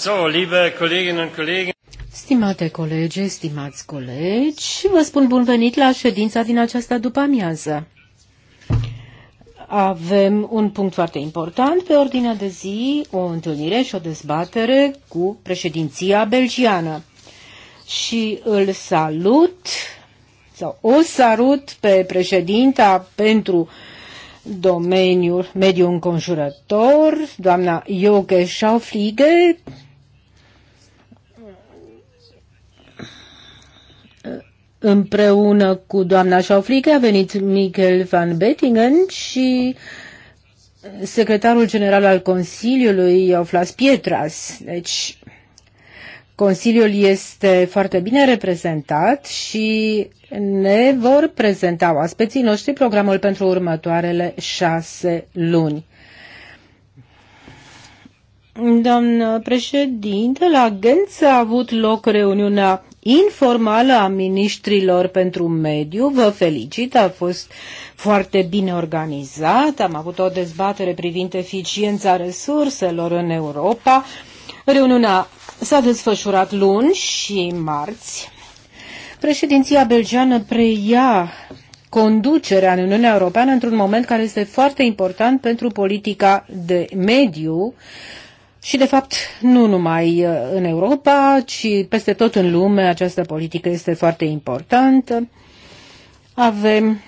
So, liebe Kolleginnen und Kollegen. Stimate colegi, stimați colegi, vă spun bun venit la ședința din această după-amiază. Avem un punct foarte important pe ordinea de zi, o întâlnire și o dezbatere cu președinția belgiană. Și îl salut, sau o salut pe președinta pentru domeniul mediu înconjurător, doamna Joke Schaufliege, împreună cu doamna Șauflică a venit Michael van Bettingen și secretarul general al Consiliului, Oflas Pietras. Deci, Consiliul este foarte bine reprezentat și ne vor prezenta oaspeții noștri programul pentru următoarele șase luni. Doamnă președinte, la Ghenț a avut loc reuniunea informală a ministrilor pentru mediu. Vă felicit, a fost foarte bine organizat, am avut o dezbatere privind eficiența resurselor în Europa. Reuniunea s-a desfășurat luni și marți. Președinția belgeană preia conducerea în Uniunea Europeană într-un moment care este foarte important pentru politica de mediu și, de fapt, nu numai uh, în Europa, ci peste tot în lume această politică este foarte importantă. Avem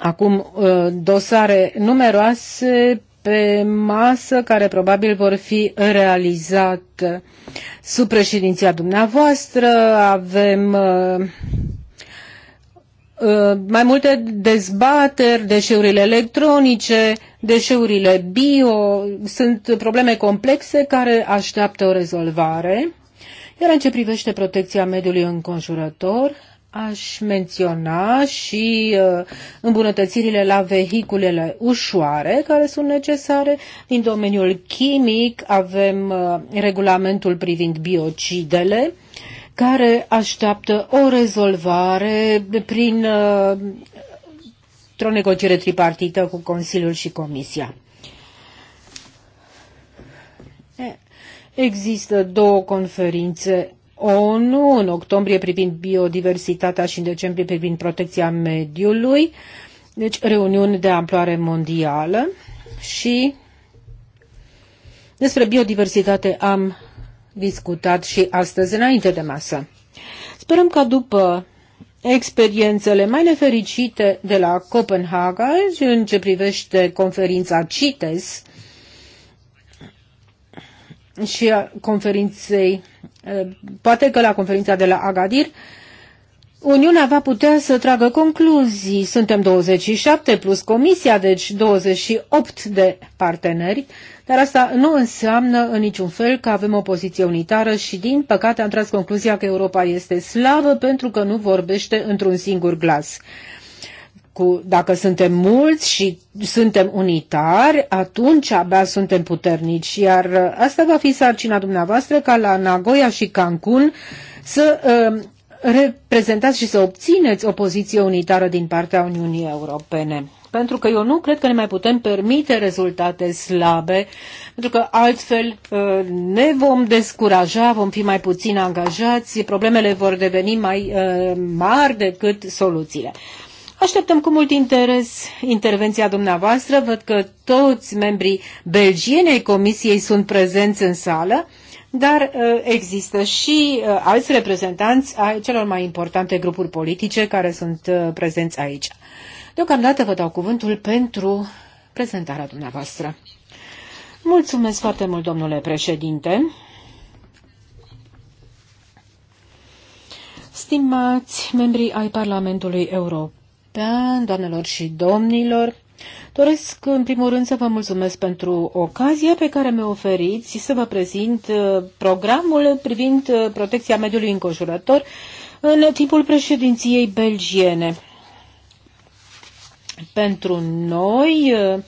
acum uh, dosare numeroase pe masă care probabil vor fi realizate sub președinția dumneavoastră. Avem uh, Uh, mai multe dezbateri, deșeurile electronice, deșeurile bio, sunt probleme complexe care așteaptă o rezolvare. Iar în ce privește protecția mediului înconjurător, aș menționa și uh, îmbunătățirile la vehiculele ușoare care sunt necesare. Din domeniul chimic avem uh, regulamentul privind biocidele, care așteaptă o rezolvare prin uh, o negociere tripartită cu Consiliul și Comisia. Există două conferințe ONU în octombrie privind biodiversitatea și în decembrie privind protecția mediului, deci reuniuni de amploare mondială și despre biodiversitate am discutat și astăzi înainte de masă. Sperăm că după experiențele mai nefericite de la Copenhaga și în ce privește conferința CITES și a conferinței, eh, poate că la conferința de la Agadir, Uniunea va putea să tragă concluzii. Suntem 27 plus Comisia, deci 28 de parteneri, dar asta nu înseamnă în niciun fel că avem o poziție unitară și, din păcate, am tras concluzia că Europa este slavă pentru că nu vorbește într-un singur glas. Cu, dacă suntem mulți și suntem unitari, atunci abia suntem puternici. Iar uh, asta va fi sarcina dumneavoastră ca la Nagoya și Cancun să uh, reprezentați și să obțineți o poziție unitară din partea Uniunii Europene. Pentru că eu nu cred că ne mai putem permite rezultate slabe, pentru că altfel uh, ne vom descuraja, vom fi mai puțin angajați, problemele vor deveni mai uh, mari decât soluțiile. Așteptăm cu mult interes intervenția dumneavoastră. Văd că toți membrii belgienei comisiei sunt prezenți în sală dar uh, există și uh, alți reprezentanți ai celor mai importante grupuri politice care sunt uh, prezenți aici. Deocamdată vă dau cuvântul pentru prezentarea dumneavoastră. Mulțumesc foarte mult, domnule președinte. Stimați membrii ai Parlamentului European, doamnelor și domnilor, Doresc, în primul rând, să vă mulțumesc pentru ocazia pe care mi-o oferiți să vă prezint uh, programul privind uh, protecția mediului înconjurător în timpul președinției belgiene. Pentru noi, uh,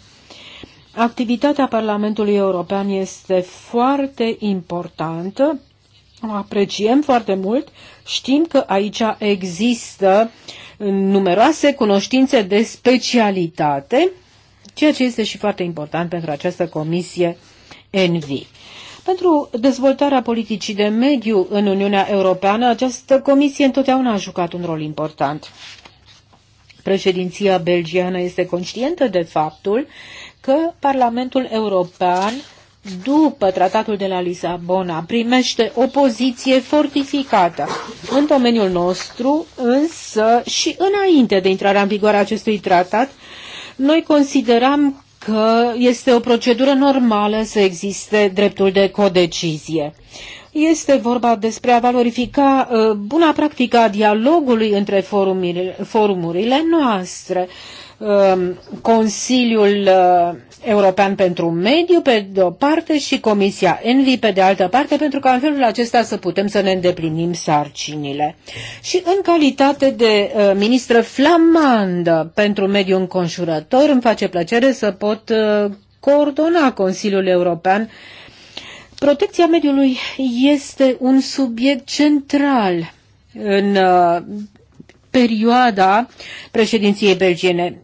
activitatea Parlamentului European este foarte importantă o apreciem foarte mult. Știm că aici există numeroase cunoștințe de specialitate ceea ce este și foarte important pentru această comisie NV Pentru dezvoltarea politicii de mediu în Uniunea Europeană, această comisie întotdeauna a jucat un rol important. Președinția belgiană este conștientă de faptul că Parlamentul European după tratatul de la Lisabona primește o poziție fortificată în domeniul nostru, însă și înainte de intrarea în vigoare a acestui tratat, noi considerăm că este o procedură normală să existe dreptul de codecizie. Este vorba despre a valorifica uh, buna practică a dialogului între forumurile, forumurile noastre. Uh, Um, Consiliul uh, European pentru Mediu pe de o parte și Comisia Envi pe de altă parte, pentru că în felul acesta să putem să ne îndeplinim sarcinile. Și în calitate de uh, ministră flamandă pentru mediul înconjurător, îmi face plăcere să pot uh, coordona Consiliul European. Protecția mediului este un subiect central în perioada președinției belgiene.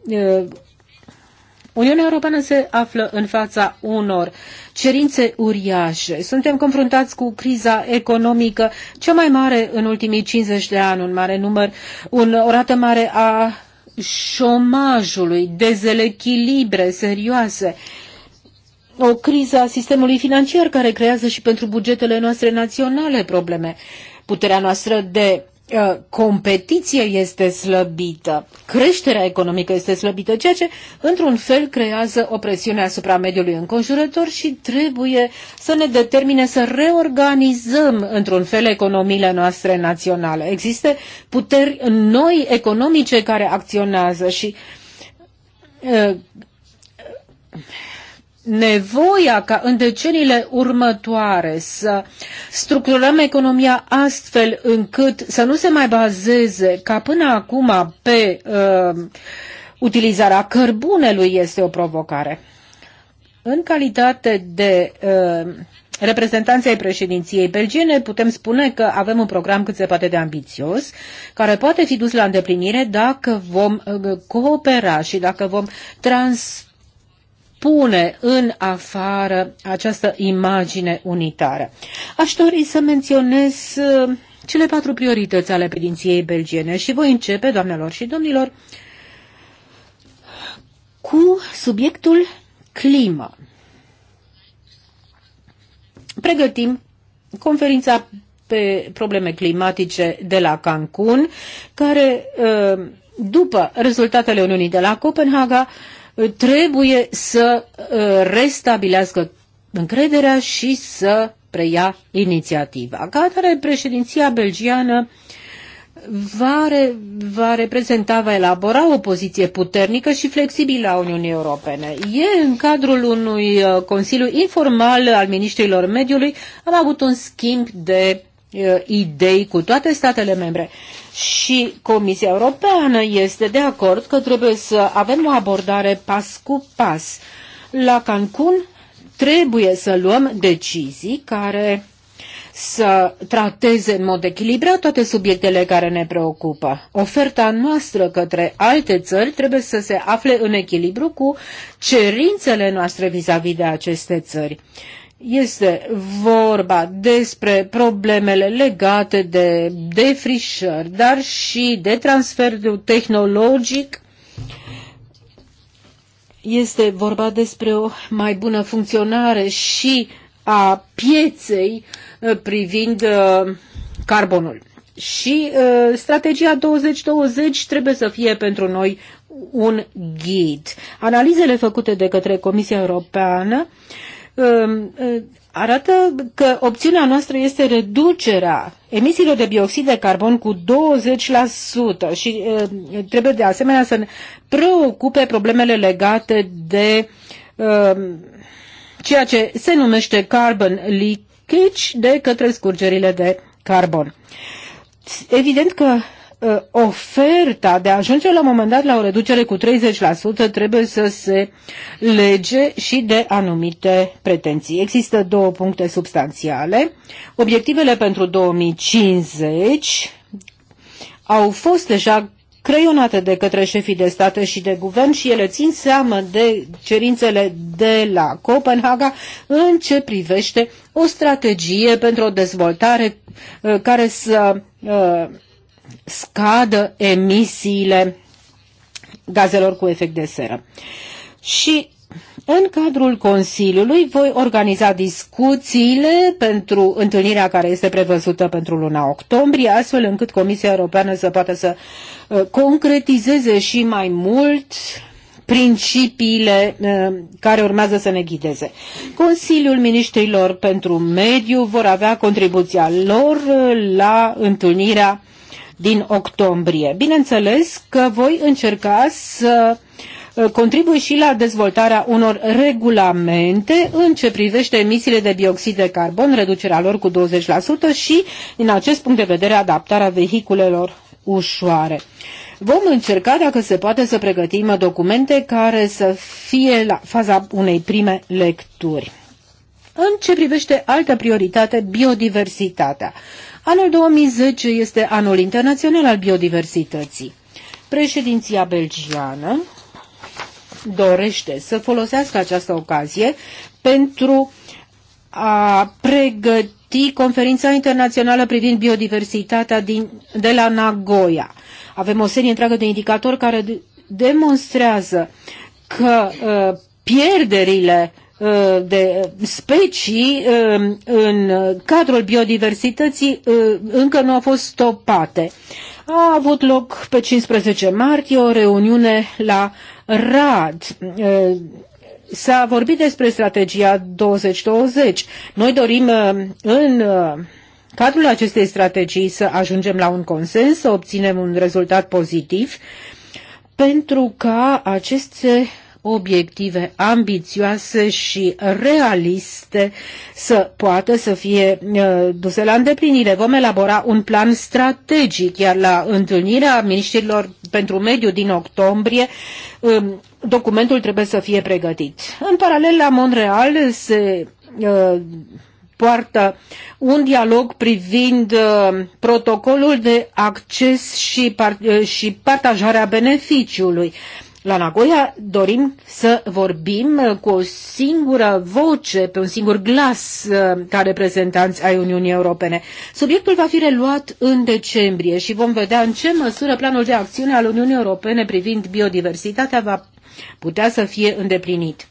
Uniunea Europeană se află în fața unor cerințe uriașe. Suntem confruntați cu criza economică cea mai mare în ultimii 50 de ani, un mare număr, un, o rată mare a șomajului, dezechilibre serioase, o criză a sistemului financiar care creează și pentru bugetele noastre naționale probleme. Puterea noastră de Uh, competiție este slăbită, creșterea economică este slăbită, ceea ce într-un fel creează o presiune asupra mediului înconjurător și trebuie să ne determine să reorganizăm într-un fel economiile noastre naționale. Există puteri noi economice care acționează și uh, nevoia ca în deceniile următoare să structurăm economia astfel încât să nu se mai bazeze ca până acum pe uh, utilizarea cărbunelui este o provocare. În calitate de uh, reprezentanții ai președinției belgiene, putem spune că avem un program cât se poate de ambițios, care poate fi dus la îndeplinire dacă vom uh, coopera și dacă vom transforma pune în afară această imagine unitară. Aș dori să menționez uh, cele patru priorități ale pedinției belgiene și voi începe, doamnelor și domnilor, cu subiectul climă. Pregătim conferința pe probleme climatice de la Cancun, care uh, după rezultatele Uniunii de la Copenhaga trebuie să uh, restabilească încrederea și să preia inițiativa. Ca atare, președinția belgiană va, re, va reprezenta, va elabora o poziție puternică și flexibilă a Uniunii Europene. E în cadrul unui uh, Consiliu informal al Ministrilor Mediului am avut un schimb de uh, idei cu toate statele membre și Comisia Europeană este de acord că trebuie să avem o abordare pas cu pas. La Cancun trebuie să luăm decizii care să trateze în mod echilibrat toate subiectele care ne preocupă. Oferta noastră către alte țări trebuie să se afle în echilibru cu cerințele noastre vis-a-vis -vis de aceste țări. Este vorba despre problemele legate de defrișări, dar și de transferul tehnologic. Este vorba despre o mai bună funcționare și a pieței uh, privind uh, carbonul. Și uh, strategia 2020 trebuie să fie pentru noi un ghid. Analizele făcute de către Comisia Europeană uh, Um, uh, arată că opțiunea noastră este reducerea emisiilor de bioxid de carbon cu 20% și uh, trebuie de asemenea să ne preocupe problemele legate de um, ceea ce se numește carbon leakage de către scurgerile de carbon. Evident că Uh, oferta de a ajunge la un moment dat la o reducere cu 30% trebuie să se lege și de anumite pretenții. Există două puncte substanțiale. Obiectivele pentru 2050 au fost deja creionate de către șefii de state și de guvern și ele țin seamă de cerințele de la Copenhaga în ce privește o strategie pentru o dezvoltare uh, care să uh, scadă emisiile gazelor cu efect de seră. Și în cadrul Consiliului voi organiza discuțiile pentru întâlnirea care este prevăzută pentru luna octombrie, astfel încât Comisia Europeană să poată să uh, concretizeze și mai mult principiile uh, care urmează să ne ghideze. Consiliul Ministrilor pentru Mediu vor avea contribuția lor uh, la întâlnirea din octombrie. Bineînțeles că voi încerca să uh, contribui și la dezvoltarea unor regulamente în ce privește emisiile de dioxid de carbon, reducerea lor cu 20% și, din acest punct de vedere, adaptarea vehiculelor ușoare. Vom încerca, dacă se poate, să pregătim documente care să fie la faza unei prime lecturi. În ce privește altă prioritate, biodiversitatea. Anul 2010 este anul internațional al biodiversității. Președinția belgiană dorește să folosească această ocazie pentru a pregăti conferința internațională privind biodiversitatea din, de la Nagoya. Avem o serie întreagă de indicatori care demonstrează că uh, pierderile Uh, de specii uh, în cadrul biodiversității uh, încă nu au fost stopate. A avut loc pe 15 martie o reuniune la Rad. S-a vorbit despre strategia 2020. Noi dorim în cadrul acestei strategii să ajungem la un consens, să obținem un rezultat pozitiv, pentru ca aceste obiective ambițioase și realiste să poată să fie uh, duse la îndeplinire. Vom elabora un plan strategic, iar la întâlnirea ministrilor pentru mediu din octombrie um, documentul trebuie să fie pregătit. În paralel la Montreal se uh, poartă un dialog privind uh, protocolul de acces și, par uh, și partajarea beneficiului la Nagoya dorim să vorbim cu o singură voce, pe un singur glas uh, ca reprezentanți ai Uniunii Europene. Subiectul va fi reluat în decembrie și vom vedea în ce măsură planul de acțiune al Uniunii Europene privind biodiversitatea va putea să fie îndeplinit.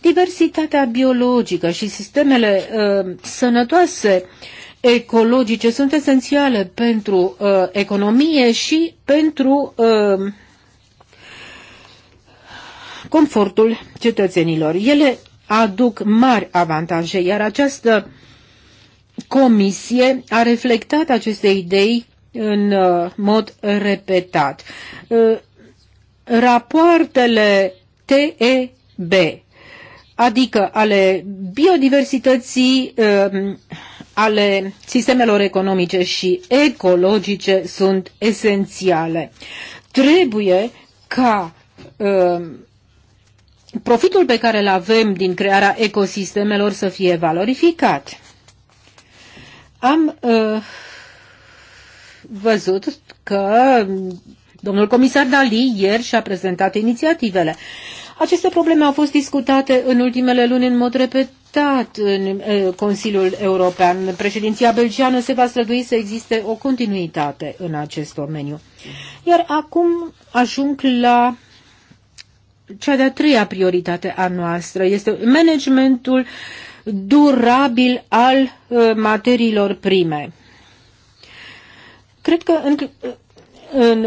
Diversitatea biologică și sistemele uh, sănătoase uh, ecologice sunt esențiale pentru uh, economie și pentru uh, confortul cetățenilor. Ele aduc mari avantaje, iar această comisie a reflectat aceste idei în uh, mod repetat. Uh, rapoartele TEB, adică ale biodiversității uh, ale sistemelor economice și ecologice sunt esențiale. Trebuie ca um, profitul pe care îl avem din crearea ecosistemelor să fie valorificat. Am uh, văzut că domnul comisar Dali ieri și-a prezentat inițiativele. Aceste probleme au fost discutate în ultimele luni în mod repetat adoptat în Consiliul European. Președinția belgiană se va strădui să existe o continuitate în acest domeniu. Iar acum ajung la cea de-a treia prioritate a noastră. Este managementul durabil al materiilor prime. Cred că în în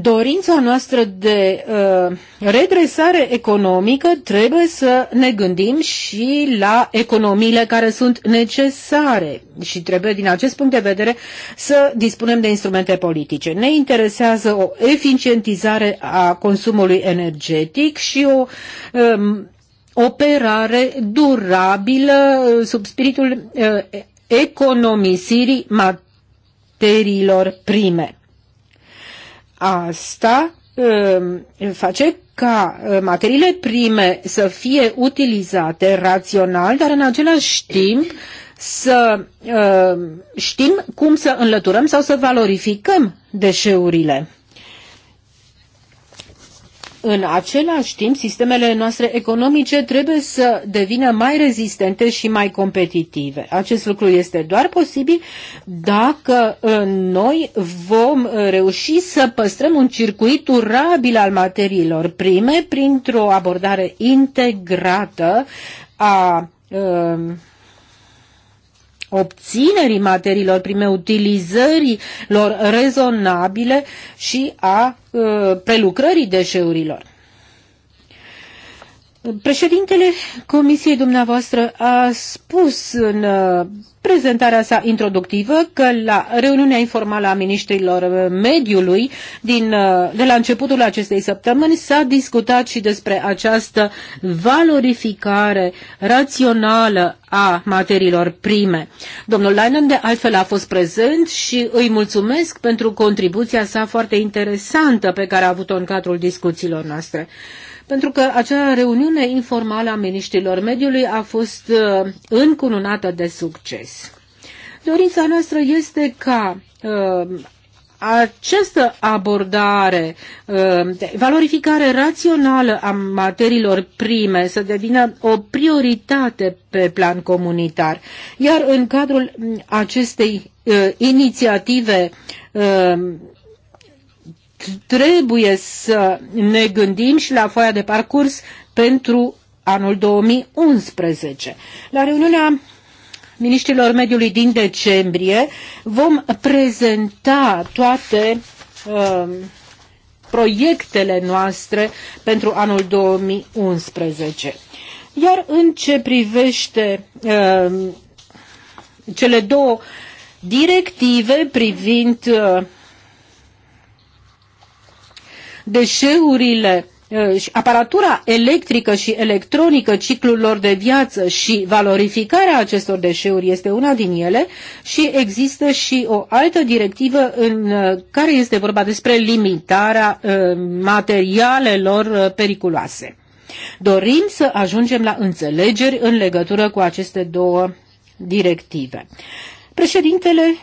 dorința noastră de uh, redresare economică trebuie să ne gândim și la economiile care sunt necesare și trebuie din acest punct de vedere să dispunem de instrumente politice. Ne interesează o eficientizare a consumului energetic și o um, operare durabilă uh, sub spiritul uh, economisirii materiilor prime Asta um, face ca uh, materiile prime să fie utilizate rațional, dar în același timp să uh, știm cum să înlăturăm sau să valorificăm deșeurile. În același timp, sistemele noastre economice trebuie să devină mai rezistente și mai competitive. Acest lucru este doar posibil dacă uh, noi vom uh, reuși să păstrăm un circuit durabil al materiilor prime printr-o abordare integrată a uh, obținerii materiilor prime, utilizării lor rezonabile și a uh, prelucrării deșeurilor. Președintele Comisiei dumneavoastră a spus în uh, prezentarea sa introductivă că la reuniunea informală a ministrilor uh, mediului din, uh, de la începutul acestei săptămâni s-a discutat și despre această valorificare rațională a materiilor prime. Domnul Leinen de altfel a fost prezent și îi mulțumesc pentru contribuția sa foarte interesantă pe care a avut-o în cadrul discuțiilor noastre pentru că acea reuniune informală a miniștrilor mediului a fost uh, încununată de succes. Dorința noastră este ca uh, această abordare, uh, valorificare rațională a materiilor prime să devină o prioritate pe plan comunitar. Iar în cadrul mm, acestei inițiative trebuie să ne gândim și la foaia de parcurs pentru anul 2011. La reuniunea ministrilor mediului din decembrie vom prezenta toate uh, proiectele noastre pentru anul 2011. Iar în ce privește uh, cele două directive privind uh, deșeurile uh, aparatura electrică și electronică ciclul lor de viață și valorificarea acestor deșeuri este una din ele și există și o altă directivă în uh, care este vorba despre limitarea uh, materialelor periculoase. Dorim să ajungem la înțelegeri în legătură cu aceste două directive. Președintele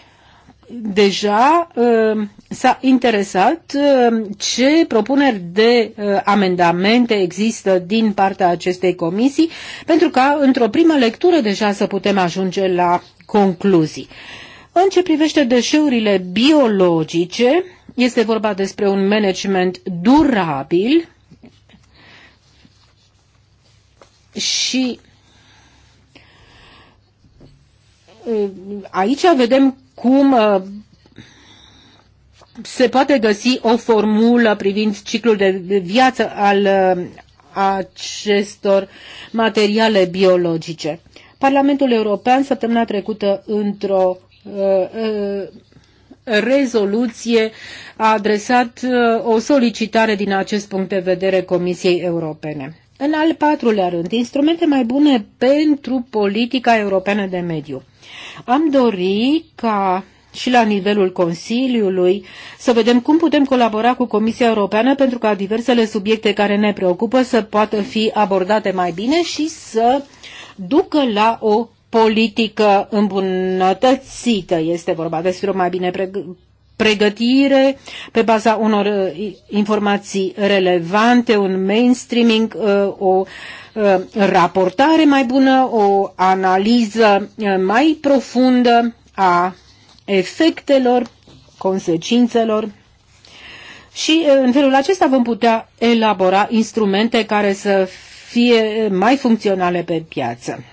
deja uh, s-a interesat uh, ce propuneri de uh, amendamente există din partea acestei comisii, pentru ca într-o primă lectură deja să putem ajunge la concluzii. În ce privește deșeurile biologice, este vorba despre un management durabil și aici vedem cum uh, se poate găsi o formulă privind ciclul de viață al uh, acestor materiale biologice. Parlamentul European săptămâna trecută într-o uh, rezoluție a adresat o solicitare din acest punct de vedere Comisiei Europene. În al patrulea rând, instrumente mai bune pentru politica europeană de mediu. Am dori ca și la nivelul Consiliului, să vedem cum putem colabora cu Comisia Europeană pentru ca diversele subiecte care ne preocupă să poată fi abordate mai bine și să ducă la o politică îmbunătățită. Este vorba despre o mai bine pregătire pe baza unor uh, informații relevante, un mainstreaming, uh, o uh, raportare mai bună, o analiză mai profundă a efectelor, consecințelor și în felul acesta vom putea elabora instrumente care să fie mai funcționale pe piață.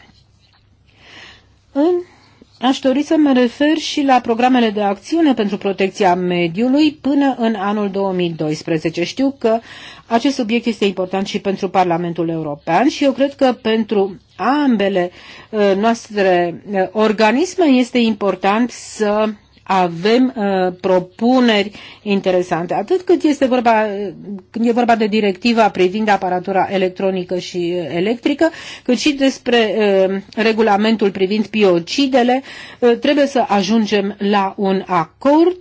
În Aș dori să mă refer și la programele de acțiune pentru protecția mediului până în anul 2012. Știu că acest subiect este important și pentru Parlamentul European și eu cred că pentru ambele eh, noastre eh, organisme este important să avem uh, propuneri interesante. Atât cât este vorba, când e vorba de directiva privind aparatura electronică și uh, electrică, cât și despre uh, regulamentul privind biocidele, uh, trebuie să ajungem la un acord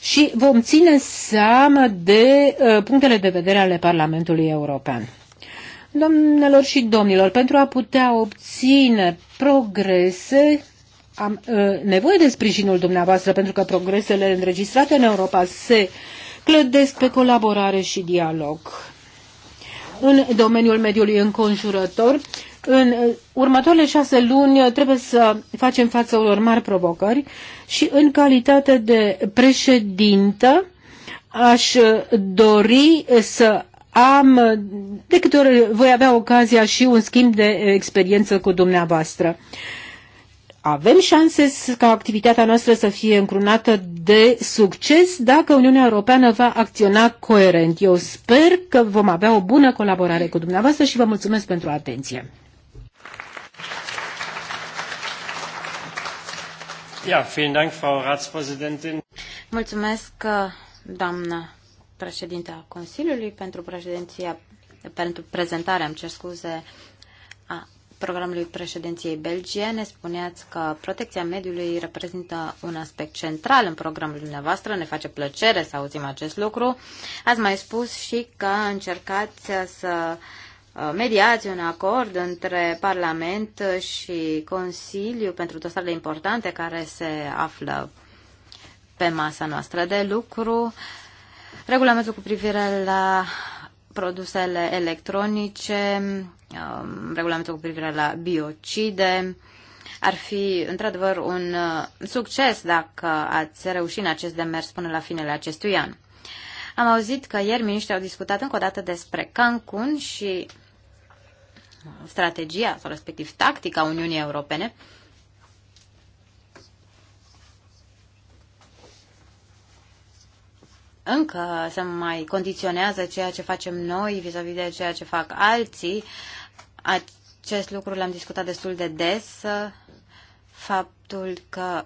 și vom ține seama de uh, punctele de vedere ale Parlamentului European. Domnilor și domnilor, pentru a putea obține progrese, am uh, nevoie de sprijinul dumneavoastră pentru că progresele înregistrate în Europa se clădesc pe colaborare și dialog. În domeniul mediului înconjurător, în uh, următoarele șase luni uh, trebuie să facem față unor mari provocări și în calitate de președintă aș dori să am, de câte ori voi avea ocazia și un schimb de experiență cu dumneavoastră avem șanse ca activitatea noastră să fie încrunată de succes dacă Uniunea Europeană va acționa coerent. Eu sper că vom avea o bună colaborare cu dumneavoastră și vă mulțumesc pentru atenție. Ja, vielen Dank, Frau Ratspräsidentin. Mulțumesc, uh, doamnă președinte a Consiliului, pentru președinția, pentru prezentarea, îmi cer scuze, a programului președinției belgiene spuneați că protecția mediului reprezintă un aspect central în programul dumneavoastră. Ne face plăcere să auzim acest lucru. Ați mai spus și că încercați să uh, mediați un acord între Parlament și Consiliu pentru dosarele importante care se află pe masa noastră de lucru. Regulamentul cu privire la produsele electronice, um, regulamentul cu privire la biocide. Ar fi într-adevăr un uh, succes dacă ați reuși în acest demers până la finele acestui an. Am auzit că ieri miniștrii au discutat încă o dată despre Cancun și strategia sau respectiv tactica Uniunii Europene încă se mai condiționează ceea ce facem noi vis-a-vis -vis de ceea ce fac alții. Acest lucru l-am discutat destul de des. Faptul că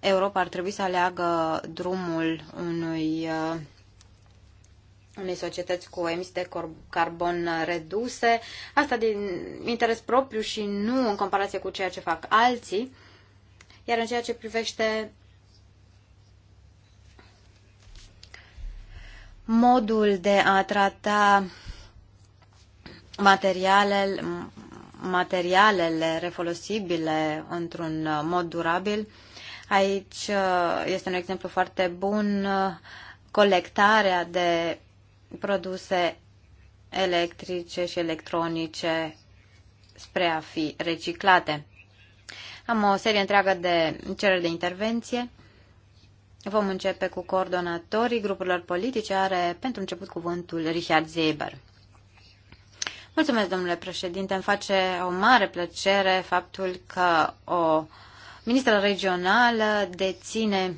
Europa ar trebui să aleagă drumul unui uh, unei societăți cu emisii de carbon reduse, asta din interes propriu și nu în comparație cu ceea ce fac alții. Iar în ceea ce privește modul de a trata materialele, materialele refolosibile într-un mod durabil. Aici uh, este un exemplu foarte bun uh, colectarea de produse electrice și electronice spre a fi reciclate. Am o serie întreagă de cereri de intervenție. Vom începe cu coordonatorii grupurilor politice. Are pentru început cuvântul Richard Zeber. Mulțumesc, domnule președinte. Îmi face o mare plăcere faptul că o ministră regională deține,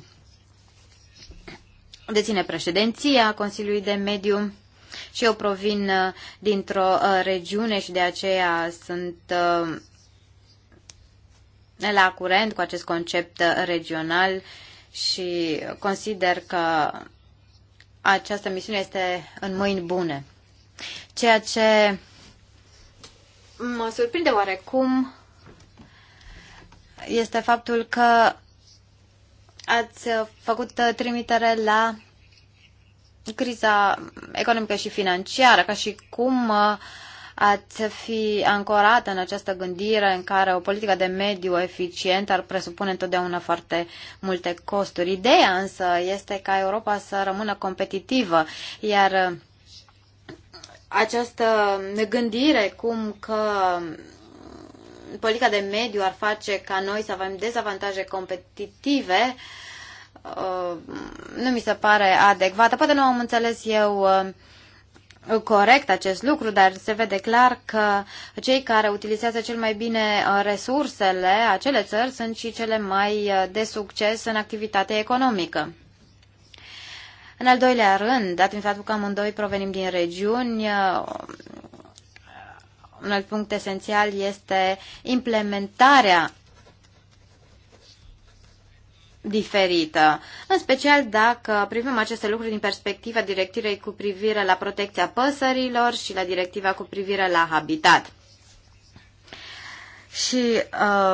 deține președinția Consiliului de Mediu și eu provin uh, dintr-o uh, regiune și de aceea sunt uh, la curent cu acest concept regional și consider că această misiune este în mâini bune. Ceea ce mă surprinde oarecum este faptul că ați făcut trimitere la criza economică și financiară, ca și cum uh, ați fi ancorată în această gândire în care o politică de mediu eficientă ar presupune întotdeauna foarte multe costuri. Ideea însă este ca Europa să rămână competitivă, iar uh, această gândire cum că politica de mediu ar face ca noi să avem dezavantaje competitive, uh, nu mi se pare adecvată. Poate nu am înțeles eu uh, corect acest lucru, dar se vede clar că cei care utilizează cel mai bine uh, resursele acele țări sunt și cele mai uh, de succes în activitatea economică. În al doilea rând, dat fiind faptul că amândoi provenim din regiuni, uh, un alt punct esențial este implementarea diferită, în special dacă privim aceste lucruri din perspectiva directivei cu privire la protecția păsărilor și la directiva cu privire la habitat. Și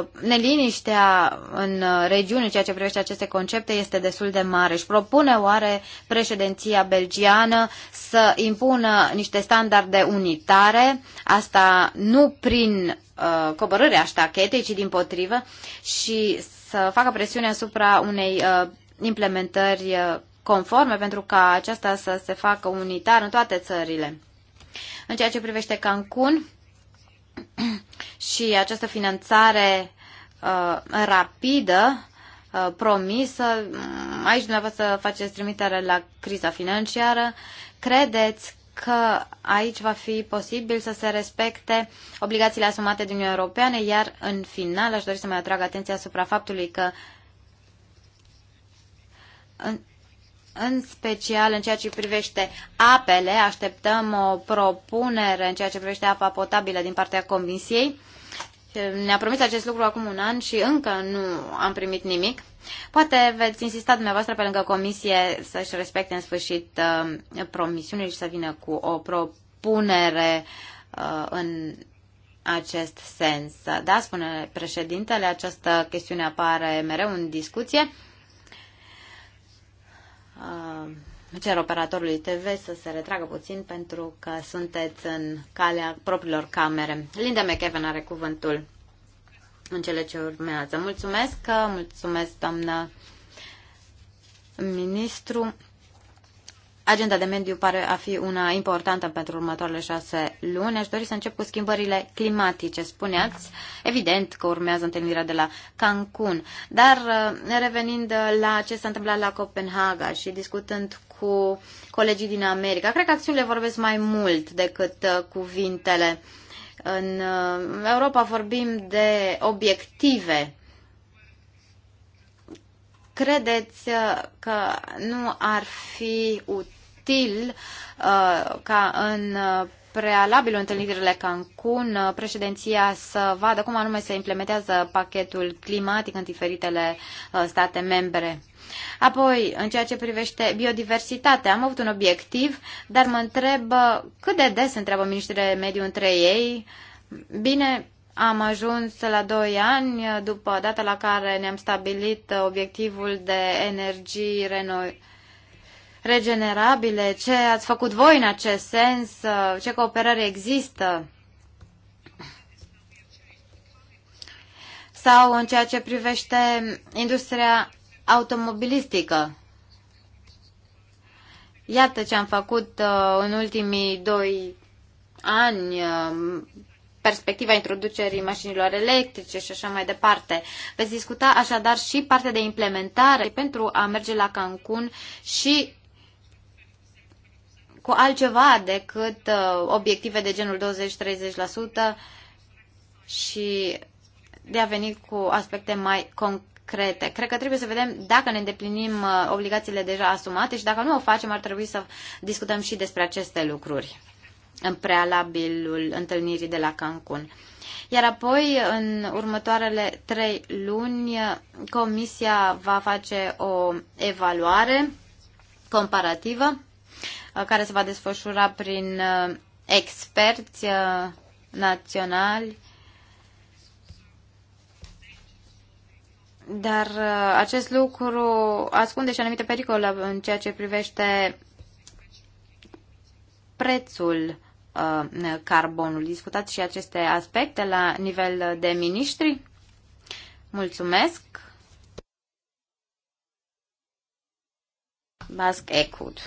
uh, neliniștea în regiune, ceea ce privește aceste concepte, este destul de mare. Și propune oare președinția belgiană să impună niște standarde unitare, asta nu prin uh, coborârea ștachetei, ci din potrivă, și să facă presiune asupra unei uh, implementări uh, conforme pentru ca aceasta să se facă unitar în toate țările. În ceea ce privește Cancun și această finanțare uh, rapidă uh, promisă, mm, aici dumneavoastră faceți trimitere la criza financiară, credeți că aici va fi posibil să se respecte obligațiile asumate de Uniunea Europeană, iar în final aș dori să mai atrag atenția asupra faptului că în, în special în ceea ce privește apele, așteptăm o propunere în ceea ce privește apa potabilă din partea Comisiei ne-a promis acest lucru acum un an și încă nu am primit nimic. Poate veți insista dumneavoastră pe lângă comisie să-și respecte în sfârșit uh, promisiunile și să vină cu o propunere uh, în acest sens. Da, spune președintele, această chestiune apare mereu în discuție. Uh, cer operatorului TV să se retragă puțin pentru că sunteți în calea propriilor camere. Linda McEwen are cuvântul în cele ce urmează. Mulțumesc, mulțumesc doamnă ministru. Agenda de mediu pare a fi una importantă pentru următoarele șase luni. Aș dori să încep cu schimbările climatice. Spuneați, evident că urmează întâlnirea de la Cancun, dar uh, revenind uh, la ce s-a întâmplat la Copenhaga și discutând cu colegii din America, cred că acțiunile vorbesc mai mult decât uh, cuvintele. În Europa vorbim de obiective credeți că nu ar fi util util uh, ca în uh, prealabil întâlnirile Cancun, uh, președinția să vadă cum anume se implementează pachetul climatic în diferitele state membre. Apoi, în ceea ce privește biodiversitatea, am avut un obiectiv, dar mă întreb cât de des întreabă ministrul mediu între ei. Bine, am ajuns la 2 ani după data la care ne-am stabilit obiectivul de energii renovabile regenerabile, ce ați făcut voi în acest sens, uh, ce cooperări există sau în ceea ce privește industria automobilistică. Iată ce am făcut uh, în ultimii doi ani, uh, perspectiva introducerii mașinilor electrice și așa mai departe. Veți discuta așadar și partea de implementare pentru a merge la Cancun și cu altceva decât uh, obiective de genul 20-30% și de a veni cu aspecte mai concrete. Cred că trebuie să vedem dacă ne îndeplinim uh, obligațiile deja asumate și dacă nu o facem, ar trebui să discutăm și despre aceste lucruri în prealabilul întâlnirii de la Cancun. Iar apoi, în următoarele trei luni, Comisia va face o evaluare comparativă Uh, care se va desfășura prin uh, experți uh, naționali Dar acest lucru ascunde și anumite pericole în ceea ce privește prețul carbonul. carbonului. Discutați și aceste aspecte la nivel de miniștri. Mulțumesc! Basque Ecut.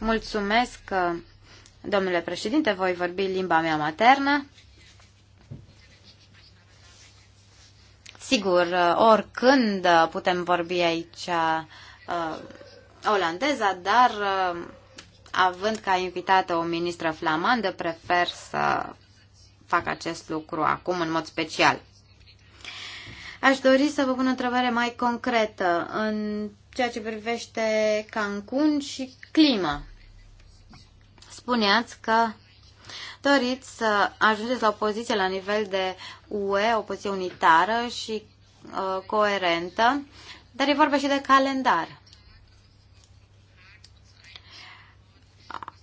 Mulțumesc, domnule președinte, voi vorbi limba mea maternă. Sigur, oricând putem vorbi aici uh, olandeza, dar uh, având ca invitată o ministră flamandă, prefer să fac acest lucru acum în mod special. Aș dori să vă pun o întrebare mai concretă. În ceea ce privește Cancun și clima. Spuneați că doriți să ajungeți la o poziție la nivel de UE, o poziție unitară și uh, coerentă, dar e vorba și de calendar.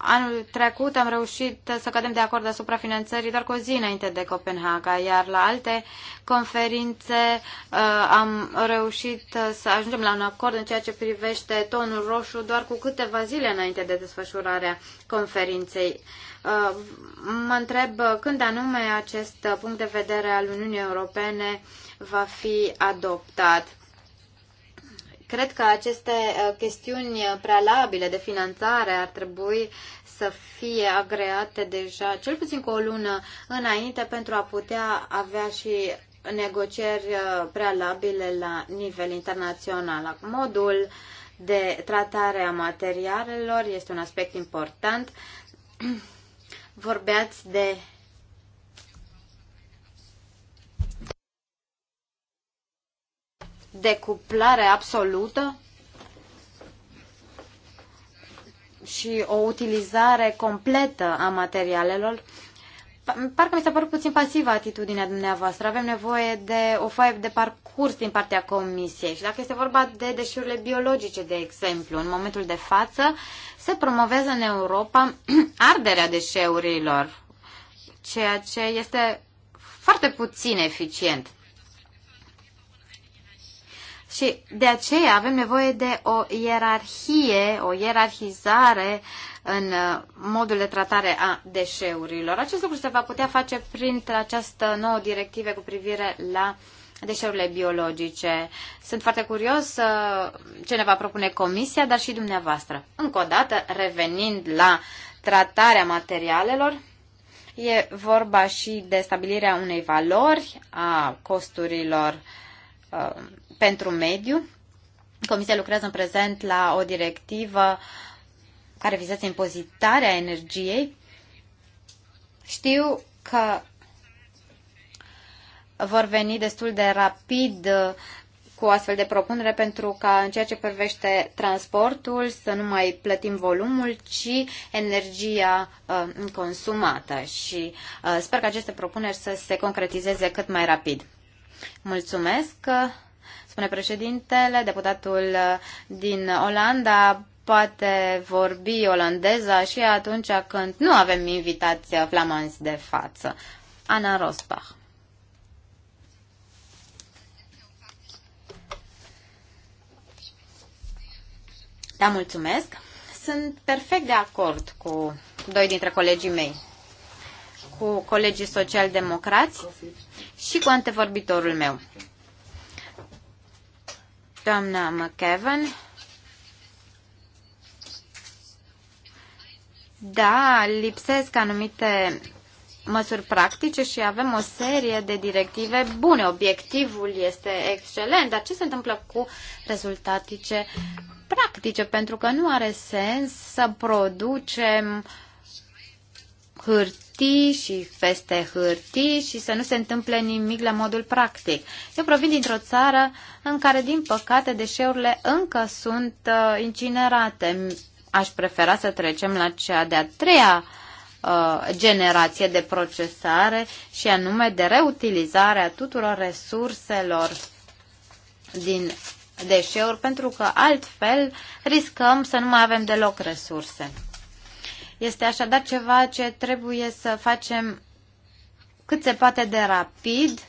Anul trecut am reușit să cădem de acord asupra finanțării doar cu o zi înainte de Copenhaga, iar la alte conferințe uh, am reușit să ajungem la un acord în ceea ce privește tonul roșu doar cu câteva zile înainte de desfășurarea conferinței. Uh, mă întreb când anume acest punct de vedere al Uniunii Europene va fi adoptat. Cred că aceste uh, chestiuni prealabile de finanțare ar trebui să fie agreate deja cel puțin cu o lună înainte pentru a putea avea și negocieri uh, prealabile la nivel internațional. Modul de tratare a materialelor este un aspect important. Vorbeați de decuplare absolută și o utilizare completă a materialelor. Parcă mi s-a părut puțin pasivă atitudinea dumneavoastră. Avem nevoie de o foaie de parcurs din partea comisiei. Și dacă este vorba de deșeurile biologice, de exemplu, în momentul de față se promovează în Europa arderea deșeurilor, ceea ce este foarte puțin eficient. Și de aceea avem nevoie de o ierarhie, o ierarhizare în uh, modul de tratare a deșeurilor. Acest lucru se va putea face prin această nouă directivă cu privire la deșeurile biologice. Sunt foarte curios uh, ce ne va propune Comisia, dar și dumneavoastră. Încă o dată, revenind la tratarea materialelor, e vorba și de stabilirea unei valori a costurilor uh, pentru mediu. Comisia lucrează în prezent la o directivă care vizează impozitarea energiei. Știu că vor veni destul de rapid uh, cu astfel de propunere pentru ca în ceea ce privește transportul să nu mai plătim volumul, ci energia uh, consumată și uh, sper că aceste propuneri să se concretizeze cât mai rapid. Mulțumesc! spune președintele, deputatul uh, din Olanda poate vorbi olandeza și atunci când nu avem invitați uh, flamanzi de față. Ana Rosbach. Da, mulțumesc. Sunt perfect de acord cu doi dintre colegii mei, cu colegii social și cu antevorbitorul meu doamna McKevin. Da, lipsesc anumite măsuri practice și avem o serie de directive bune. Obiectivul este excelent, dar ce se întâmplă cu rezultatice practice? Pentru că nu are sens să producem uh, hârtii și feste hârtii și să nu se întâmple nimic la modul practic. Eu provin dintr-o țară în care, din păcate, deșeurile încă sunt uh, incinerate. Aș prefera să trecem la cea de-a treia uh, generație de procesare și anume de reutilizare a tuturor resurselor din deșeuri, pentru că altfel riscăm să nu mai avem deloc resurse. Este așadar ceva ce trebuie să facem cât se poate de rapid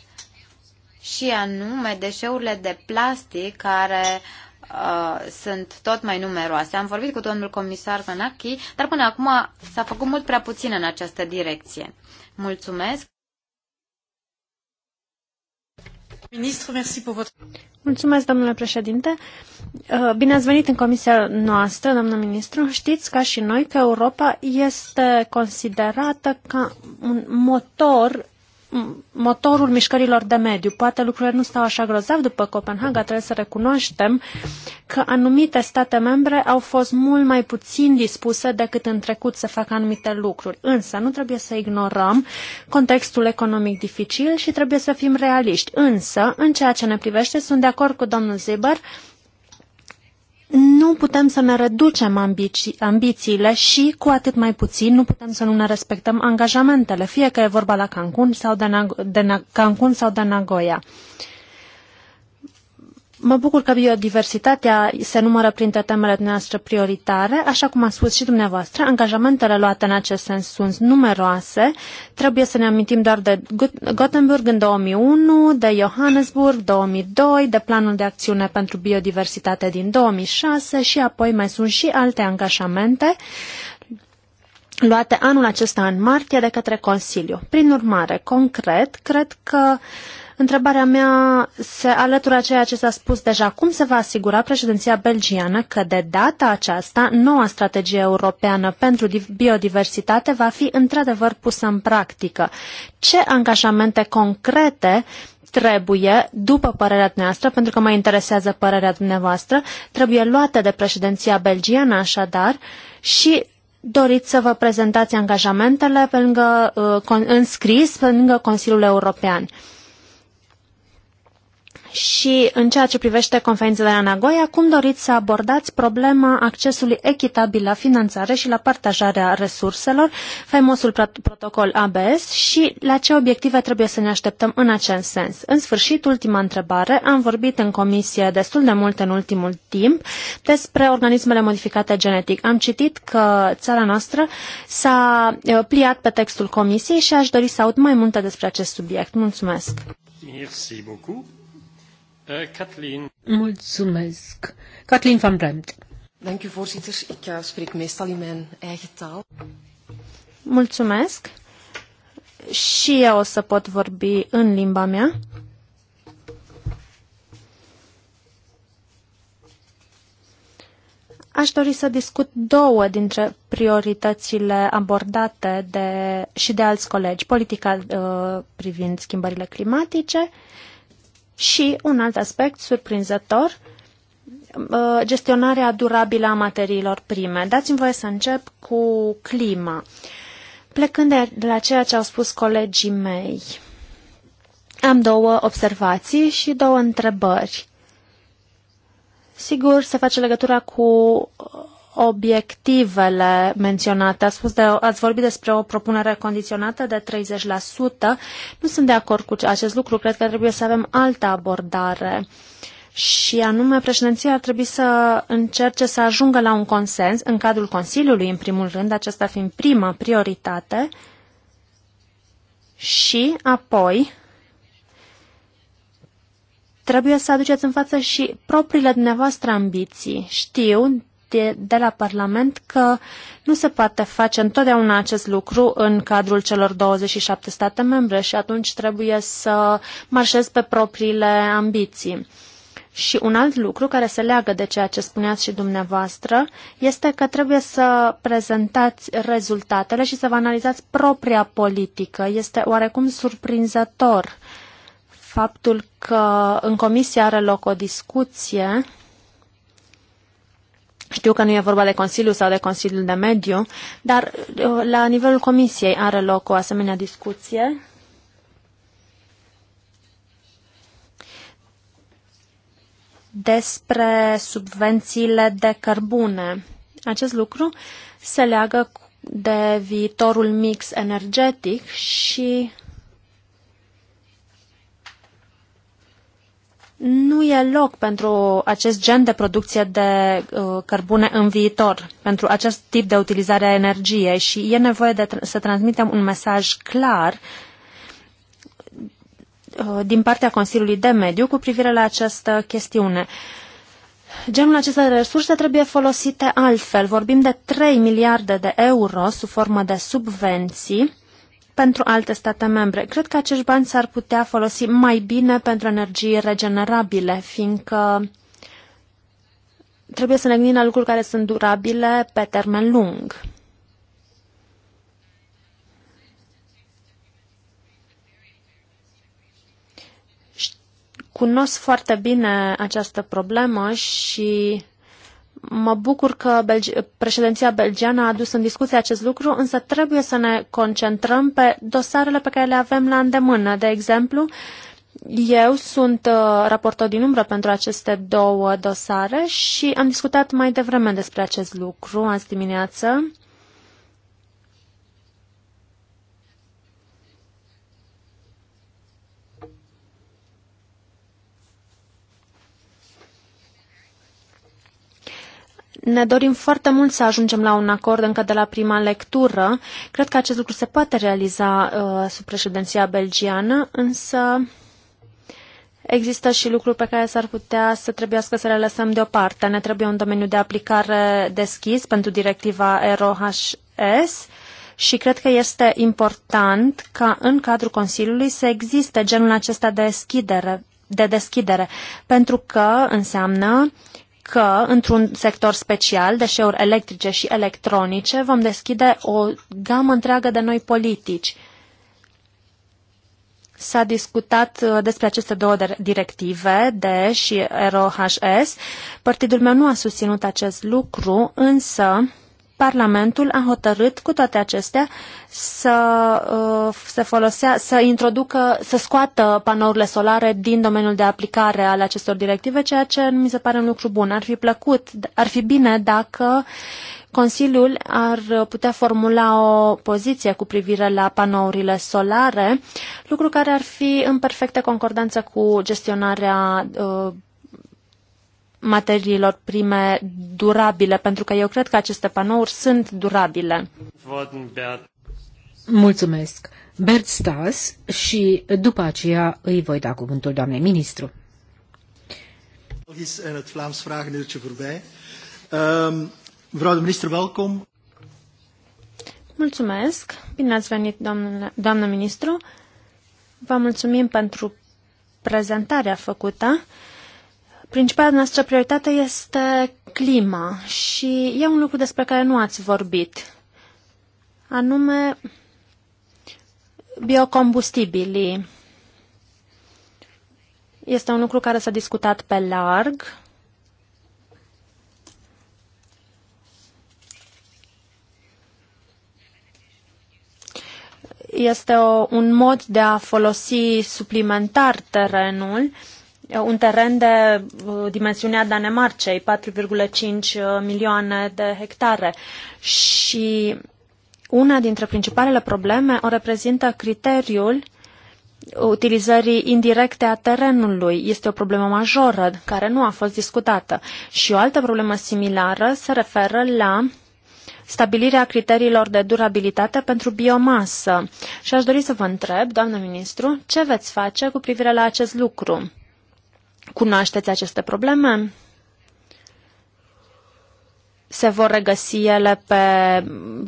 și anume deșeurile de plastic care uh, sunt tot mai numeroase. Am vorbit cu domnul comisar Vanachi, dar până acum s-a făcut mult prea puțin în această direcție. Mulțumesc! Ministru, domnule președinte. Uh, bine ați venit în comisia noastră, domnul ministru. Știți, ca și noi, că Europa este considerată ca un motor motorul mișcărilor de mediu. Poate lucrurile nu stau așa grozav după Copenhaga, trebuie să recunoaștem că anumite state membre au fost mult mai puțin dispuse decât în trecut să facă anumite lucruri. Însă nu trebuie să ignorăm contextul economic dificil și trebuie să fim realiști. Însă, în ceea ce ne privește, sunt de acord cu domnul Zibăr nu putem să ne reducem ambițiile și, cu atât mai puțin, nu putem să nu ne respectăm angajamentele, fie că e vorba la Cancun sau de, Nag- de Na- Cancun sau de Nagoya. Uh, Mă bucur că biodiversitatea se numără printre temele noastre prioritare. Așa cum a spus și dumneavoastră, angajamentele luate în acest sens sunt numeroase. Trebuie să ne amintim doar de Gothenburg în 2001, de Johannesburg 2002, de Planul de Acțiune pentru Biodiversitate din 2006 și apoi mai sunt și alte angajamente luate anul acesta în martie de către Consiliu. Prin urmare, concret, cred că uh, Întrebarea mea se alătură ceea ce s-a spus deja. Cum se va asigura președinția belgiană că de data aceasta noua strategie europeană pentru biodiversitate va fi într-adevăr pusă în practică? Ce angajamente concrete trebuie, după părerea dumneavoastră, pentru că mă interesează părerea dumneavoastră, trebuie luate de președinția belgiană așadar și doriți să vă prezentați angajamentele pe lângă, uh, în scris pe lângă Consiliul European. Și în ceea ce privește conferințele la Nagoya, cum doriți să abordați problema accesului echitabil la finanțare și la partajarea resurselor, faimosul protocol ABS și la ce obiective trebuie să ne așteptăm în acest sens? În sfârșit, ultima întrebare. Am vorbit în comisie destul de mult în ultimul timp despre organismele modificate genetic. Am citit că țara noastră s-a pliat pe textul comisiei și aș dori să aud mai multe despre acest subiect. Mulțumesc! Merci beaucoup. Eh, Kathleen. Mulțumesc. Kathleen van Bremt. Dank u, voorzitter. Ik uh, spreek meestal in mijn eigen taal. Mulțumesc. Și eu o să pot vorbi în limba mea. Aș dori să discut două dintre prioritățile abordate de, și de alți colegi, politica uh, privind schimbările climatice uh, și un alt aspect surprinzător, uh, gestionarea durabilă a materiilor prime. Dați-mi voie să încep cu clima. Plecând de la ceea ce au spus colegii mei, am două observații și două întrebări. Sigur, se face legătura cu uh, obiectivele menționate. Ați, spus de, ați vorbit despre o propunere condiționată de 30%. Nu sunt de acord cu acest lucru. Cred că trebuie să avem altă abordare. Și anume, președinția ar trebui să încerce să ajungă la un consens în cadrul Consiliului, în primul rând, acesta fiind prima prioritate, și apoi trebuie să aduceți în față și propriile dumneavoastră ambiții. Știu de, de la Parlament că nu se poate face întotdeauna acest lucru în cadrul celor 27 state membre și atunci trebuie să marșez pe propriile ambiții. Și un alt lucru care se leagă de ceea ce spuneați și dumneavoastră este că trebuie să prezentați rezultatele și să vă analizați propria politică. Este oarecum surprinzător faptul că în comisie are loc o discuție știu că nu e vorba de Consiliu sau de Consiliul de Mediu, dar uh, la nivelul Comisiei are loc o asemenea discuție. despre subvențiile de cărbune. Acest lucru se leagă de viitorul mix energetic și nu e loc pentru acest gen de producție de uh, cărbune în viitor, pentru acest tip de utilizare a energiei și e nevoie de tra- să transmitem un mesaj clar uh, din partea Consiliului de Mediu cu privire la această chestiune. Genul acesta de resurse trebuie folosite altfel. Vorbim de 3 miliarde de euro sub formă de subvenții pentru alte state membre. Cred că acești bani s-ar putea folosi mai bine pentru energii regenerabile, fiindcă trebuie să ne gândim la lucruri care sunt durabile pe termen lung. Cunosc foarte bine această problemă și Mă bucur că Belgi- președinția belgiană a adus în discuție acest lucru, însă trebuie să ne concentrăm pe dosarele pe care le avem la îndemână. De exemplu, eu sunt uh, raportor din umbră pentru aceste două dosare și am discutat mai devreme despre acest lucru azi dimineață. ne dorim foarte mult să ajungem la un acord încă de la prima lectură. Cred că acest lucru se poate realiza uh, sub președinția belgiană, însă există și lucruri pe care s-ar putea să trebuiască să le lăsăm deoparte. Ne trebuie un domeniu de aplicare deschis pentru directiva ROHS și cred că este important ca în cadrul Consiliului să existe genul acesta de deschidere, de deschidere pentru că înseamnă că într-un sector special, deșeuri electrice și electronice, vom deschide o gamă întreagă de noi politici. S-a discutat uh, despre aceste două directive, D și ROHS. Partidul meu nu a susținut acest lucru, însă Parlamentul a hotărât cu toate acestea să, uh, se folosea, să introducă, să scoată panourile solare din domeniul de aplicare al acestor directive, ceea ce mi se pare un lucru bun. Ar fi plăcut, ar fi bine dacă Consiliul ar putea formula o poziție cu privire la panourile solare, lucru care ar fi în perfectă concordanță cu gestionarea uh, materiilor prime durabile, pentru că eu cred că aceste panouri sunt durabile. Mulțumesc. Bert Stas și după aceea îi voi da cuvântul doamnei ministru. Er ehm, Mulțumesc. Bine ați venit, doamnă, doamnă ministru. Vă mulțumim pentru prezentarea făcută. Uh, Principala noastră prioritate este clima și e un lucru despre care nu ați vorbit, anume biocombustibilii. Este un lucru care s-a discutat pe larg. Este o, un mod de a folosi suplimentar terenul uh, un teren de uh, dimensiunea Danemarcei, 4,5 uh, milioane de hectare. Și una dintre principalele probleme o reprezintă criteriul utilizării indirecte a terenului. Este o problemă majoră care nu a fost discutată. Și o altă problemă similară se referă la stabilirea criteriilor de durabilitate pentru biomasă. Și aș dori să vă întreb, doamnă ministru, ce veți face cu privire la acest lucru? Cunoașteți aceste probleme? se vor regăsi ele pe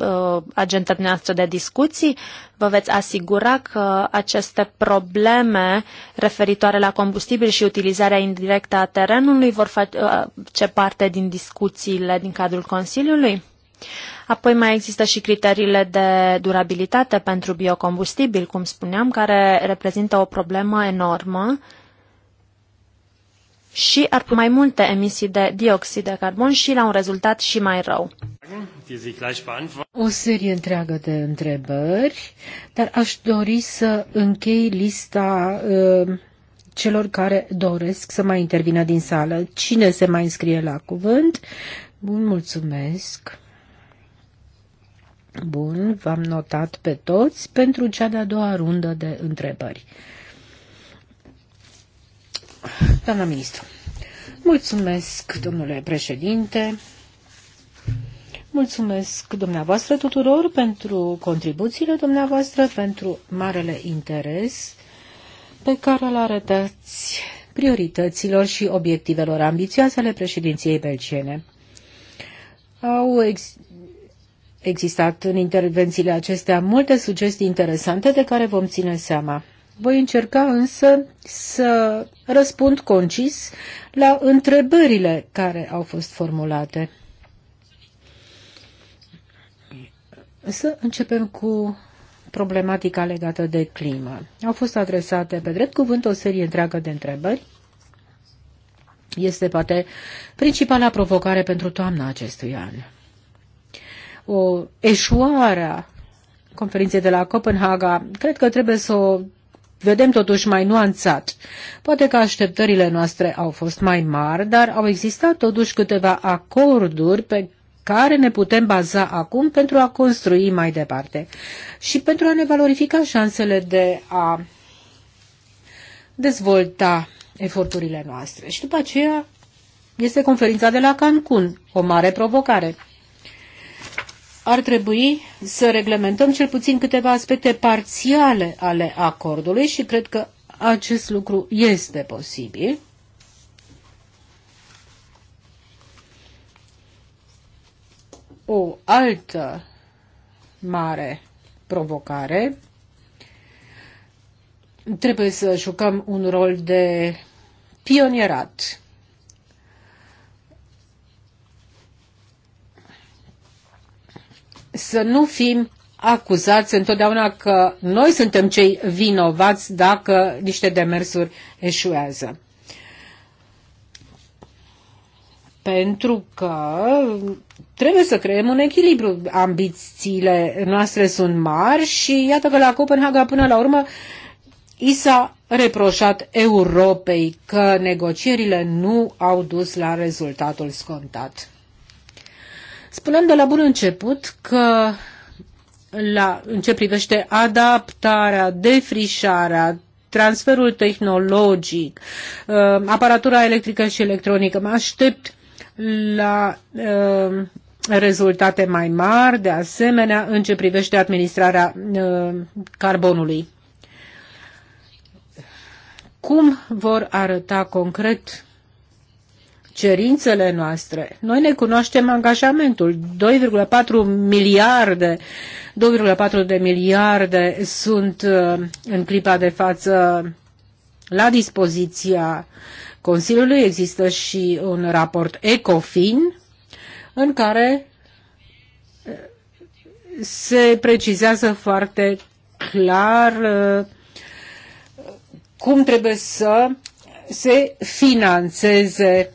uh, agenda noastră de discuții? Vă veți asigura că aceste probleme referitoare la combustibil și utilizarea indirectă a terenului vor face uh, parte din discuțiile din cadrul Consiliului? Apoi mai există și criteriile de durabilitate pentru biocombustibil, cum spuneam, care reprezintă o problemă enormă uh, și ar mai multe emisii de dioxid de carbon și la un rezultat și mai rău. O serie întreagă de întrebări, dar aș dori să închei lista uh, celor care doresc să mai intervină din sală. Cine se mai înscrie la cuvânt? Bun, mulțumesc. Bun, v-am notat pe toți pentru cea de-a doua rundă de întrebări. Doamna ministru. Mulțumesc, domnule președinte. Mulțumesc dumneavoastră tuturor pentru contribuțiile dumneavoastră, pentru marele interes pe care îl arătați priorităților și obiectivelor ambițioase ale președinției belgiene. Au ex- existat în intervențiile acestea multe sugestii interesante de care vom ține seama. Voi încerca însă să răspund concis la întrebările care au fost formulate. Să începem cu problematica legată de climă. Au fost adresate pe drept cuvânt o serie întreagă de întrebări. Este poate principala provocare pentru toamna acestui an. O eșuare a conferinței de la Copenhaga, cred că trebuie să o vedem totuși mai nuanțat. Poate că așteptările noastre au fost mai mari, dar au existat totuși câteva acorduri pe care ne putem baza acum pentru a construi mai departe și pentru a ne valorifica șansele de a dezvolta eforturile noastre. Și după aceea este conferința de la Cancun, o mare provocare ar trebui să reglementăm cel puțin câteva aspecte parțiale ale acordului și cred că acest lucru este posibil. O altă mare provocare trebuie să jucăm un rol de pionierat să nu fim acuzați întotdeauna că noi suntem cei vinovați dacă niște demersuri eșuează. Pentru că trebuie să creăm un echilibru. Ambițiile noastre sunt mari și iată că la Copenhaga până la urmă i s-a reproșat Europei că negocierile nu au dus la rezultatul scontat. Spuneam de la bun început că la, în ce privește adaptarea, defrișarea, transferul tehnologic, uh, aparatura electrică și electronică, mă aștept la uh, rezultate mai mari, de asemenea, în ce privește administrarea uh, carbonului. Cum vor arăta concret cerințele noastre. Noi ne cunoaștem angajamentul. 2,4 miliarde, 2,4 de miliarde sunt uh, în clipa de față la dispoziția Consiliului. Există și un raport ECOFIN în care uh, se precizează foarte clar uh, cum trebuie să se financeze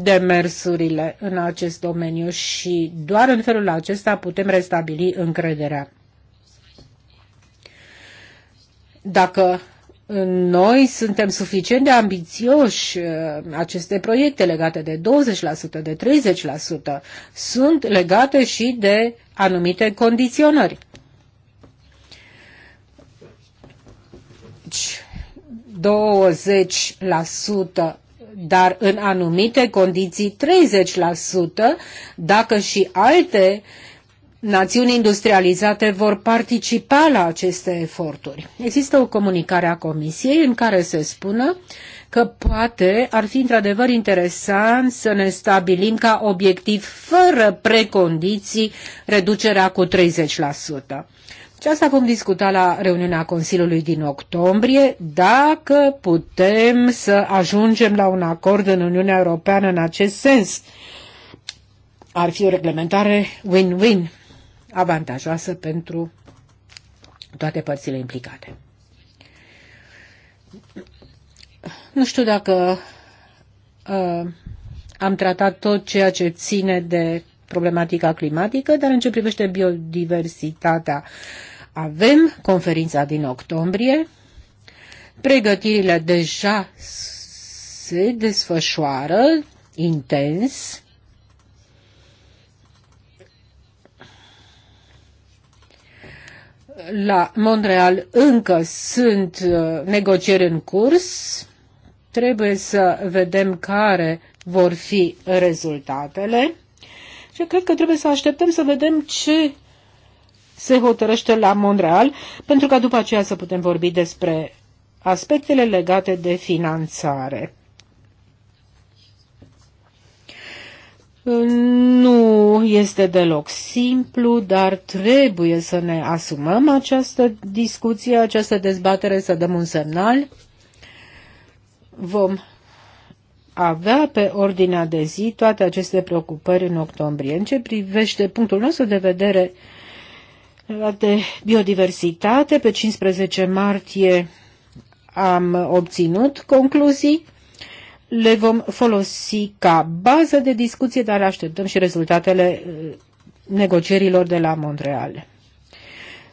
demersurile în acest domeniu și doar în felul acesta putem restabili încrederea. Dacă noi suntem suficient de ambițioși, uh, aceste proiecte legate de 20%, de 30% sunt legate și de anumite condiționări. Deci, dar în anumite condiții 30%, dacă și alte națiuni industrializate vor participa la aceste eforturi. Există o comunicare a Comisiei în care se spune că poate ar fi într-adevăr interesant să ne stabilim ca obiectiv fără precondiții reducerea cu 30%. Și asta vom discuta la reuniunea Consiliului din octombrie, dacă putem să ajungem la un acord în Uniunea Europeană în acest sens. Ar fi o reglementare win-win, avantajoasă pentru toate părțile implicate. Nu știu dacă uh, am tratat tot ceea ce ține de problematica climatică, dar în ce privește biodiversitatea, avem conferința din octombrie, pregătirile deja se desfășoară intens. La Montreal încă sunt uh, negocieri în curs. Trebuie să vedem care vor fi rezultatele. Și cred că trebuie să așteptăm să vedem ce se hotărăște la Montreal, pentru ca după aceea să putem vorbi despre aspectele legate de finanțare. Nu este deloc simplu, dar trebuie să ne asumăm această discuție, această dezbatere, să dăm un semnal. Vom avea pe ordinea de zi toate aceste preocupări în octombrie. În ce privește punctul nostru de vedere, uh, de biodiversitate. Pe 15 martie am obținut concluzii. Le vom folosi ca bază de discuție, dar așteptăm și rezultatele uh, negocierilor de la Montreal.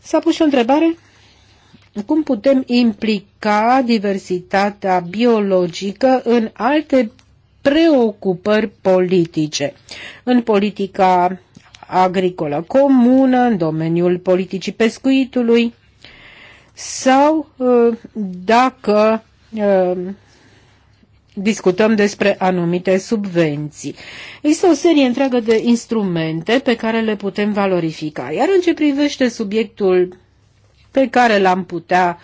S-a pus și o întrebare cum putem implica diversitatea biologică în alte preocupări politice, în politica agricolă comună, în domeniul politicii pescuitului sau uh, dacă uh, discutăm despre anumite subvenții. Există o serie întreagă de instrumente pe care le putem valorifica. Iar în ce privește subiectul pe care l-am putea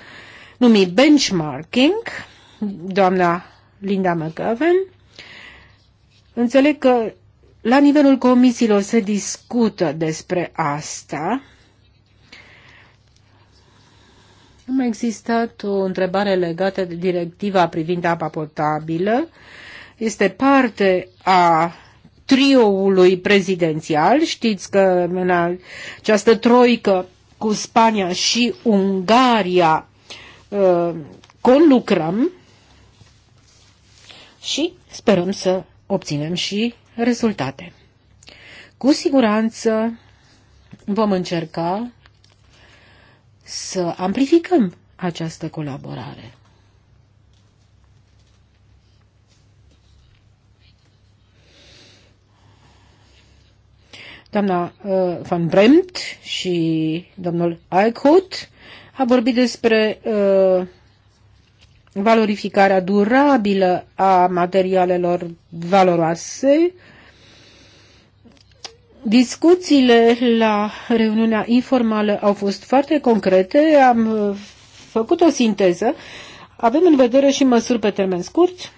numi benchmarking, doamna Linda McGovern, înțeleg că la nivelul comisiilor se discută despre asta. Nu A existat o întrebare legată de directiva privind apa potabilă. Este parte a trioului prezidențial. Știți că în această troică cu Spania și Ungaria uh, conlucrăm și sperăm să obținem și rezultate. Cu siguranță vom încerca să amplificăm această colaborare. Doamna uh, Van Bremt și domnul Eichhout a vorbit despre uh, valorificarea durabilă a materialelor valoroase, Discuțiile la reuniunea informală au fost foarte concrete, am uh, făcut o sinteză. Avem în vedere și măsuri pe termen scurt,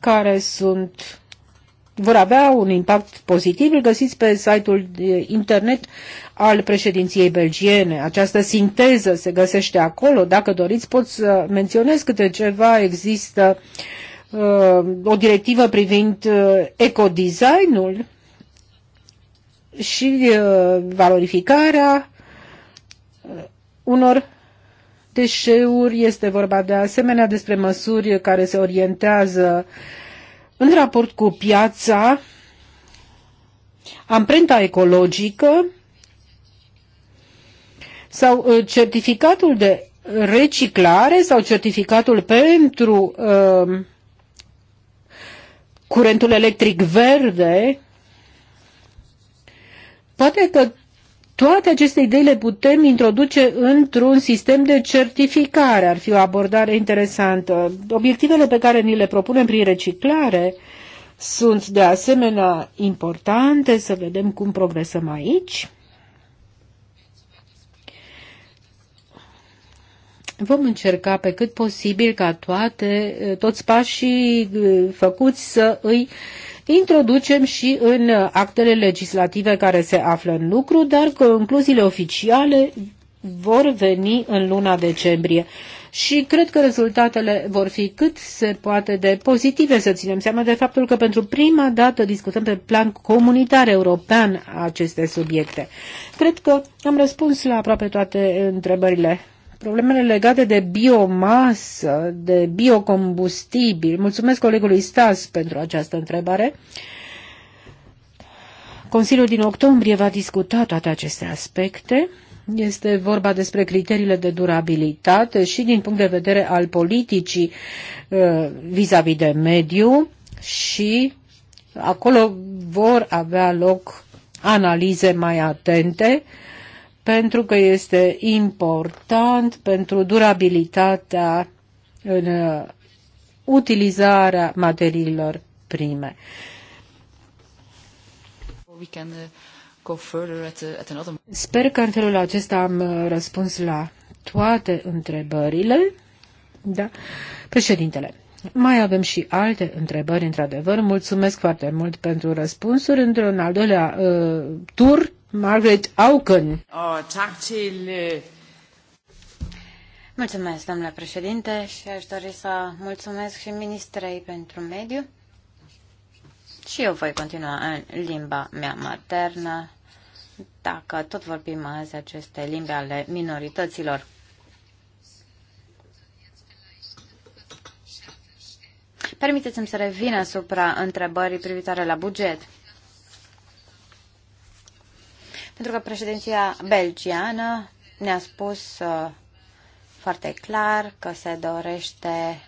care sunt vor avea un impact pozitiv, îl găsiți pe site-ul internet al președinției belgiene. Această sinteză se găsește acolo. Dacă doriți, pot să menționez câte ceva. Există uh, o directivă privind uh, ecodesignul și uh, valorificarea uh, unor deșeuri. Este vorba de asemenea despre măsuri care se orientează uh, în raport cu piața, amprenta ecologică sau uh, certificatul de reciclare sau certificatul pentru uh, curentul electric verde, poate că toate aceste idei le putem introduce într-un sistem de certificare. Ar fi o abordare interesantă. Obiectivele pe care ni le propunem prin reciclare sunt de asemenea importante. Să vedem cum progresăm aici. Vom încerca pe cât posibil ca toate, toți pașii eh, făcuți să îi uh, introducem și în uh, actele legislative care se află în lucru, dar concluziile oficiale vor veni în luna decembrie și cred că rezultatele vor fi cât se poate de pozitive, să ținem seama de faptul că pentru prima dată discutăm pe plan comunitar european aceste subiecte. Cred că am răspuns la aproape toate întrebările problemele legate de biomasă, de biocombustibil. Mulțumesc colegului Stas pentru această întrebare. Consiliul din octombrie va discuta toate aceste aspecte. Este vorba despre criteriile de durabilitate și din punct de vedere al politicii uh, vis-a-vis -vis de mediu și acolo vor avea loc analize mai atente uh, pentru că este important pentru durabilitatea în uh, utilizarea materiilor prime. Uh, uh, Sper că în felul acesta am răspuns la toate întrebările. Da? Președintele, mai avem și alte întrebări, într-adevăr. Mulțumesc foarte mult pentru răspunsuri. Într-un al doilea uh, tur Margaret Auken. Oh, tak til... Øh, mulțumesc, domnule președinte, și aș dori să mulțumesc și ministrei pentru mediu. Și eu voi continua în limba mea maternă, dacă tot vorbim azi aceste limbi ale minorităților. Permiteți-mi să revin asupra întrebării privitoare la buget. Pentru că președinția belgiană ne-a spus uh, foarte clar că se dorește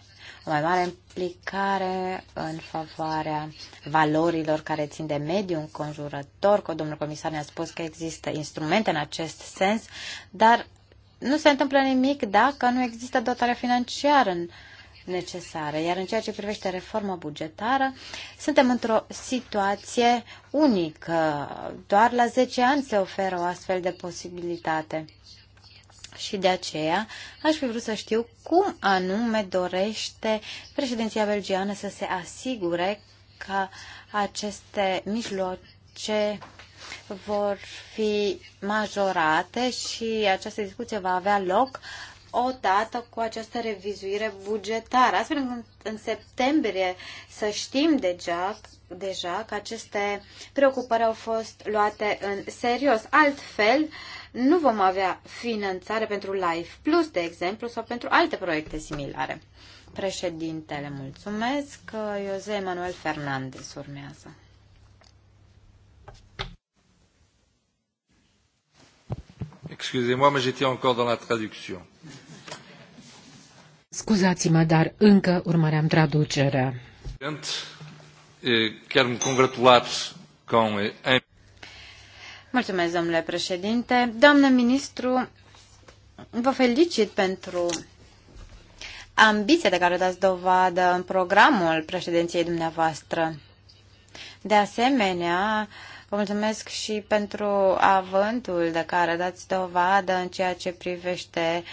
o mai mare implicare în favoarea valorilor care țin de mediul înconjurător. Că domnul comisar ne-a spus că există instrumente în acest sens, dar nu se întâmplă nimic dacă nu există dotare financiară în uh, necesară. Iar în ceea ce privește reforma bugetară, suntem într-o situație unică. Doar la 10 ani se oferă o astfel de posibilitate. Și de aceea aș fi vrut să știu cum anume dorește președinția belgiană să se asigure că aceste mijloace vor fi majorate și această discuție va avea loc o dată cu această revizuire bugetară, astfel încât în septembrie să știm deja, deja că aceste preocupări au fost luate în serios. Altfel, nu vom avea finanțare pentru Life Plus, de exemplu, sau pentru alte proiecte similare. Președintele, mulțumesc. Jose Manuel Fernandez urmează. Excusez-moi, mais j'étais encore dans la traduction. Scuzați-mă, dar încă urmăream traducerea. Chiar mă congratulat con... Mulțumesc, domnule președinte. Doamnă ministru, vă felicit pentru ambiția de care dați dovadă în programul președinției dumneavoastră. De asemenea, Vă mulțumesc și pentru avântul de care dați dovadă în ceea ce privește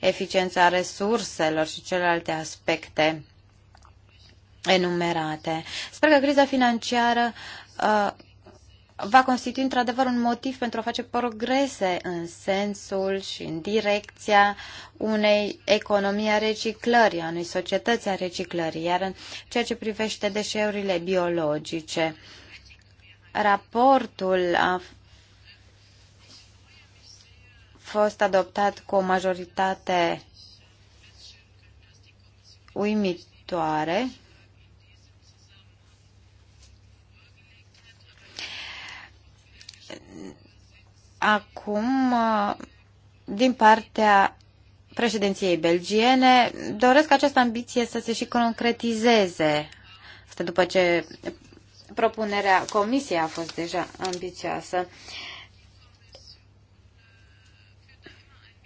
eficiența resurselor și celelalte aspecte enumerate. Sper că criza financiară uh, va constitui într-adevăr un motiv pentru a face progrese în sensul și în direcția unei economii a reciclării, a unei societăți a reciclării, iar în ceea ce privește deșeurile biologice. Raportul a fost adoptat cu o majoritate uimitoare. Acum, din partea președinției belgiene, doresc această ambiție să se și concretizeze. Asta după ce Propunerea comisiei a fost deja ambițioasă.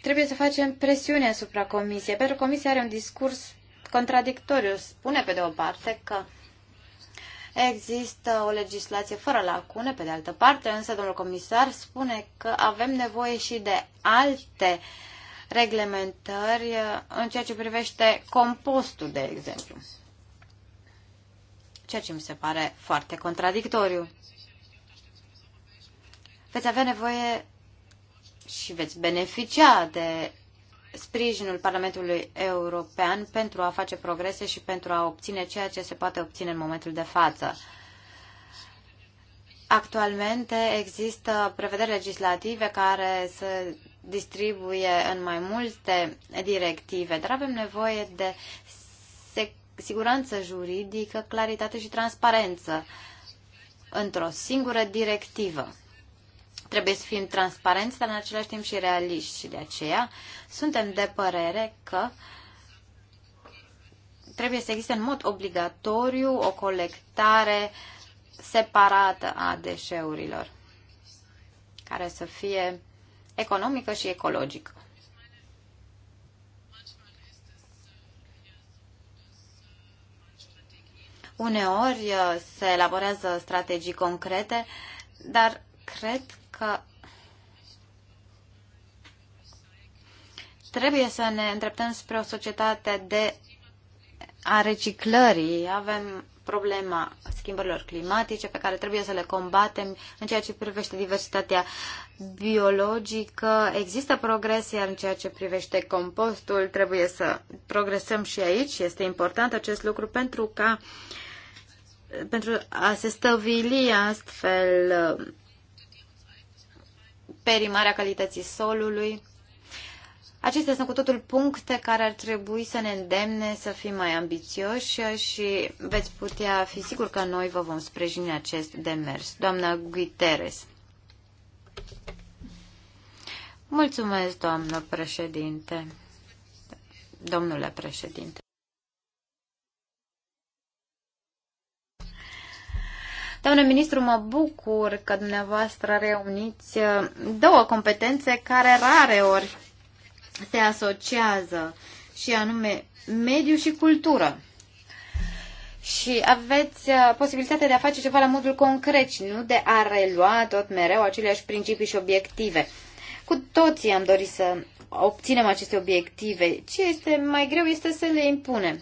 Trebuie să facem presiune asupra comisiei, pentru că comisia are un discurs contradictoriu. Spune pe de o parte că există o legislație fără lacune, pe de altă parte, însă domnul comisar spune că avem nevoie și de alte reglementări în ceea ce privește compostul, de exemplu ceea ce mi se pare foarte contradictoriu. Veți avea nevoie și veți beneficia de sprijinul Parlamentului European pentru a face progrese și pentru a obține ceea ce se poate obține în momentul de față. Actualmente există prevederi legislative care se distribuie în mai multe directive, dar avem nevoie de siguranță juridică, claritate și transparență într-o singură directivă. Trebuie să fim transparenți, dar în același timp și realiști și de aceea suntem de părere că trebuie să existe în mod obligatoriu o colectare separată a deșeurilor, care să fie economică și ecologică. Uneori uh, se elaborează strategii concrete, dar cred că trebuie să ne îndreptăm spre o societate de a reciclării. Avem problema schimbărilor climatice pe care trebuie să le combatem în ceea ce privește diversitatea biologică. Există progres, iar în ceea ce privește compostul trebuie să progresăm și aici. Este important acest lucru pentru ca uh, pentru a se stăvili astfel uh, perimarea calității solului. Acestea sunt cu totul puncte care ar trebui să ne îndemne să fim mai ambițioși și veți putea fi sigur că noi vă vom sprijini acest demers. Doamna Guiteres. Mulțumesc, doamnă președinte. Domnule președinte. Doamne ministru, mă bucur că dumneavoastră reuniți uh, două competențe care rare ori se asociază și anume mediu și cultură. Și aveți uh, posibilitatea de a face ceva la modul concret și nu de a relua tot mereu aceleași principii și obiective. Cu toții am dorit să obținem aceste obiective. Ce este mai greu este să le impunem.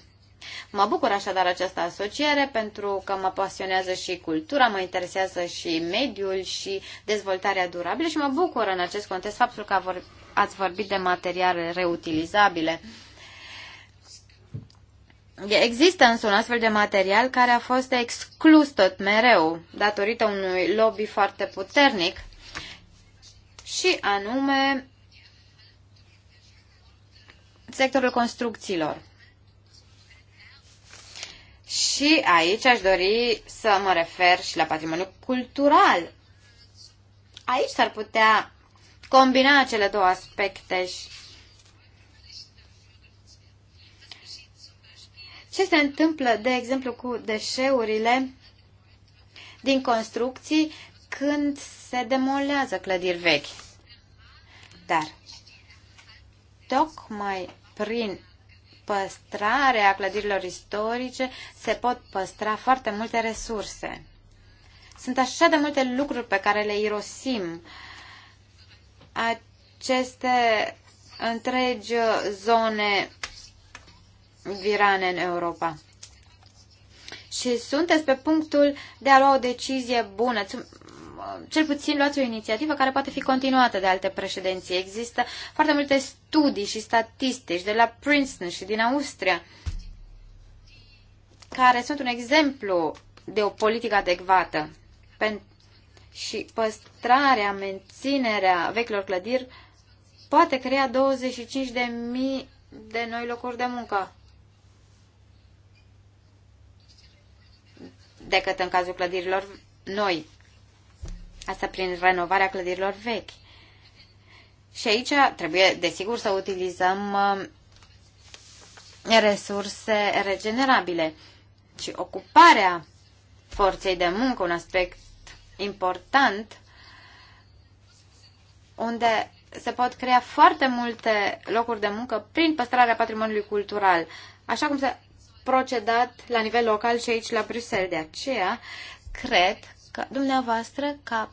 Mă bucur așadar această asociere pentru că mă pasionează și cultura, mă interesează și mediul și dezvoltarea durabilă și mă bucur în acest context faptul că ați vorbit de materiale reutilizabile. Există însă un astfel de material care a fost exclus tot mereu datorită unui lobby foarte puternic și anume sectorul construcțiilor. Și aici aș dori să mă refer și la patrimoniul cultural. Aici s-ar putea combina cele două aspecte. Ce se întâmplă, de exemplu, cu deșeurile din construcții când se demolează clădiri vechi? Dar, tocmai prin păstrare a clădirilor istorice se pot păstra foarte multe resurse. Sunt așa de multe lucruri pe care le irosim. Aceste întregi zone virane în Europa. Și sunteți pe punctul de a lua o decizie bună cel puțin luați o inițiativă care poate fi continuată de alte președinții. Există foarte multe studii și statistici de la Princeton și din Austria care sunt un exemplu de o politică adecvată și păstrarea, menținerea vechilor clădiri poate crea 25.000 de mii de noi locuri de muncă. decât în cazul clădirilor noi. Asta prin renovarea clădirilor vechi. Și aici trebuie, desigur, să utilizăm uh, resurse regenerabile. Și ocuparea forței de muncă, un aspect important, unde se pot crea foarte multe locuri de muncă prin păstrarea patrimoniului cultural, așa cum s-a procedat la nivel local și aici la Bruxelles. De aceea, cred că dumneavoastră, ca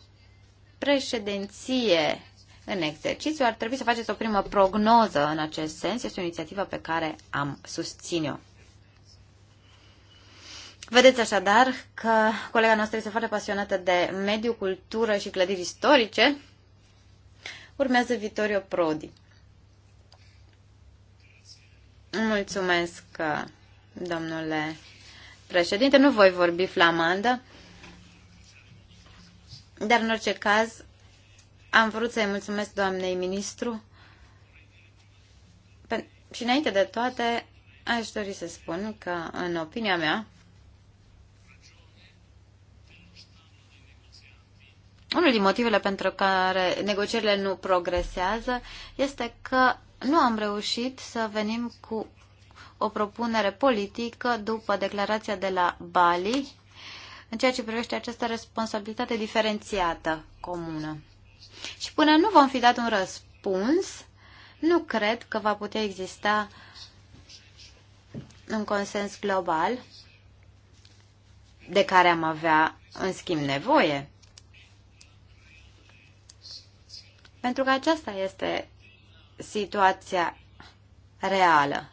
președinție în exercițiu, ar trebui să faceți o primă prognoză în acest sens. Este o inițiativă pe care am susținut. Vedeți așadar că colega noastră este foarte pasionată de mediu, cultură și clădiri istorice. Urmează Vittorio Prodi. Mulțumesc, domnule președinte. Nu voi vorbi flamandă. Dar în orice caz, am vrut să-i mulțumesc doamnei ministru. Și înainte de toate, aș dori să spun că, în opinia mea, unul din motivele pentru care negocierile nu progresează este că nu am reușit să venim cu o propunere politică după declarația de la Bali în ceea ce privește această responsabilitate diferențiată comună. Și până nu vom fi dat un răspuns, nu cred că va putea exista un consens global de care am avea în schimb nevoie. Pentru că aceasta este situația reală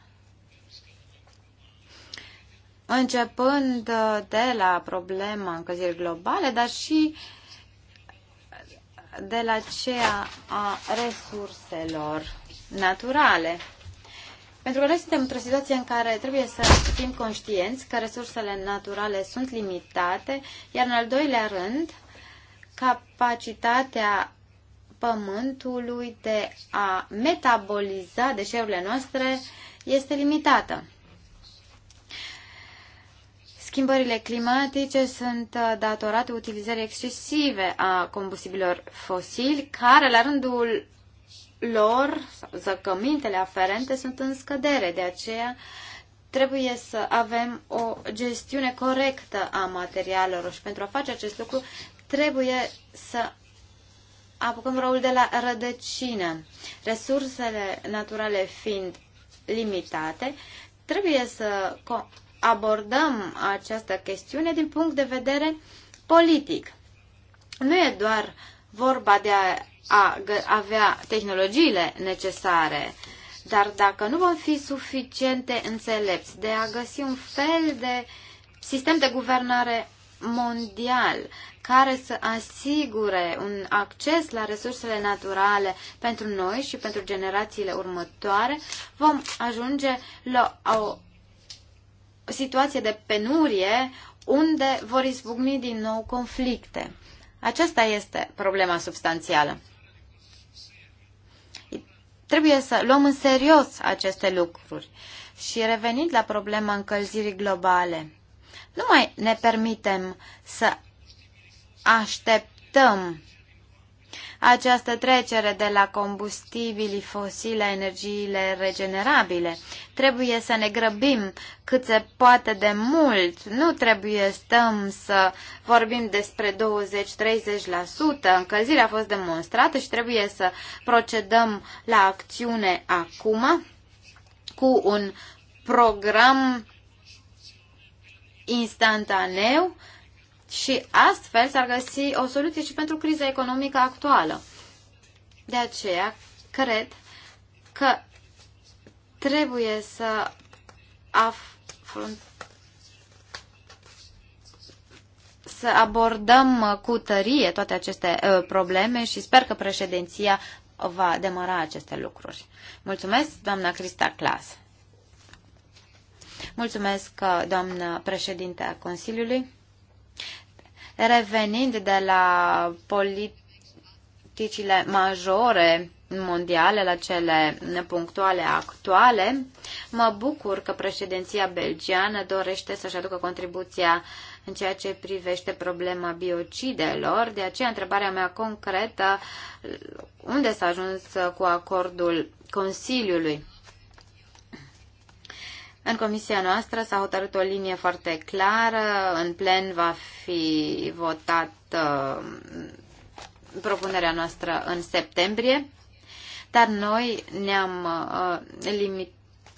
începând uh, de la problema încălzirii globale, dar și de la aceea a resurselor naturale. Pentru că noi suntem într-o situație în care trebuie să fim conștienți că resursele naturale sunt limitate, iar în al doilea rând, capacitatea pământului de a metaboliza deșeurile noastre este limitată. Schimbările climatice sunt uh, datorate utilizării excesive a combustibilor fosili, care la rândul lor, sau zăcămintele aferente, sunt în scădere. De aceea trebuie să avem o gestiune corectă a materialelor și pentru a face acest lucru trebuie să apucăm răul de la rădăcină. Resursele naturale fiind limitate, trebuie să abordăm această chestiune din punct de vedere politic. Nu e doar vorba de a, a avea tehnologiile necesare, dar dacă nu vom fi suficiente înțelepți de a găsi un fel de sistem de guvernare mondial care să asigure un acces la resursele naturale pentru noi și pentru generațiile următoare, vom ajunge la o situație de penurie unde vor izbucni din nou conflicte. Aceasta este problema substanțială. Trebuie să luăm în serios aceste lucruri și revenind la problema încălzirii globale. Nu mai ne permitem să așteptăm această trecere de la combustibili fosile la energiile regenerabile. Trebuie să ne grăbim cât se poate de mult. Nu trebuie stăm să vorbim despre 20-30%. Încălzirea a fost demonstrată și trebuie să procedăm la acțiune acum cu un program instantaneu și astfel s-ar găsi o soluție și pentru criza economică actuală. De aceea, cred că trebuie să afrunt... să abordăm cu tărie toate aceste uh, probleme și sper că președinția va demara aceste lucruri. Mulțumesc, doamna Crista Clas. Mulțumesc, ă, doamnă președinte a Consiliului. Revenind de la politicile majore mondiale la cele punctuale actuale, mă bucur că președinția belgiană dorește să-și aducă contribuția în ceea ce privește problema biocidelor. De aceea, întrebarea mea concretă, unde s-a ajuns cu acordul Consiliului? În comisia noastră s-a hotărât o linie foarte clară, în plen va fi votat uh, propunerea noastră în septembrie, dar noi ne-am uh, limit,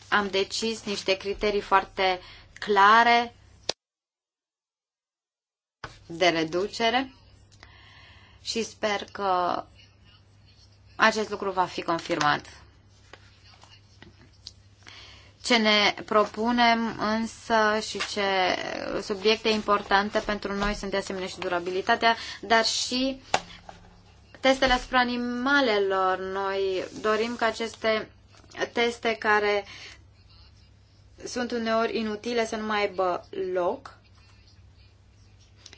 am decis niște criterii foarte clare de reducere și sper că acest lucru va fi confirmat. Ce ne propunem însă și ce subiecte importante pentru noi sunt de asemenea și durabilitatea, dar și testele asupra animalelor. Noi dorim ca aceste teste care sunt uneori inutile să nu mai aibă loc.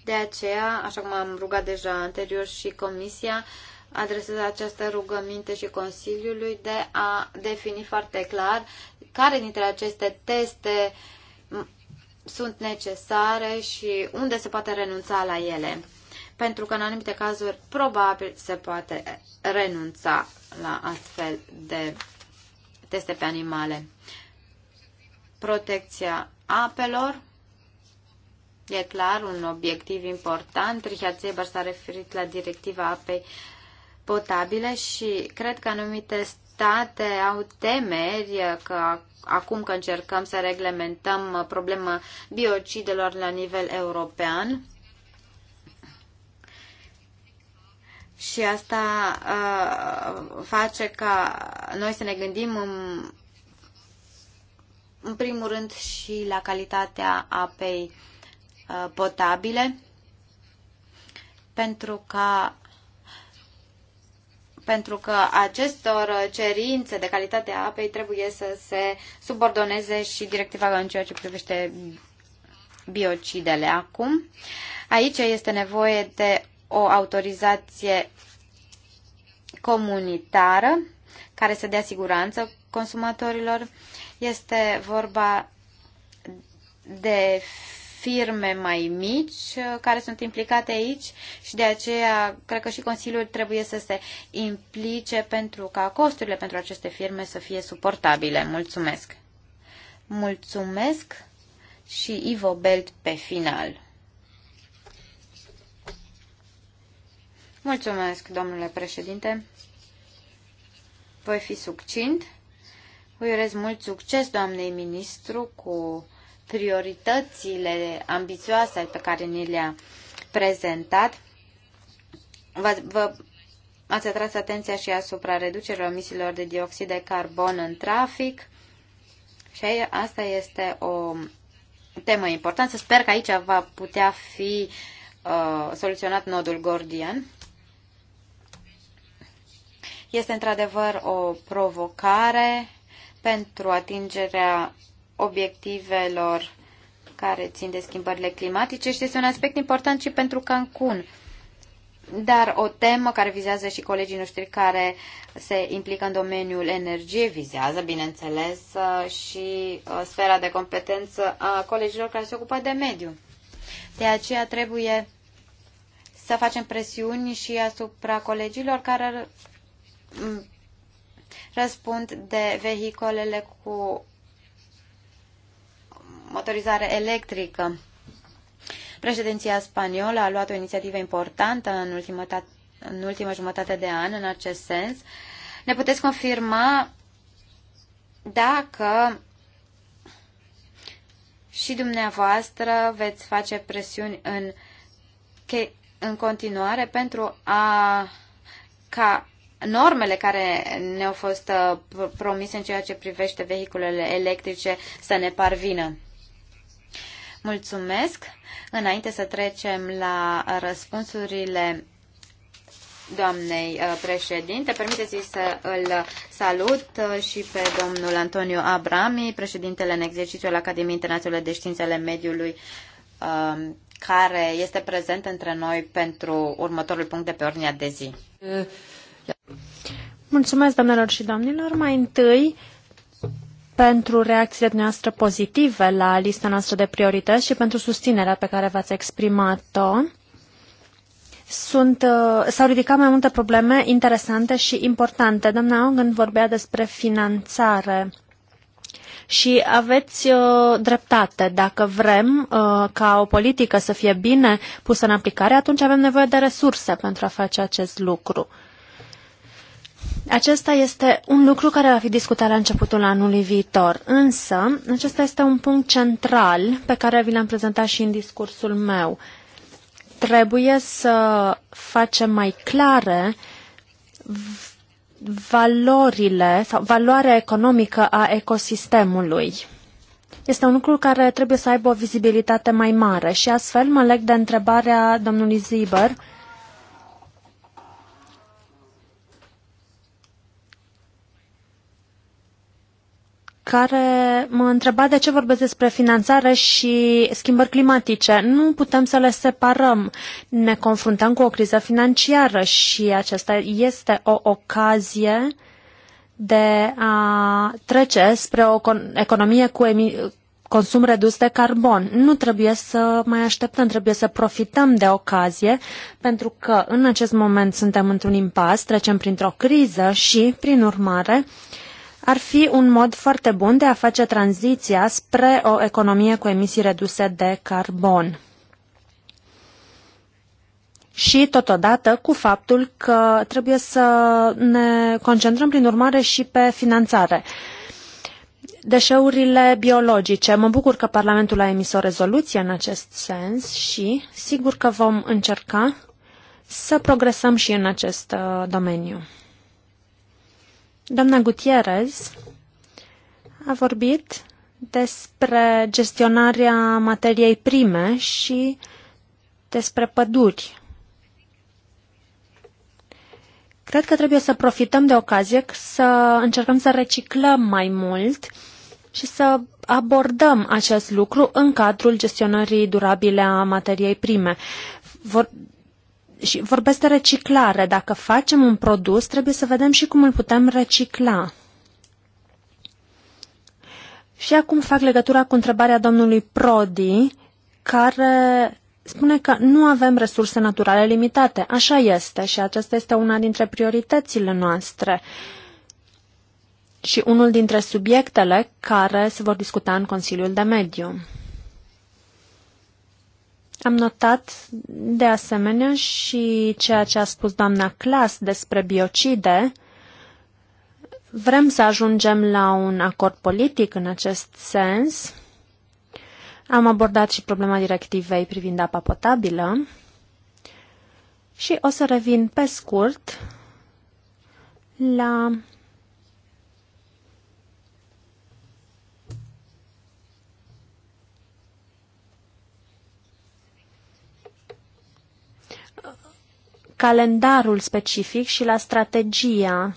De aceea, așa cum am rugat deja anterior și comisia, uh, adresez această rugăminte și Consiliului de a defini foarte clar care dintre aceste teste sunt necesare și unde se poate renunța la ele. Pentru că în anumite cazuri probabil se poate renunța la astfel de teste pe animale. Protecția apelor e clar un obiectiv important. Richard Zeber s-a referit la directiva apei uh, potabile și cred că anumite state au temeri că acum că încercăm să reglementăm problema biocidelor la nivel european, Și asta uh, face ca noi să ne gândim în, în primul rând și la calitatea apei uh, potabile, pentru ca pentru că acestor cerințe de calitate a apei trebuie să se subordoneze și directiva în ceea ce privește biocidele. Acum, aici este nevoie de o autorizație comunitară care să dea siguranță consumatorilor. Este vorba de firme mai mici uh, care sunt implicate aici și de aceea cred că și Consiliul trebuie să se implice pentru ca costurile pentru aceste firme să fie suportabile. Mulțumesc! Mulțumesc și Ivo Belt pe final. Mulțumesc, domnule președinte. Voi fi succint. Îi urez mult succes doamnei ministru cu prioritățile ambițioase pe care ni le-a prezentat, vă, vă ați atras atenția și asupra reducerilor emisiilor de dioxid de carbon în trafic și asta este o temă importantă. Sper că aici va putea fi uh, soluționat nodul gordian. Este într-adevăr o provocare pentru atingerea obiectivelor care țin de schimbările climatice și este un aspect important și pentru Cancun. Dar o temă care vizează și colegii noștri care se implică în domeniul energiei, vizează, bineînțeles, și uh, sfera de competență a colegilor care se ocupă de mediu. De aceea trebuie să facem presiuni și asupra colegilor care mm, răspund de vehicolele cu motorizare electrică. Președinția spaniolă a luat o inițiativă importantă în ultima, în ultima jumătate de an în acest sens. Ne puteți confirma dacă și dumneavoastră veți face presiuni în, în continuare pentru a ca normele care ne-au fost uh, promise în ceea ce privește vehiculele electrice să ne parvină. Mulțumesc! Înainte să trecem la răspunsurile doamnei uh, președinte. Permiteți-mi să îl salut uh, și pe domnul Antonio Abrami, președintele în exercițiu al Academiei Internaționale de Științe ale Mediului, um, care este prezent între noi pentru următorul punct de pe ordinea de zi. Mulțumesc, doamnelor și domnilor. Mai întâi, pentru reacțiile noastre pozitive la lista noastră de priorități și pentru susținerea pe care v-ați exprimat-o. Sunt, uh, s-au ridicat mai multe probleme interesante și importante. Doamna Ong vorbea despre finanțare. Și aveți uh, dreptate. Dacă vrem uh, ca o politică să fie bine pusă în aplicare, atunci avem nevoie de resurse pentru a face acest lucru. Uh, acesta este un lucru care va fi discutat la începutul anului viitor, însă acesta este un punct central pe care vi l-am prezentat și în discursul meu. Trebuie să facem mai clare valorile sau valoarea economică a ecosistemului. Este un lucru care trebuie să aibă o vizibilitate mai mare și astfel mă leg de întrebarea domnului Ziber, care mă întreba de ce vorbesc despre finanțare și schimbări climatice. Nu putem să le separăm. Ne confruntăm cu o criză financiară și aceasta este o ocazie de a trece spre o economie cu consum redus de carbon. Nu trebuie să mai așteptăm, trebuie să profităm de ocazie, pentru că în acest moment suntem într-un impas, trecem printr-o criză și, prin urmare, uh, ar fi un mod foarte bun de a face tranziția spre o economie cu emisii reduse de carbon. Și totodată cu faptul că trebuie să ne concentrăm prin urmare și pe finanțare. Deșeurile biologice. Mă bucur că Parlamentul a emis o rezoluție în acest sens și sigur că vom încerca să progresăm și în acest uh, domeniu. Doamna Gutierrez a vorbit despre gestionarea materiei prime și despre păduri. Cred că trebuie să profităm de ocazie să încercăm să reciclăm mai mult și să abordăm acest lucru în cadrul gestionării durabile a materiei prime. Vor, și vorbesc de reciclare. Dacă facem un produs, trebuie să vedem și cum îl putem recicla. Și acum fac legătura cu întrebarea domnului Prodi, care spune că nu avem resurse naturale limitate. Așa este și aceasta este una dintre prioritățile noastre și unul dintre subiectele care se vor discuta în Consiliul de Mediu. Am notat de asemenea și ceea ce a spus doamna Clas despre biocide. Vrem să ajungem la un acord politic în acest sens. Am abordat și problema directivei privind apa potabilă și o să revin pe scurt la calendarul specific și la strategia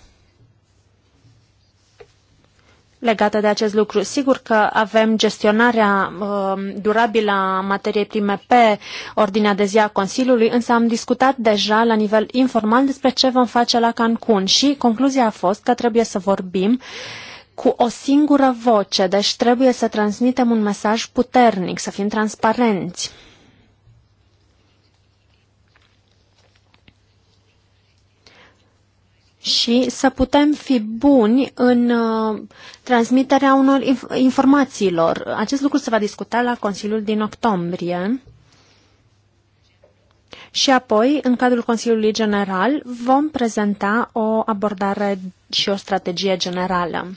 legată de acest lucru. Sigur că avem gestionarea uh, durabilă a materiei prime pe ordinea de zi a Consiliului, însă am discutat deja la nivel informal despre ce vom face la Cancun și concluzia a fost că trebuie să vorbim cu o singură voce, deci trebuie să transmitem un mesaj puternic, să fim transparenți. și să putem fi buni în uh, transmiterea unor informațiilor. Acest lucru se va discuta la Consiliul din octombrie și apoi, în cadrul Consiliului General, vom prezenta o abordare și o strategie generală.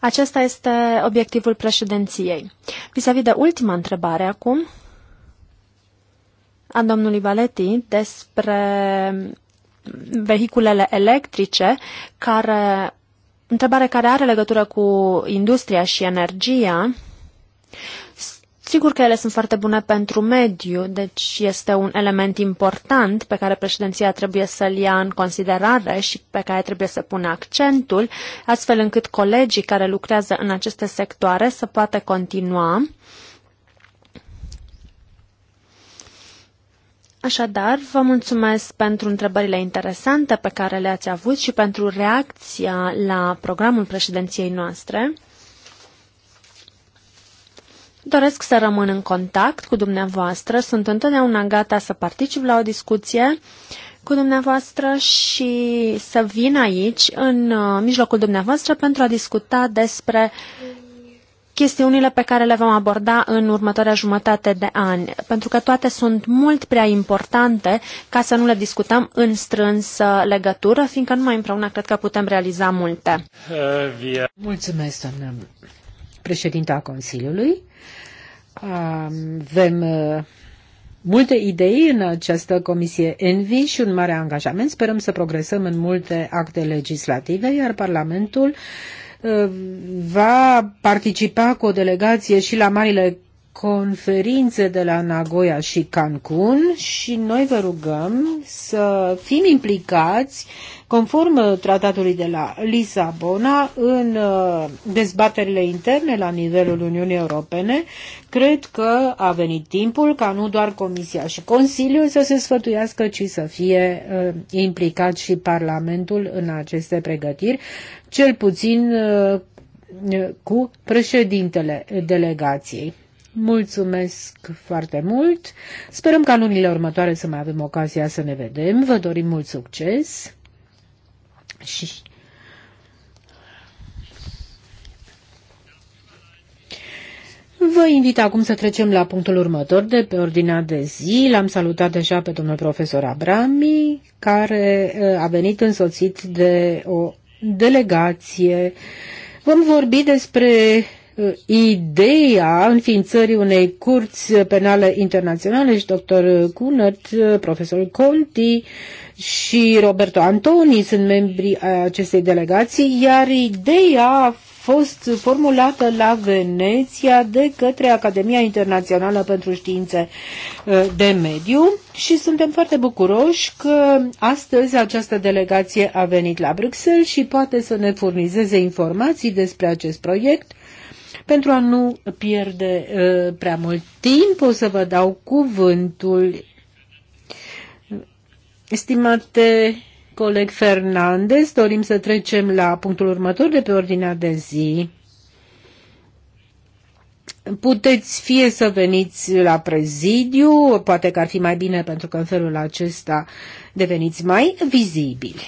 Acesta este obiectivul președinției. Vis-a-vis -vis de ultima întrebare acum, a domnului Valeti despre vehiculele electrice, care, întrebare care are legătură cu industria și energia. Sigur că ele sunt foarte bune pentru mediu, deci este un element important pe care președinția trebuie să-l ia în considerare și pe care trebuie să pună accentul, astfel încât colegii care lucrează în aceste sectoare să poată continua Așadar, vă mulțumesc pentru întrebările interesante pe care le-ați avut și pentru reacția la programul președinției noastre. Doresc să rămân în contact cu dumneavoastră, sunt întotdeauna gata să particip la o discuție cu dumneavoastră și să vin aici, în uh, mijlocul dumneavoastră, pentru a discuta despre uh, chestiunile pe care le vom aborda în următoarea jumătate de ani, pentru că toate sunt mult prea importante ca să nu le discutăm în strânsă uh, legătură, fiindcă numai împreună cred că putem realiza multe. Mulțumesc, doamnă președinta Consiliului. Avem uh, multe idei în această comisie Envi și un mare angajament. Sperăm să progresăm în multe acte legislative, iar Parlamentul va participa cu o delegație și la marile conferințe de la Nagoya și Cancun și noi vă rugăm să fim implicați conform uh, tratatului de la Lisabona în uh, dezbaterile interne la nivelul Uniunii Europene. Cred că a venit timpul ca nu doar Comisia și Consiliul să se sfătuiască, ci să fie uh, implicat și Parlamentul în aceste pregătiri, cel puțin cu președintele delegației. Mulțumesc foarte mult. Sperăm ca în lunile următoare să mai avem ocazia să ne vedem. Vă dorim mult succes. Și Vă invit acum să trecem la punctul următor de pe ordinea de zi. L-am salutat deja pe domnul profesor Abrami, care uh, a venit însoțit de o delegație. Vom vorbi despre ideea înființării unei curți penale internaționale și dr. Cunăt, profesor Conti și Roberto Antoni sunt membrii acestei delegații, iar ideea a fost formulată la Veneția de către Academia Internațională pentru Științe uh, de Mediu și suntem foarte bucuroși că astăzi această delegație a venit la Bruxelles și poate să ne furnizeze informații despre acest proiect pentru a nu pierde uh, prea mult timp, o să vă dau cuvântul. Estimate coleg Fernandez, dorim să trecem la punctul următor de pe ordinea de zi. Puteți fie să veniți la prezidiu, poate că ar fi mai bine pentru că în felul acesta deveniți mai vizibili.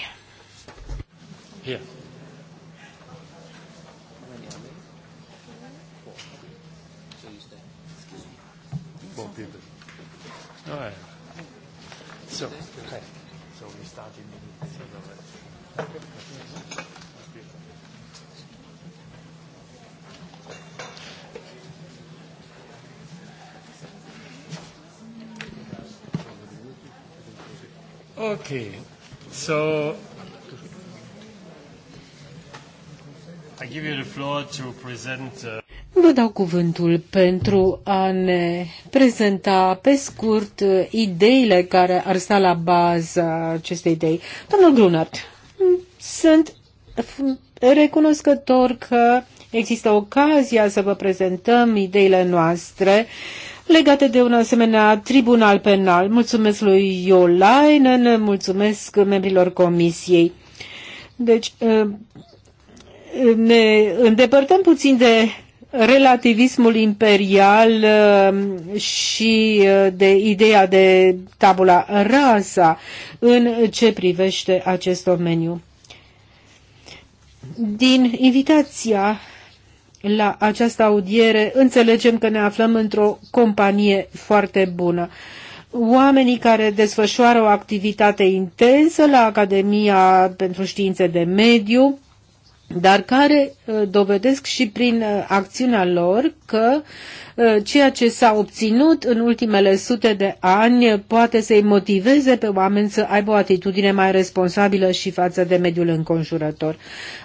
Right. So, okay. so we start in minutes. Okay. So Uh, vă dau cuvântul pentru a ne prezenta pe scurt uh, ideile care ar sta la baza acestei idei. Domnul Grunert, sunt recunoscător că există ocazia să vă prezentăm ideile noastre legate de un asemenea tribunal penal. Mulțumesc lui Iolainen, mulțumesc membrilor comisiei. Deci, uh, ne îndepărtăm puțin de relativismul imperial uh, și uh, de ideea de tabula rasa în ce privește acest domeniu. Din invitația la această audiere înțelegem că ne aflăm într-o companie foarte bună oamenii care desfășoară o activitate intensă la Academia pentru Științe de Mediu dar care uh, dovedesc și prin uh, acțiunea lor că uh, ceea ce s-a obținut în ultimele sute de ani poate să-i motiveze pe oameni să aibă o atitudine mai responsabilă și față de mediul înconjurător.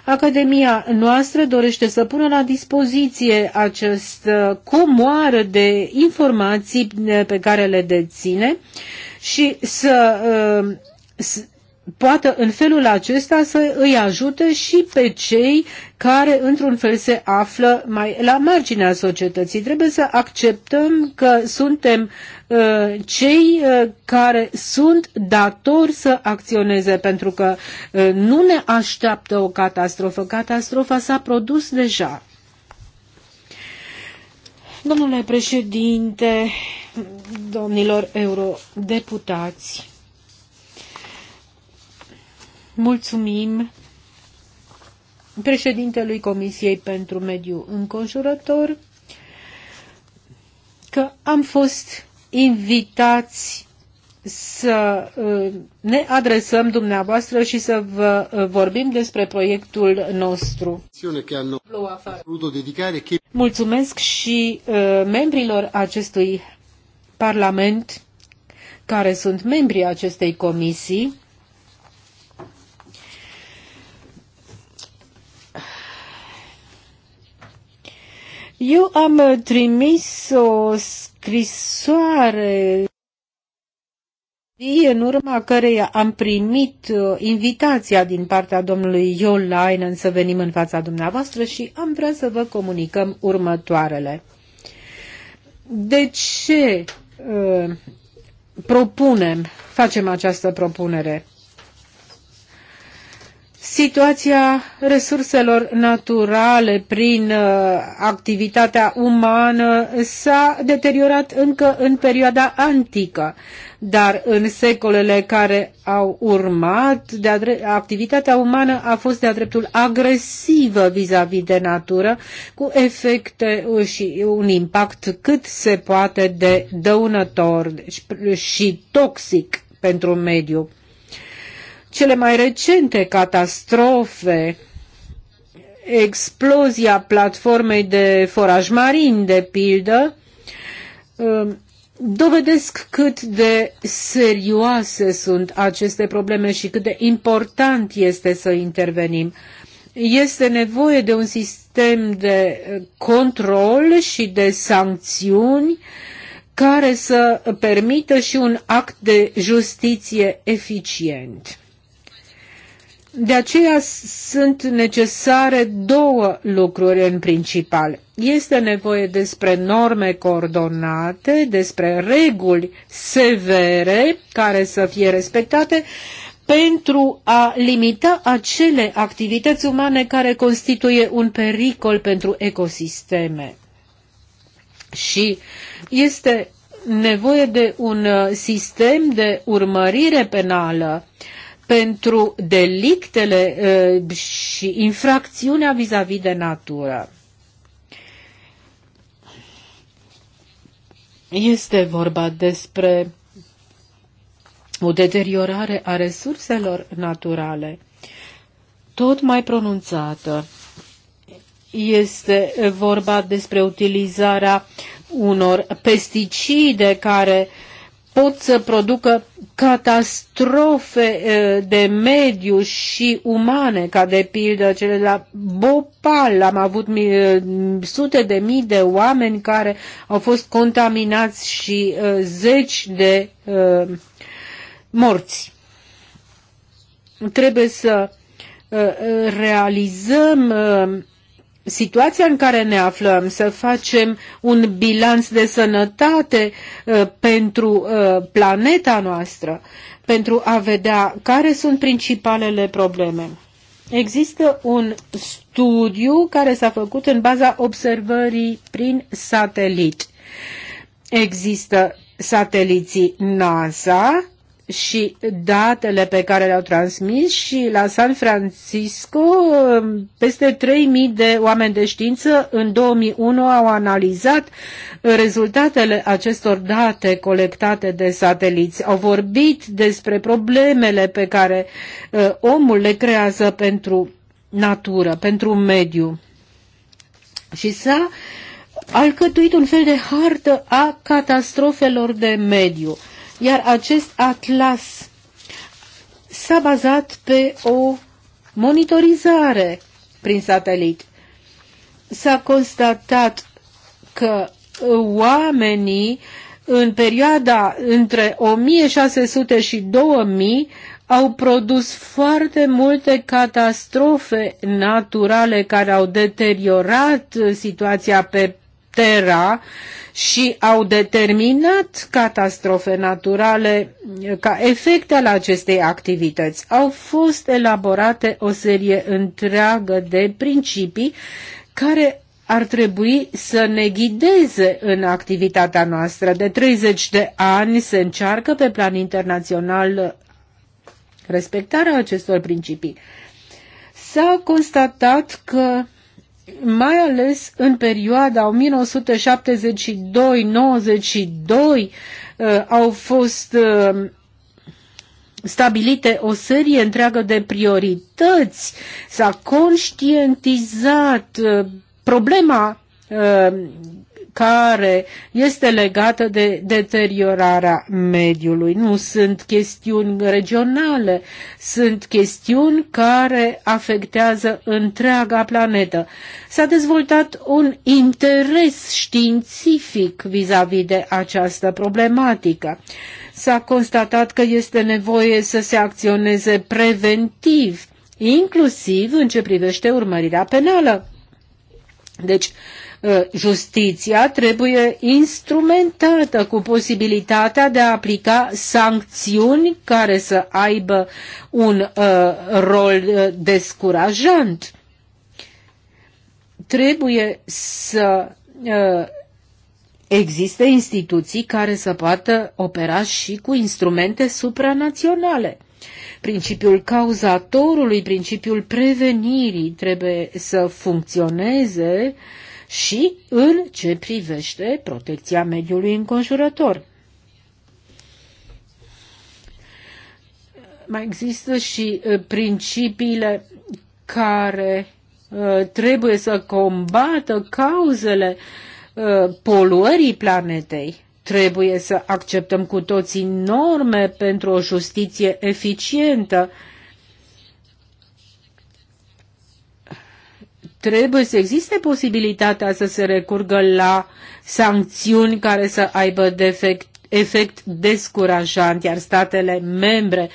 Academia noastră dorește să pună la dispoziție acest comoară de informații pe care le deține și să poată în felul acesta să îi ajute și pe cei care într-un fel se află mai la marginea societății. Trebuie să acceptăm că suntem uh, cei uh, care sunt datori să acționeze pentru că uh, nu ne așteaptă o catastrofă. Catastrofa s-a produs deja. Domnule președinte, domnilor eurodeputați, Mulțumim președintelui Comisiei pentru Mediu Înconjurător că am fost invitați să uh, ne adresăm dumneavoastră și să vă uh, vorbim despre proiectul nostru. Mulțumesc și uh, membrilor acestui Parlament care sunt membrii acestei comisii Eu am uh, trimis o scrisoare în urma căreia am primit uh, invitația din partea domnului Iolainen să venim în fața dumneavoastră și am vrea să vă comunicăm următoarele. De ce uh, propunem, facem această propunere? situația resurselor naturale prin uh, activitatea umană s-a deteriorat încă în perioada antică, dar în secolele care au urmat, activitatea umană a fost de-a dreptul agresivă vis-a-vis -vis de natură, cu efecte și un impact cât se poate de dăunător și toxic pentru mediu. Cele mai recente catastrofe, explozia platformei de foraj marin, de pildă, um, dovedesc cât de serioase sunt aceste probleme și cât de important este să intervenim. Este nevoie de un sistem de control și de sancțiuni care să permită și un act de justiție eficient. De aceea sunt necesare două lucruri în principal. Este nevoie despre norme coordonate, despre reguli severe care să fie respectate pentru a limita acele activități umane care constituie un pericol pentru ecosisteme. Și este nevoie de un uh, sistem de urmărire penală uh, pentru delictele uh, și infracțiunea vis-a-vis -vis de natură. Este vorba despre o deteriorare a resurselor naturale, tot mai pronunțată. Este vorba despre utilizarea unor pesticide care pot să producă catastrofe de mediu și umane, ca de pildă cele la Bopal. Am avut sute de mii de oameni care au fost contaminați și zeci de morți. Trebuie să realizăm situația în care ne aflăm, să facem un bilanț de sănătate uh, pentru uh, planeta noastră, pentru a vedea care sunt principalele probleme. Există un studiu care s-a făcut în baza observării prin satelit. Există sateliții NASA, și datele pe care le-au transmis și la San Francisco um, peste 3.000 de oameni de știință în 2001 au analizat rezultatele acestor date colectate de sateliți. Au vorbit despre problemele pe care uh, omul le creează pentru natură, pentru mediu. Și s-a alcătuit un fel de hartă a catastrofelor de mediu. Uh, iar acest atlas s-a bazat pe o monitorizare prin satelit. S-a constatat că oamenii în perioada între 1600 și 2000 au produs foarte multe catastrofe naturale care au deteriorat situația pe Terra și au determinat catastrofe naturale ca efecte ale acestei activități. Au fost elaborate o serie întreagă de principii care ar trebui să ne ghideze în activitatea noastră. De 30 de ani se încearcă pe plan internațional respectarea acestor principii. S-a constatat că mai ales în perioada 1972-92 uh, au fost uh, stabilite o serie întreagă de priorități, s-a conștientizat uh, problema care este legată de deteriorarea mediului. Nu sunt chestiuni regionale, sunt chestiuni care afectează întreaga planetă. S-a dezvoltat un interes științific vis-a-vis -vis de această problematică. S-a constatat că este nevoie să se acționeze preventiv, inclusiv în ce privește urmărirea penală. Deci, Uh, justiția trebuie instrumentată cu posibilitatea de a aplica sancțiuni care să aibă un uh, rol uh, descurajant. Trebuie să existe instituții care să poată opera și cu instrumente supranaționale. Principiul cauzatorului, principiul prevenirii trebuie să funcționeze uh, și în ce privește protecția mediului înconjurător. Mai există și principiile care trebuie să combată cauzele poluării planetei. Trebuie să acceptăm cu toții norme pentru o justiție eficientă trebuie să existe posibilitatea să se recurgă la sancțiuni care să aibă defect, efect descurajant, iar statele membre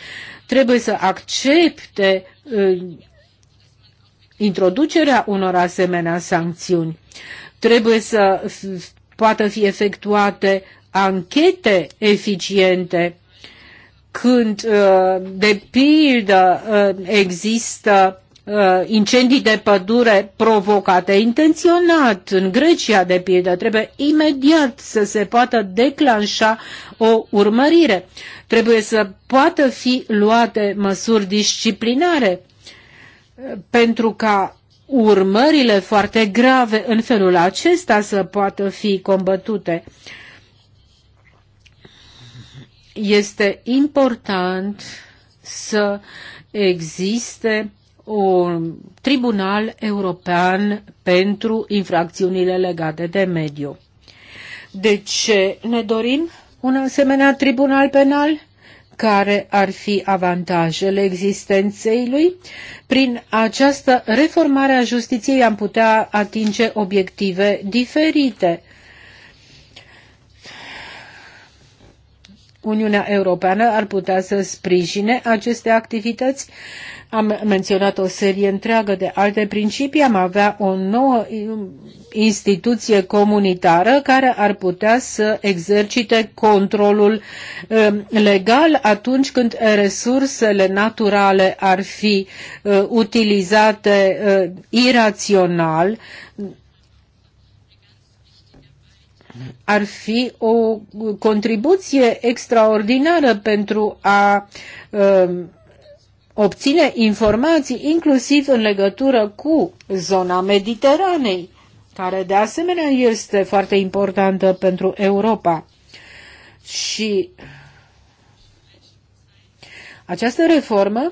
trebuie să accepte uh, introducerea unor asemenea sancțiuni. Trebuie să poată fi efectuate anchete eficiente când, uh, de pildă, uh, există Uh, incendii de pădure provocate intenționat în Grecia, de pildă. Trebuie imediat să se poată declanșa o urmărire. Trebuie să poată fi luate măsuri disciplinare uh, pentru ca urmările foarte grave în felul acesta să poată fi combătute. Este important să existe un tribunal european pentru infracțiunile legate de mediu. De ce ne dorim un asemenea tribunal penal? care ar fi avantajele existenței lui. Prin această reformare a justiției am putea atinge obiective diferite. Uniunea Europeană ar putea să sprijine aceste activități. Am menționat o serie întreagă de alte principii, am avea o nouă instituție comunitară care ar putea să exercite controlul um, legal atunci când resursele naturale ar fi uh, utilizate uh, irațional ar fi o contribuție extraordinară pentru a uh, obține informații inclusiv în legătură cu zona Mediteranei, care de asemenea este foarte importantă pentru Europa. Și această reformă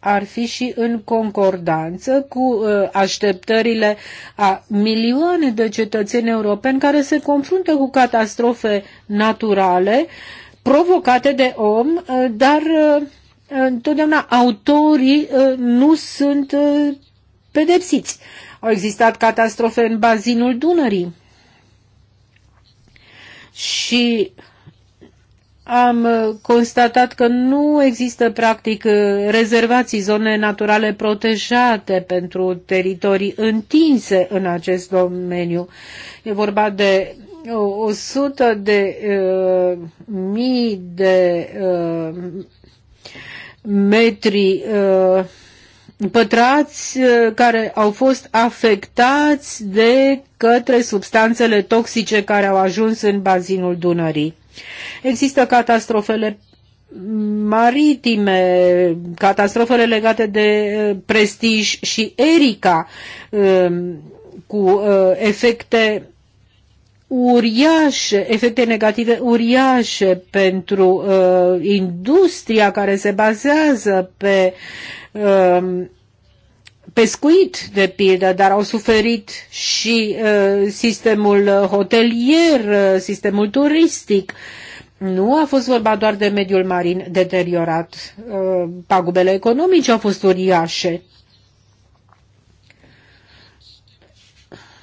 ar fi și în concordanță cu uh, așteptările a milioane de cetățeni europeni care se confruntă cu catastrofe naturale provocate de om, uh, dar uh, întotdeauna autorii nu sunt pedepsiți. Au existat catastrofe în bazinul Dunării și am uh, constatat că nu există practic uh, rezervații, zone naturale protejate pentru teritorii întinse în acest domeniu. E vorba de 100 uh, de uh, mii de uh, metri uh, pătrați care au fost afectați de către substanțele toxice care au ajuns în bazinul Dunării. Există catastrofele maritime, catastrofele legate de uh, prestij și Erica um, cu uh, efecte uriașe, efecte negative uriașe pentru uh, industria care se bazează pe um, pescuit, de pildă, dar au suferit și uh, sistemul hotelier, uh, sistemul turistic. Nu a fost vorba doar de mediul marin deteriorat. Uh, pagubele economice au fost uriașe.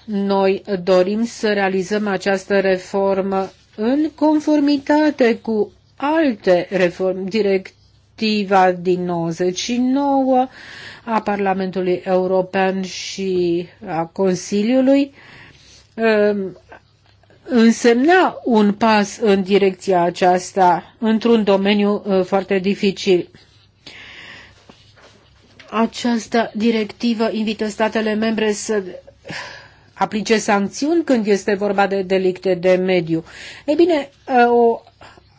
Noi dorim să realizăm această reformă în conformitate cu alte reforme, direct directiva din 99 a Parlamentului European și a Consiliului um, însemna un pas în direcția aceasta într-un domeniu uh, foarte dificil. Această directivă invită statele membre să aplice sancțiuni când este vorba de delicte de mediu. Ei bine, uh, o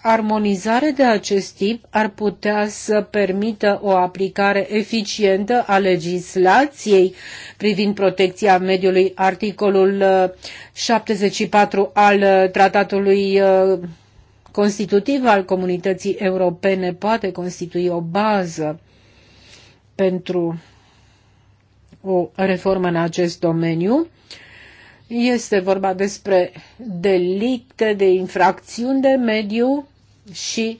armonizare de acest tip ar putea să permită o aplicare eficientă a legislației privind protecția mediului, articolul 74 uh, al uh, tratatului uh, constitutiv al comunității europene poate constitui o bază pentru o reformă în acest domeniu este vorba despre delicte de infracțiuni de mediu și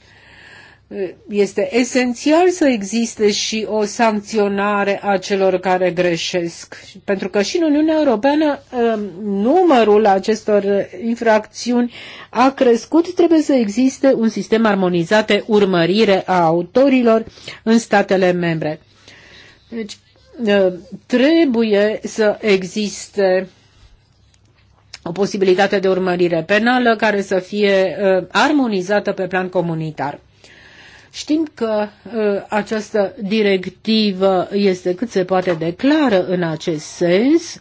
este esențial să existe și o sancționare a celor care greșesc. Pentru că și în Uniunea Europeană numărul acestor infracțiuni a crescut, trebuie să existe un sistem armonizat de urmărire a autorilor în statele membre. Deci trebuie să existe o posibilitate de urmărire penală care să fie uh, armonizată pe plan comunitar. Știm că uh, această directivă este cât se poate de clară în acest sens.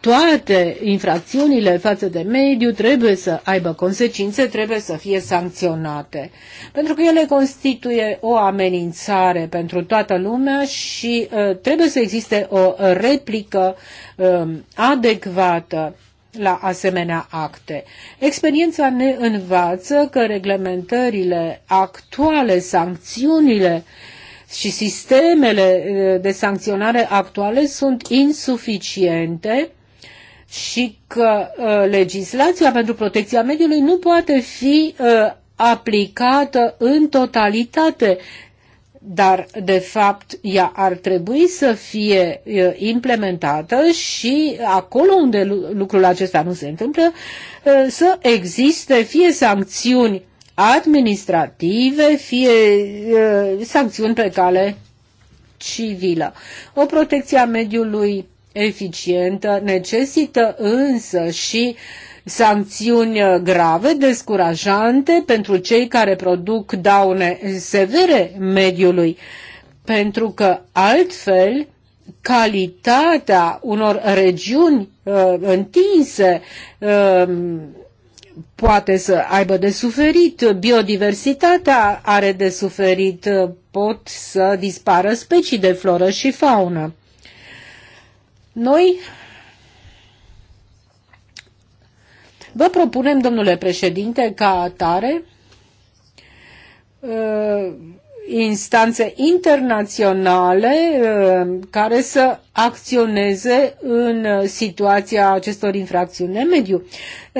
Toate infracțiunile față de mediu trebuie să aibă consecințe, trebuie să fie sancționate, pentru că ele constituie o amenințare pentru toată lumea și uh, trebuie să existe o replică uh, adecvată la asemenea acte. Experiența ne învață că reglementările actuale, sancțiunile și sistemele de sancționare actuale sunt insuficiente și că uh, legislația pentru protecția mediului nu poate fi uh, aplicată în totalitate dar de fapt ea ar trebui să fie implementată și acolo unde lucrul acesta nu se întâmplă, să existe fie sancțiuni administrative, fie sancțiuni pe cale civilă. O protecție a mediului eficientă necesită însă și uh, sancțiuni uh, grave, descurajante pentru cei care produc daune severe mediului, pentru că altfel calitatea unor regiuni uh, întinse uh, poate să aibă de suferit, biodiversitatea are de suferit, uh, pot să dispară specii de floră și faună. Noi Vă propunem, domnule președinte, ca atare uh, instanțe internaționale uh, care să acționeze în situația acestor infracțiuni de mediu.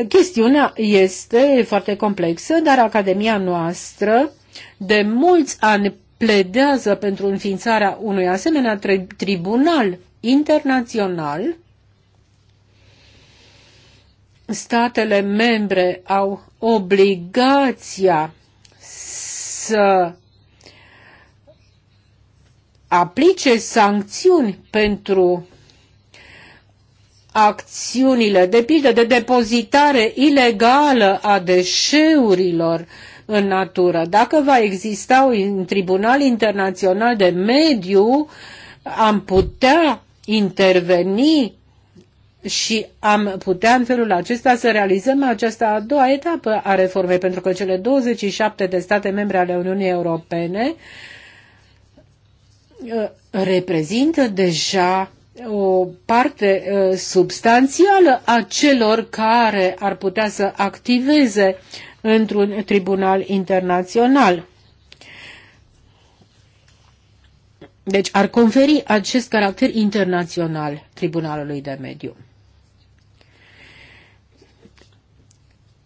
Chestiunea este foarte complexă, dar Academia noastră de mulți ani pledează pentru înființarea unui asemenea tribunal internațional statele membre au obligația să aplice sancțiuni pentru acțiunile, de pildă de depozitare ilegală a deșeurilor în natură. Dacă va exista un tribunal internațional de mediu, am putea interveni și am putea în felul acesta să realizăm această a doua etapă a reformei, pentru că cele 27 de state membre ale Uniunii Europene uh, reprezintă deja o parte uh, substanțială a celor care ar putea să activeze într-un tribunal internațional. Deci ar conferi acest caracter internațional Tribunalului de Mediu.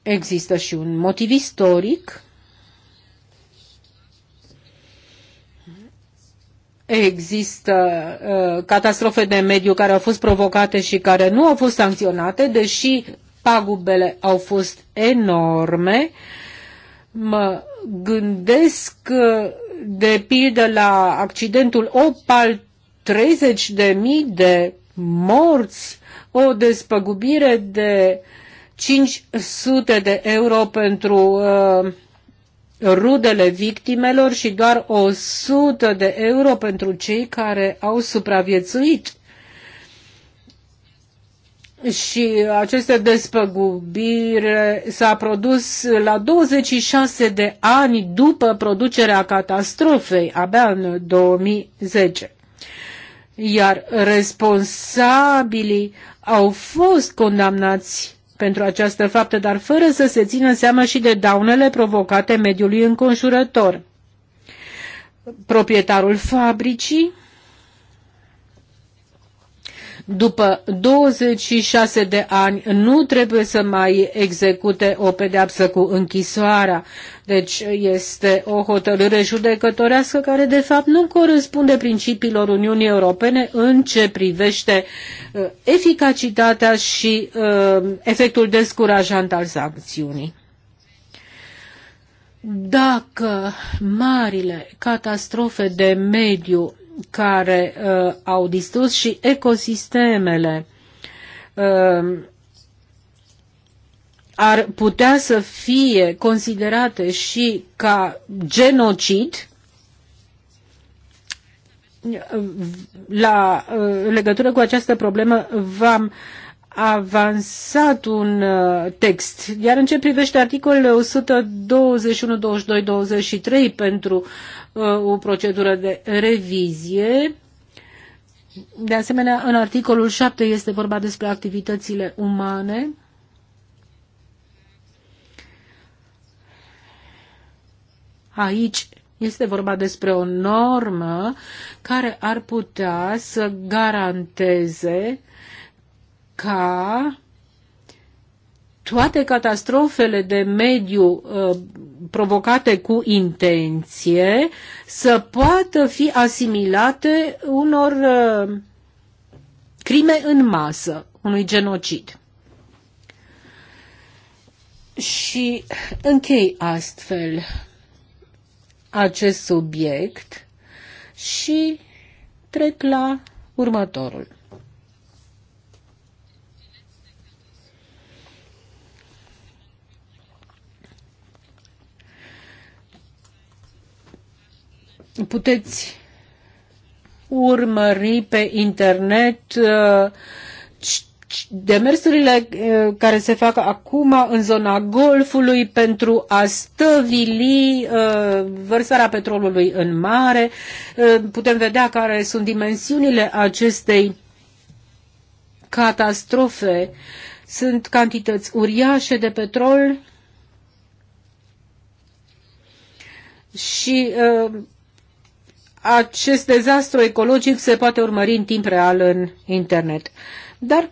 Există și un motiv istoric. Există uh, catastrofe de mediu care au fost provocate și care nu au fost sancționate, deși pagubele au fost enorme. Mă gândesc, uh, de pildă, la accidentul Opal, 30.000 de morți, o despăgubire de uh, 500 de euro pentru uh, rudele victimelor și doar 100 de euro pentru cei care au supraviețuit. Și aceste despăgubire s-a produs la 26 de ani după producerea catastrofei, abia în 2010. Iar responsabilii au fost condamnați pentru această faptă, dar fără să se țină seama și de daunele provocate mediului înconjurător. Proprietarul fabricii după 26 de ani nu trebuie să mai execute o pedeapsă cu închisoarea. Deci este o hotărâre judecătorească care de fapt nu corespunde principiilor Uniunii Europene în ce privește uh, eficacitatea și uh, efectul descurajant al sancțiunii dacă marile catastrofe de mediu care uh, au distrus și ecosistemele uh, ar putea să fie considerate și ca genocid uh, la uh, legătură cu această problemă v-am uh, avansat un uh, text. Iar în ce privește articolele 121, 22, 23 pentru uh, o procedură de revizie, de asemenea, în articolul 7 este vorba despre activitățile umane. Aici este vorba despre o normă care ar putea să garanteze ca toate catastrofele de mediu uh, provocate cu intenție să poată fi asimilate unor uh, crime în masă, unui genocid. Și închei astfel acest subiect și trec la următorul. puteți urmări pe internet uh, demersurile uh, care se fac acum în zona Golfului pentru a stăvili uh, vărsarea petrolului în mare. Putem vedea care sunt dimensiunile acestei catastrofe. Sunt cantități uriașe de petrol și acest dezastru ecologic se poate urmări în timp real în internet. Dar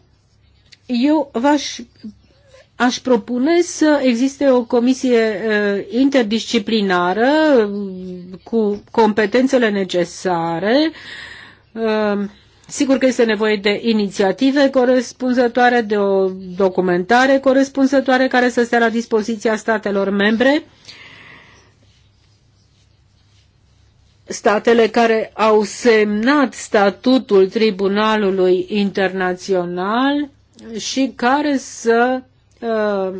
eu v-aș aș propune să existe o comisie eh, interdisciplinară mm, cu competențele necesare. Eh, sigur că este nevoie de inițiative corespunzătoare, de o documentare corespunzătoare care să stea la dispoziția statelor membre statele care au semnat statutul Tribunalului Internațional și care să uh,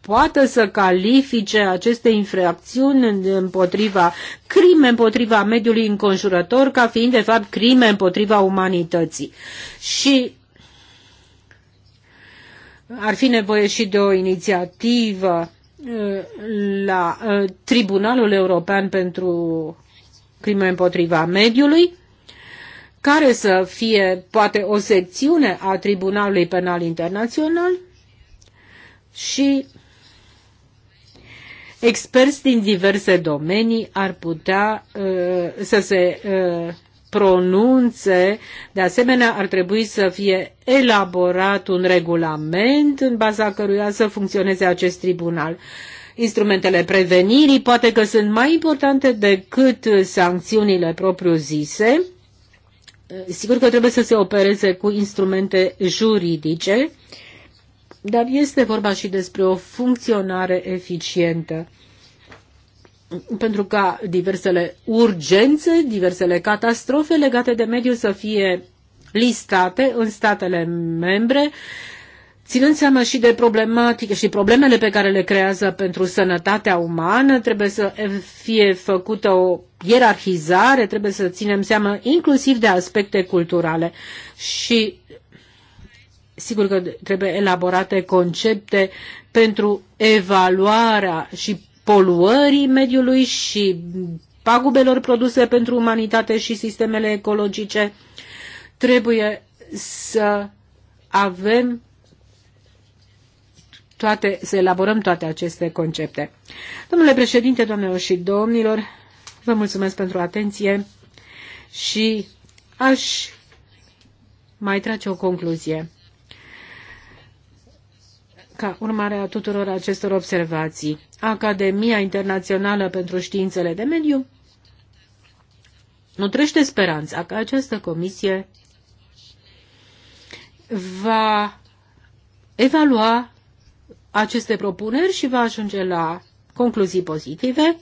poată să califice aceste infracțiuni împotriva crime împotriva mediului înconjurător ca fiind de fapt crime împotriva umanității. Și ar fi nevoie și de o inițiativă uh, la uh, Tribunalul European pentru crime împotriva mediului, care să fie poate o secțiune a Tribunalului Penal Internațional și experți din diverse domenii ar putea uh, să se uh, pronunțe. De asemenea, ar trebui să fie elaborat un regulament în baza căruia să funcționeze acest tribunal. Uh, instrumentele prevenirii poate că sunt mai importante decât sancțiunile propriu-zise. Sigur că trebuie să se opereze cu instrumente juridice, dar este vorba și despre o funcționare eficientă pentru ca diversele urgențe, diversele catastrofe legate de mediu să fie listate în statele membre Ținând seama și de problematică și problemele pe care le creează pentru sănătatea umană, trebuie să fie făcută o ierarhizare, trebuie să ținem seama inclusiv de aspecte culturale și sigur că trebuie elaborate concepte pentru evaluarea și poluării mediului și pagubelor produse pentru umanitate și sistemele ecologice. Trebuie să avem toate, să elaborăm toate aceste concepte. Domnule președinte, doamnelor și domnilor, vă mulțumesc pentru atenție și aș mai trage o concluzie. Ca urmare a tuturor acestor observații, Academia Internațională pentru Științele de Mediu nutrește speranța că această comisie va evalua aceste propuneri și va ajunge la concluzii pozitive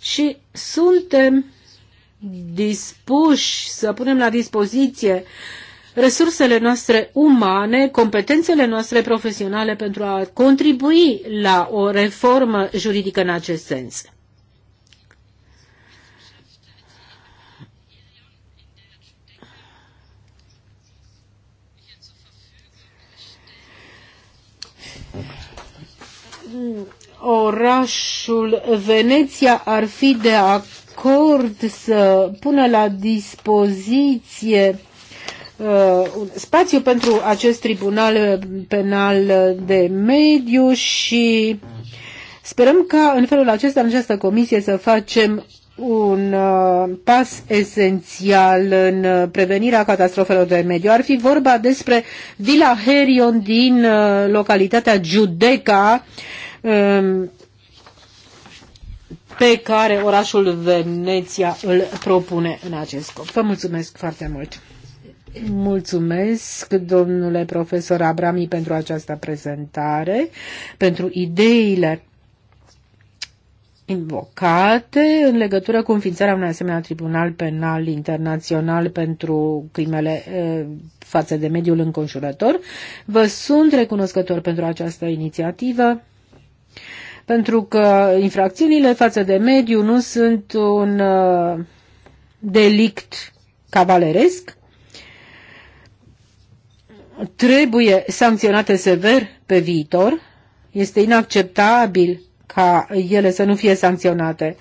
și suntem dispuși să punem la dispoziție resursele noastre umane, competențele noastre profesionale pentru a contribui la o reformă juridică în acest sens. orașul Veneția ar fi de acord să pună la dispoziție uh, un spațiu pentru acest tribunal penal de mediu și sperăm ca în felul acesta, în această comisie, să facem un uh, pas esențial în prevenirea catastrofelor de mediu. Ar fi vorba despre Villa Herion din uh, localitatea Giudeca, uh, Ehm, pe care orașul Veneția îl propune în acest scop. Vă mulțumesc foarte mult! Mulțumesc, domnule profesor Abrami, pentru această prezentare, pentru ideile invocate în legătură cu înființarea unui asemenea tribunal penal internațional pentru crimele e, eh, față de mediul înconjurător. Vă sunt recunoscător pentru această inițiativă pentru că infracțiunile față de mediu nu sunt un uh, delict cavaleresc, trebuie sancționate sever pe viitor. Este inacceptabil ca ele să nu fie sancționate.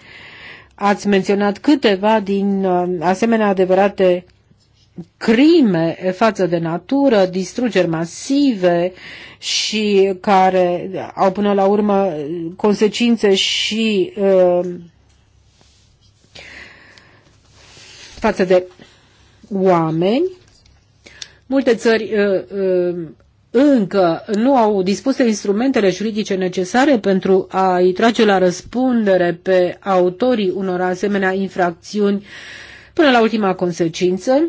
Ați menționat câteva din uh, asemenea adevărate crime față de natură, distrugeri masive și care au până la urmă consecințe și uh, față de oameni. Multe țări uh, uh, încă nu au dispus instrumentele juridice necesare pentru a-i trage la răspundere pe autorii unor asemenea infracțiuni până la ultima consecință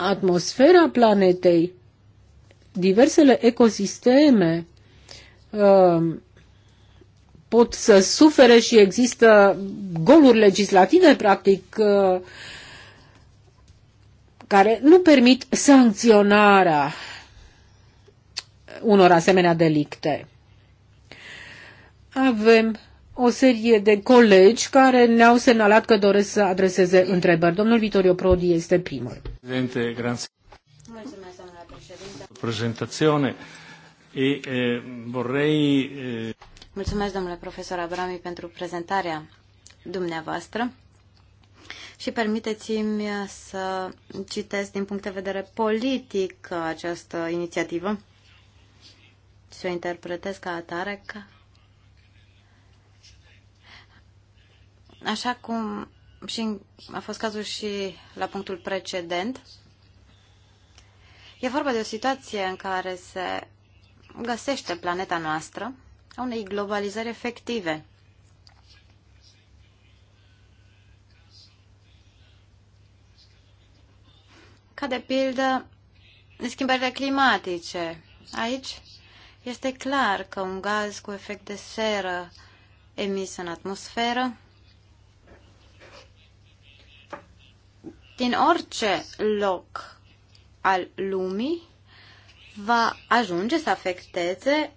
atmosfera planetei, diversele ecosisteme uh, pot să sufere și există goluri legislative, practic, uh, care nu permit sancționarea unor asemenea delicte. Avem o serie de colegi care ne-au semnalat că doresc să adreseze întrebări. Domnul Vitorio Prodi este primul. Presidente, grazie. Mulțumesc, E, e, vorrei, e... Mulțumesc, domnule profesor Abrami, pentru prezentarea dumneavoastră și permiteți-mi să citesc din punct de vedere politic această inițiativă și o interpretez ca atare ca așa cum și a fost cazul și la punctul precedent, e vorba de o situație în care se găsește planeta noastră a unei globalizări efective. Ca de pildă schimbările climatice. Aici este clar că un gaz cu efect de seră emis în atmosferă din orice loc al lumii va ajunge să afecteze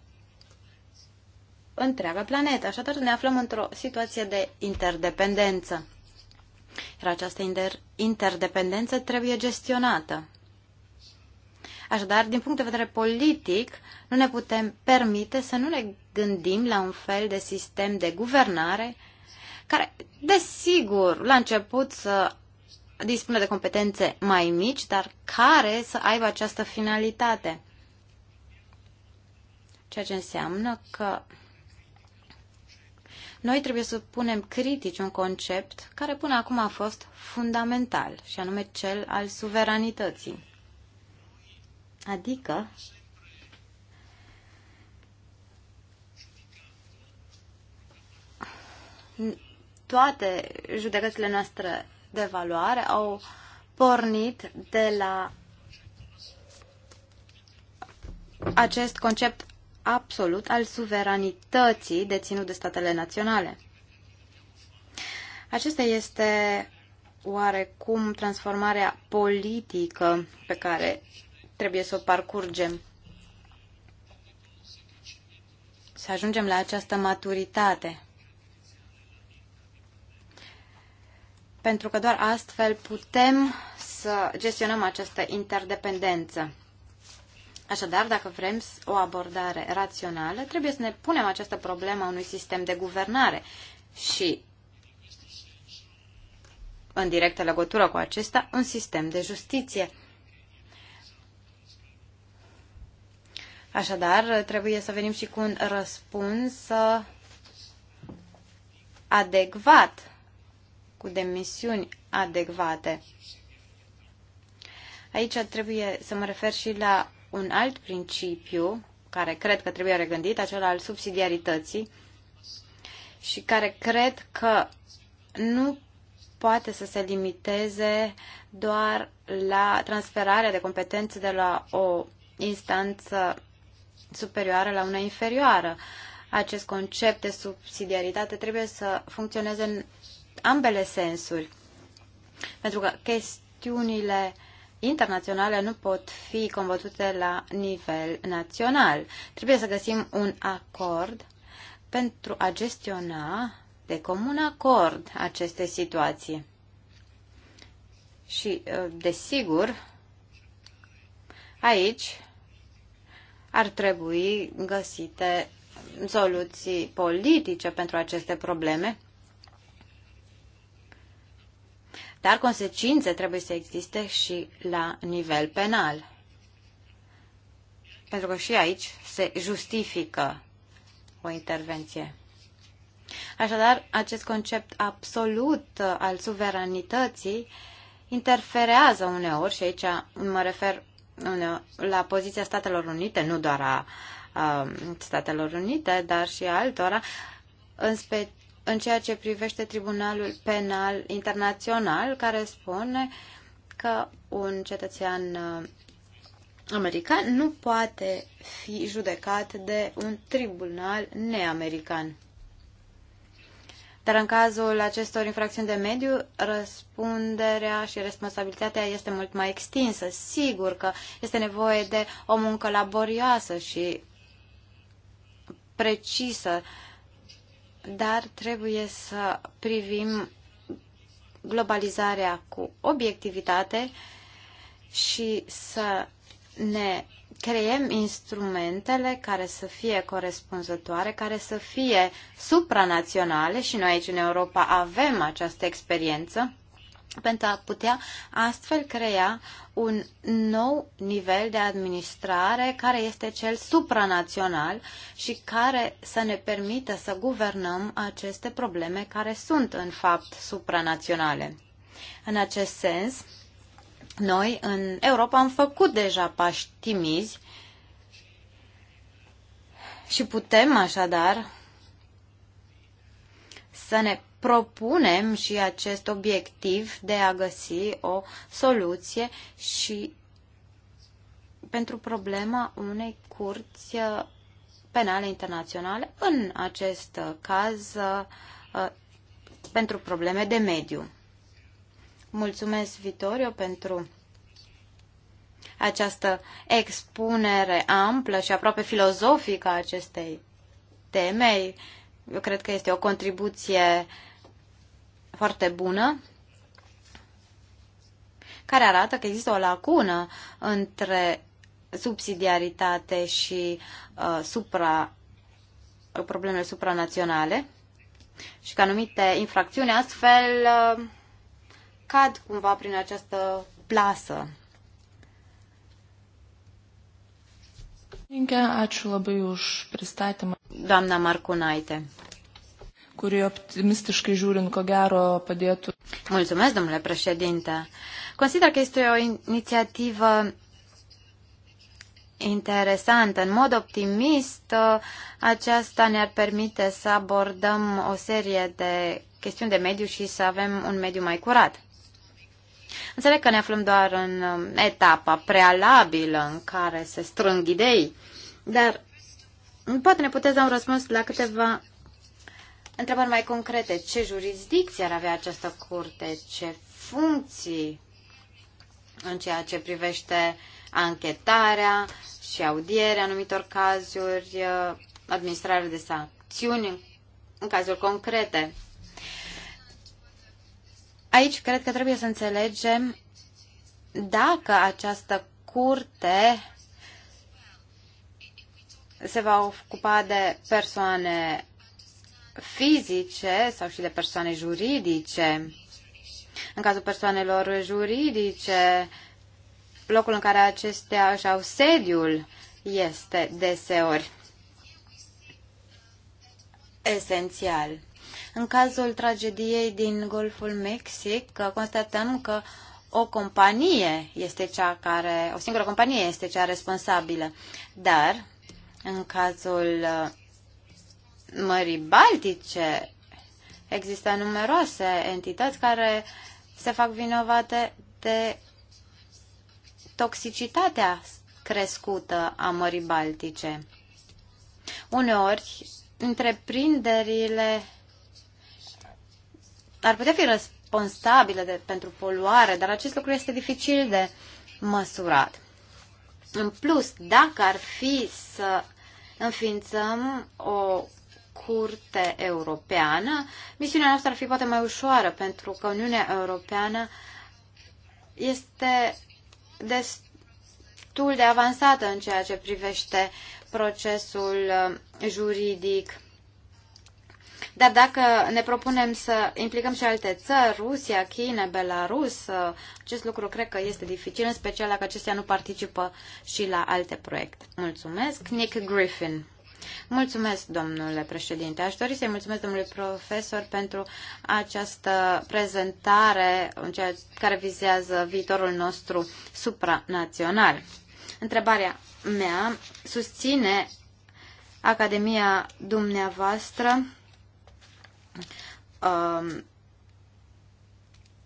întreaga planetă. Așadar ne aflăm într-o situație de interdependență. Iar această inter- interdependență trebuie gestionată. Așadar, din punct de vedere politic, nu ne putem permite să nu ne gândim la un fel de sistem de guvernare care, desigur, la început să dispune de competențe mai mici, dar care să aibă această finalitate. Ceea ce înseamnă că noi trebuie să punem critici un concept care până acum a fost fundamental, și anume cel al suveranității. Adică, toate judecățile noastre de valoare au pornit de la acest concept absolut al suveranității deținut de statele naționale. Acesta este oarecum transformarea politică pe care trebuie să o parcurgem. Să ajungem la această maturitate. pentru că doar astfel putem să gestionăm această interdependență. Așadar, dacă vrem o abordare rațională, trebuie să ne punem această problemă a unui sistem de guvernare și, în directă legătură cu acesta, un sistem de justiție. Așadar, trebuie să venim și cu un răspuns uh, adecvat cu demisiuni adecvate. Aici trebuie să mă refer și la un alt principiu care cred că trebuie regândit, acela al subsidiarității și care cred că nu poate să se limiteze doar la transferarea de competențe de la o instanță superioară la una inferioară. Acest concept de subsidiaritate trebuie să funcționeze în ambele sensuri. Pentru că chestiunile internaționale nu pot fi combătute la nivel național. Trebuie să găsim un acord pentru a gestiona de comun acord aceste situații. Și, ă, desigur, aici ar trebui găsite soluții politice pentru aceste probleme Dar consecințe trebuie să existe și la nivel penal. Pentru că și aici se justifică o intervenție. Așadar, acest concept absolut al suveranității interferează uneori, și aici mă refer la poziția Statelor Unite, nu doar a, a Statelor Unite, dar și a altora, în special în ceea ce privește Tribunalul Penal Internațional, care spune că un cetățean uh, american nu poate fi judecat de un tribunal neamerican. Dar în cazul acestor infracțiuni de mediu, răspunderea și responsabilitatea este mult mai extinsă. Sigur că este nevoie de o muncă laborioasă și precisă uh, dar trebuie să privim globalizarea cu obiectivitate și să ne creem instrumentele care să fie corespunzătoare, care să fie supranaționale și noi aici în Europa avem această experiență pentru a putea astfel crea un nou nivel de administrare care este cel supranațional și care să ne permită să guvernăm aceste probleme care sunt în fapt supranaționale. În acest sens, noi în Europa am făcut deja pași timizi și putem așadar să ne propunem și acest obiectiv de a găsi o soluție și pentru problema unei curți uh, penale internaționale, în acest caz uh, pentru probleme de mediu. Mulțumesc, Vitorio, pentru această expunere amplă și aproape filozofică a acestei teme. Eu cred că este o contribuție uh, foarte bună care arată că există o lacună între subsidiaritate și uh, supra, problemele supranaționale și că anumite infracțiuni astfel uh, cad cumva prin această plasă. Ačiū labai už pristatymą. Doamna Marcunaite kuri optimistiškai žiūrint, ko gero padėtų. Mulțumesc, domnule președinte. Consider că este o inițiativă interesantă. În mod optimist, uh, aceasta ne-ar permite să abordăm o serie de chestiuni de mediu și să avem un mediu mai curat. Înțeleg că ne aflăm doar în uh, etapa prealabilă în care se strâng idei, dar poate ne puteți da un răspuns la câteva Întrebări mai concrete. Ce jurisdicție ar avea această curte? Ce funcții în ceea ce privește anchetarea și audierea anumitor cazuri, administrarea de sancțiuni în cazuri concrete? Aici cred că trebuie să înțelegem dacă această curte se va ocupa de persoane fizice sau și de persoane juridice. În cazul persoanelor juridice, locul în care acestea își au sediul este deseori esențial. În cazul tragediei din Golful Mexic, constatăm că o companie este cea care, o singură companie este cea responsabilă, dar în cazul Mării Baltice există numeroase entități care se fac vinovate de toxicitatea crescută a Mării Baltice. Uneori, întreprinderile ar putea fi responsabile de, pentru poluare, dar acest lucru este dificil de măsurat. În plus, dacă ar fi să înființăm o curte europeană, misiunea noastră ar fi poate mai ușoară, pentru că Uniunea Europeană este destul de avansată în ceea ce privește procesul uh, juridic. Dar dacă ne propunem să implicăm și alte țări, Rusia, China, Belarus, uh, acest lucru cred că este dificil, în special dacă acestea nu participă și la alte proiecte. Mulțumesc, Nick Griffin. Mulțumesc, domnule președinte. Aș dori să-i mulțumesc domnului profesor pentru această prezentare în ceea care vizează viitorul nostru supranațional. Întrebarea mea susține Academia dumneavoastră um,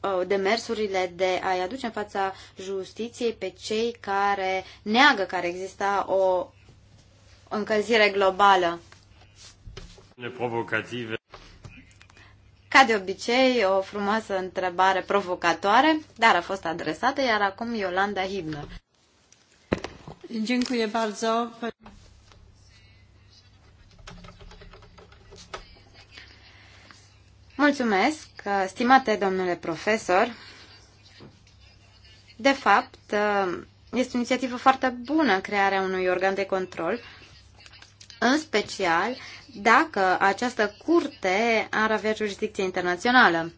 uh, demersurile de a-i aduce în fața justiției pe cei care neagă care exista o o încălzire globală. Provocative. Ca de obicei, o frumoasă întrebare provocatoare, dar a fost adresată, iar acum Iolanda Hibner. Dziękuję bardzo. Mulțumesc, stimate domnule profesor. De fapt, este o inițiativă foarte bună crearea unui organ de control în special dacă această curte ar avea jurisdicție internațională.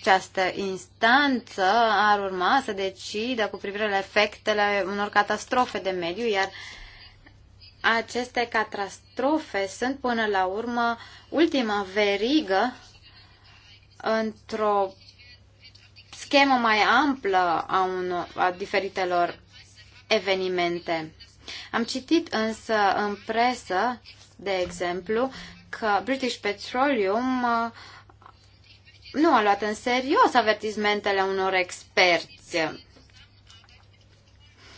Această instanță ar urma să decidă cu privire la efectele unor catastrofe de mediu, iar aceste catastrofe sunt până la urmă ultima verigă într-o schemă mai amplă a, unor, a diferitelor evenimente. Am citit însă în presă, de exemplu, că British Petroleum uh, nu a luat în serios avertizmentele unor experți.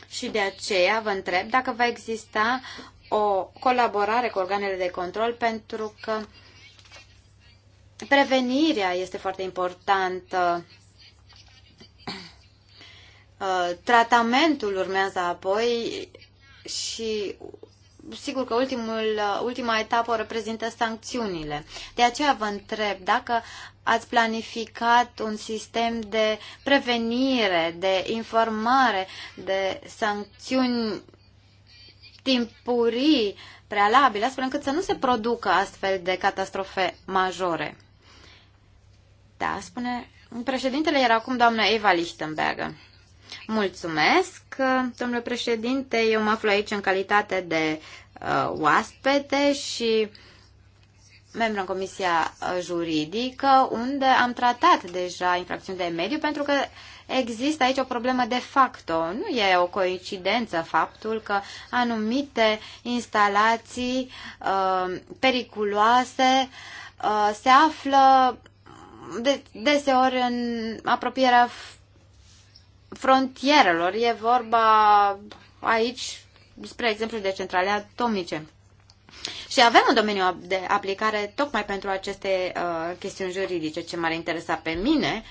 Și de aceea vă întreb dacă va exista o colaborare cu organele de control pentru că prevenirea este foarte importantă Uh, tratamentul urmează apoi și sigur că ultimul, uh, ultima etapă reprezintă sancțiunile. De aceea vă întreb dacă ați planificat un sistem de prevenire, de informare, de sancțiuni timpurii prealabile, astfel încât să nu se producă astfel de catastrofe majore. Da, spune președintele, iar acum doamna Eva Lichtenberger. Mulțumesc, domnule președinte. Eu mă aflu aici în calitate de uh, oaspete și membru în Comisia Juridică, unde am tratat deja infracțiuni de mediu, pentru că există aici o problemă de facto. Nu e o coincidență faptul că anumite instalații uh, periculoase uh, se află de, deseori în apropierea frontierelor. E vorba aici, spre exemplu, de centrale atomice. Și avem un domeniu de aplicare tocmai pentru aceste uh, chestiuni juridice. Ce m-ar interesa pe mine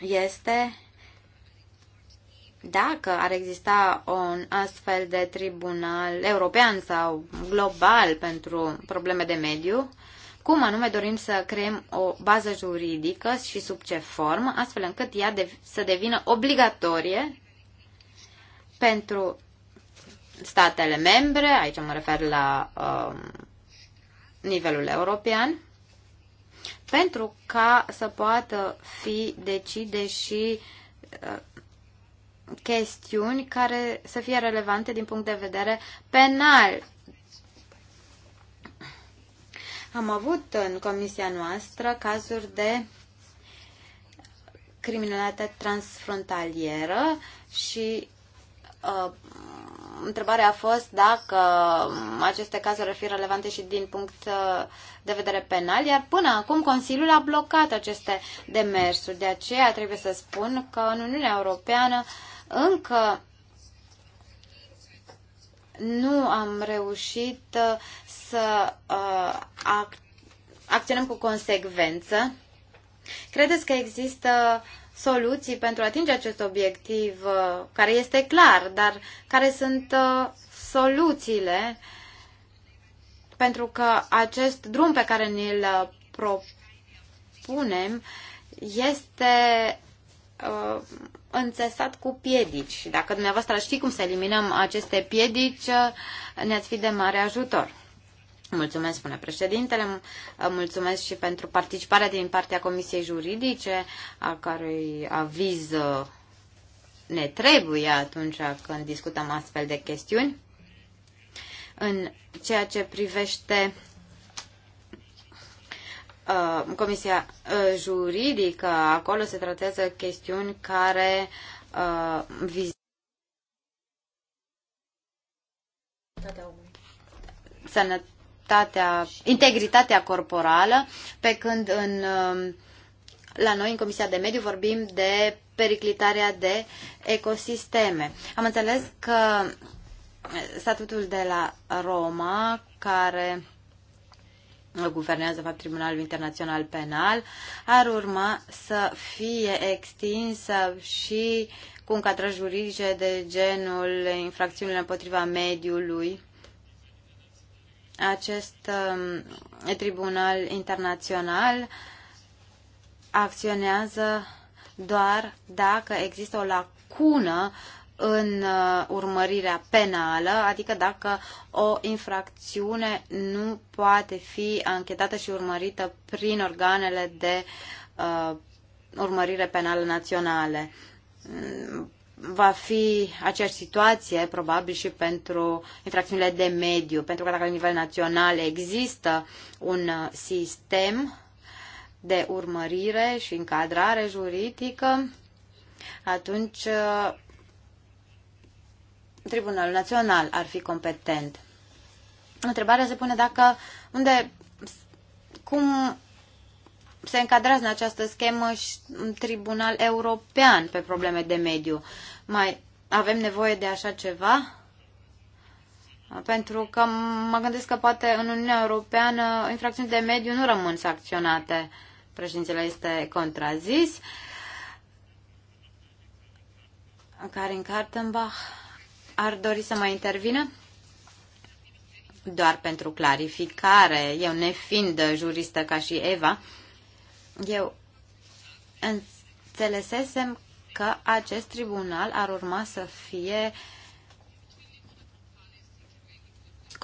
este dacă ar exista un astfel de tribunal european sau global pentru probleme de mediu, cum anume dorim să creăm o bază juridică și sub ce formă, astfel încât ea de- să devină obligatorie pentru statele membre, aici mă refer la um, nivelul european, pentru ca să poată fi decide și uh, chestiuni care să fie relevante din punct de vedere penal am avut în comisia noastră cazuri de criminalitate transfrontalieră și uh, întrebarea a fost dacă aceste cazuri ar fi relevante și din punct uh, de vedere penal, iar până acum Consiliul a blocat aceste demersuri. De aceea trebuie să spun că în Uniunea Europeană încă nu am reușit uh, să uh, acționăm cu consecvență. Credeți că există soluții pentru a atinge acest obiectiv uh, care este clar, dar care sunt soluțiile pentru că acest drum pe care ne-l propunem este înțesat cu piedici. Și dacă dumneavoastră știți cum să eliminăm aceste piedici, ne-ați fi de mare ajutor. Mulțumesc, spune președintele, mulțumesc și pentru participarea din partea Comisiei Juridice, a cărui aviz uh, ne trebuie atunci când discutăm astfel de chestiuni. În ceea ce privește Uh, comisia uh, Juridică, acolo se tratează chestiuni care uh, vizează sănătatea, integritatea corporală, pe când în, um, la noi, în Comisia de Mediu, vorbim de periclitarea de ecosisteme. Am înțeles că statutul de la Roma, care guvernează, de fapt, Tribunalul Internațional Penal, ar urma să fie extinsă și cu încadraj juridice de genul infracțiunile împotriva mediului. Acest uh, tribunal internațional acționează doar dacă există o lacună în uh, urmărirea penală, adică dacă o infracțiune nu poate fi anchetată și urmărită prin organele de uh, urmărire penală naționale. Mm, va fi aceeași situație, probabil, și pentru infracțiunile de mediu, pentru că dacă la nivel național există un uh, sistem de urmărire și încadrare juridică, atunci uh, Tribunalul Național ar fi competent. Întrebarea se pune dacă unde cum se încadrează în această schemă și un tribunal european pe probleme de mediu. Mai avem nevoie de așa ceva? Pentru că mă gândesc că poate în Uniunea Europeană infracțiuni de mediu nu rămân sancționate. Președintele este contrazis. Karin Kartenbach ar dori să mai intervină? Doar pentru clarificare, eu nefiind juristă ca și Eva, eu înțelesesem că acest tribunal ar urma să fie uh,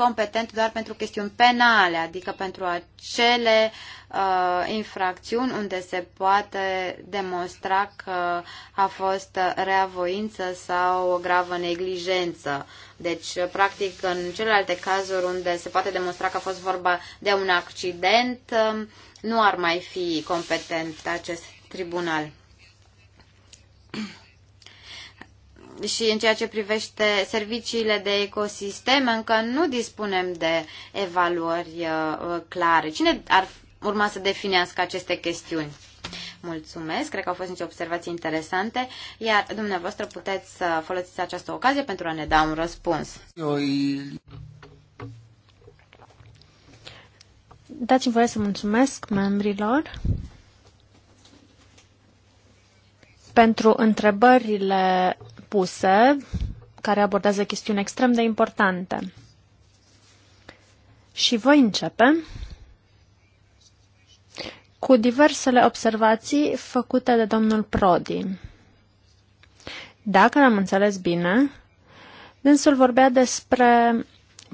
competent doar pentru chestiuni penale, adică pentru acele uh, infracțiuni unde se poate demonstra că a fost reavoință sau o gravă neglijență. Deci, practic, în celelalte cazuri unde se poate demonstra că a fost vorba de un accident, uh, nu ar mai fi competent acest tribunal. și în ceea ce privește serviciile de ecosistem, încă nu dispunem de evaluări uh, uh, clare. Cine ar urma să definească aceste chestiuni? Mulțumesc, cred că au fost niște observații interesante, iar dumneavoastră puteți să folosiți această ocazie pentru a ne da un răspuns. Dați-mi voie să mulțumesc membrilor pentru întrebările propuse, care abordează chestiuni extrem de importante. Și voi începe cu diversele observații făcute de domnul Prodi. Dacă l-am înțeles bine, dânsul vorbea despre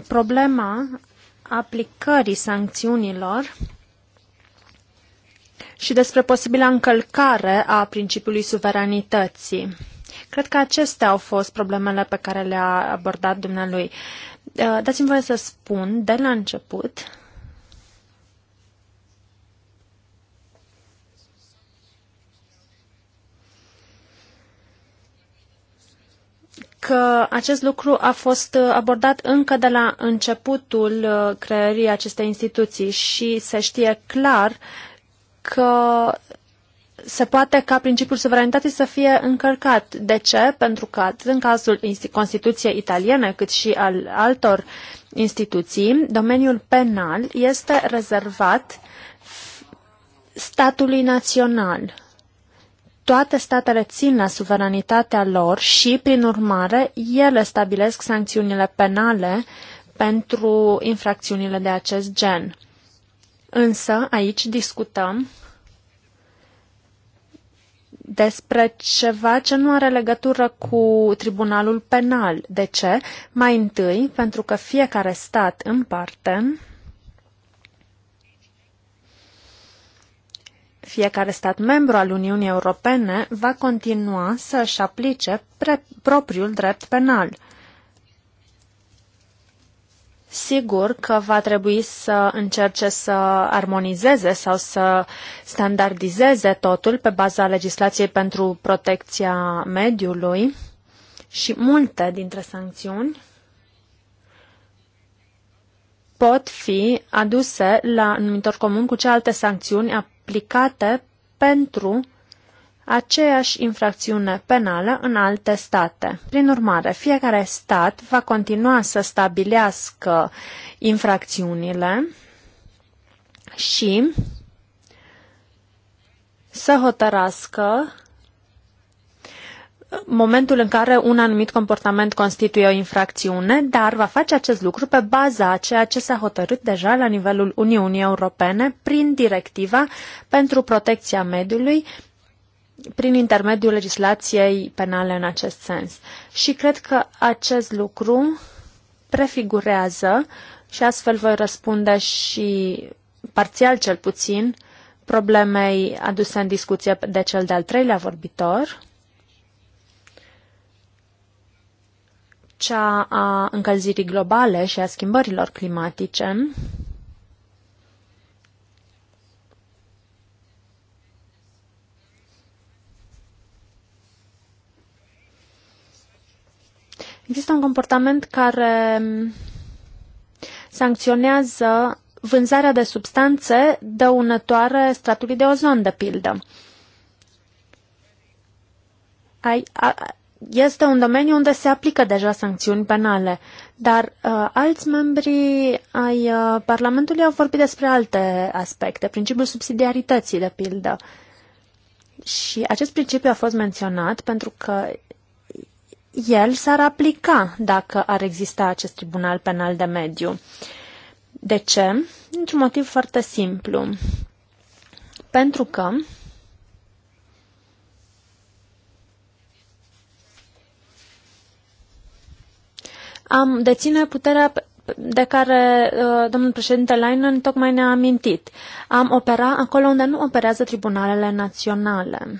problema aplicării sancțiunilor și despre posibila încălcare a principiului suveranității. Cred că acestea au fost problemele pe care le-a abordat dumnealui. Uh, dați-mi voie să spun de la început că acest lucru a fost uh, abordat încă de la începutul uh, creării acestei instituții și se știe clar că se poate ca principiul suveranității să fie încălcat. De ce? Pentru că atât în cazul Constituției italiene cât și al altor instituții, domeniul penal este rezervat statului național. Toate statele țin la suveranitatea lor și, prin urmare, ele stabilesc sancțiunile penale pentru infracțiunile de acest gen. Însă, aici discutăm despre ceva ce nu are legătură cu tribunalul penal. De ce? Mai întâi, pentru că fiecare stat în parte fiecare stat membru al Uniunii Europene va continua să își aplice propriul drept penal. Sigur că va trebui să încerce să armonizeze sau să standardizeze totul pe baza legislației pentru protecția mediului și multe dintre sancțiuni pot fi aduse la numitor comun cu celelalte sancțiuni aplicate pentru aceeași infracțiune penală în alte state. Prin urmare, fiecare stat va continua să stabilească infracțiunile și să hotărască momentul în care un anumit comportament constituie o infracțiune, dar va face acest lucru pe baza a ceea ce s-a hotărât deja la nivelul Uniunii Europene prin directiva pentru protecția mediului prin intermediul legislației penale în acest sens. Și cred că acest lucru prefigurează și astfel voi răspunde și parțial cel puțin problemei aduse în discuție de cel de-al treilea vorbitor, cea a încălzirii globale și a schimbărilor climatice, Există un comportament care sancționează vânzarea de substanțe dăunătoare stratului de ozon, de pildă. Este un domeniu unde se aplică deja sancțiuni penale, dar a, uh, alți membri ai a, uh, Parlamentului au vorbit despre alte aspecte, principiul subsidiarității, de pildă. Și acest principiu a fost menționat pentru că el s-ar aplica dacă ar exista acest tribunal penal de mediu. De ce? Într-un motiv foarte simplu. Pentru că am deține puterea de care uh, domnul președinte Leinen tocmai ne-a amintit. Am opera acolo unde nu operează tribunalele naționale.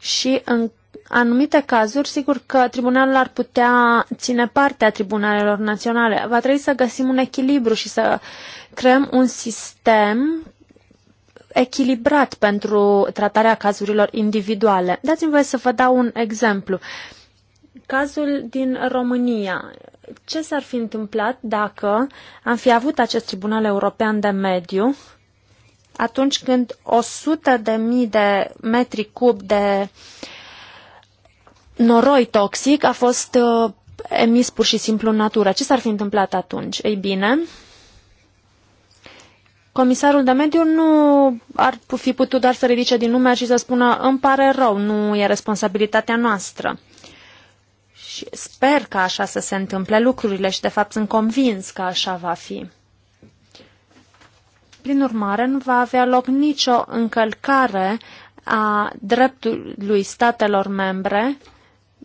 și în anumite cazuri, sigur că tribunalul ar putea ține parte a tribunalelor naționale. Va trebui să găsim un echilibru și să creăm un sistem echilibrat pentru tratarea cazurilor individuale. Dați-mi voie să vă dau un exemplu. Cazul din România. Ce s-ar fi întâmplat dacă am fi avut acest Tribunal European de Mediu atunci când 100 de mii de metri cub de noroi toxic a fost uh, emis pur și simplu în natură. Ce s-ar fi întâmplat atunci? Ei bine, comisarul de mediu nu ar fi putut doar să ridice din nume și să spună îmi pare rău, nu e responsabilitatea noastră. Și sper că așa să se întâmple lucrurile și de fapt sunt convins că așa va fi. Prin urmare, nu va avea loc nicio încălcare a dreptului statelor membre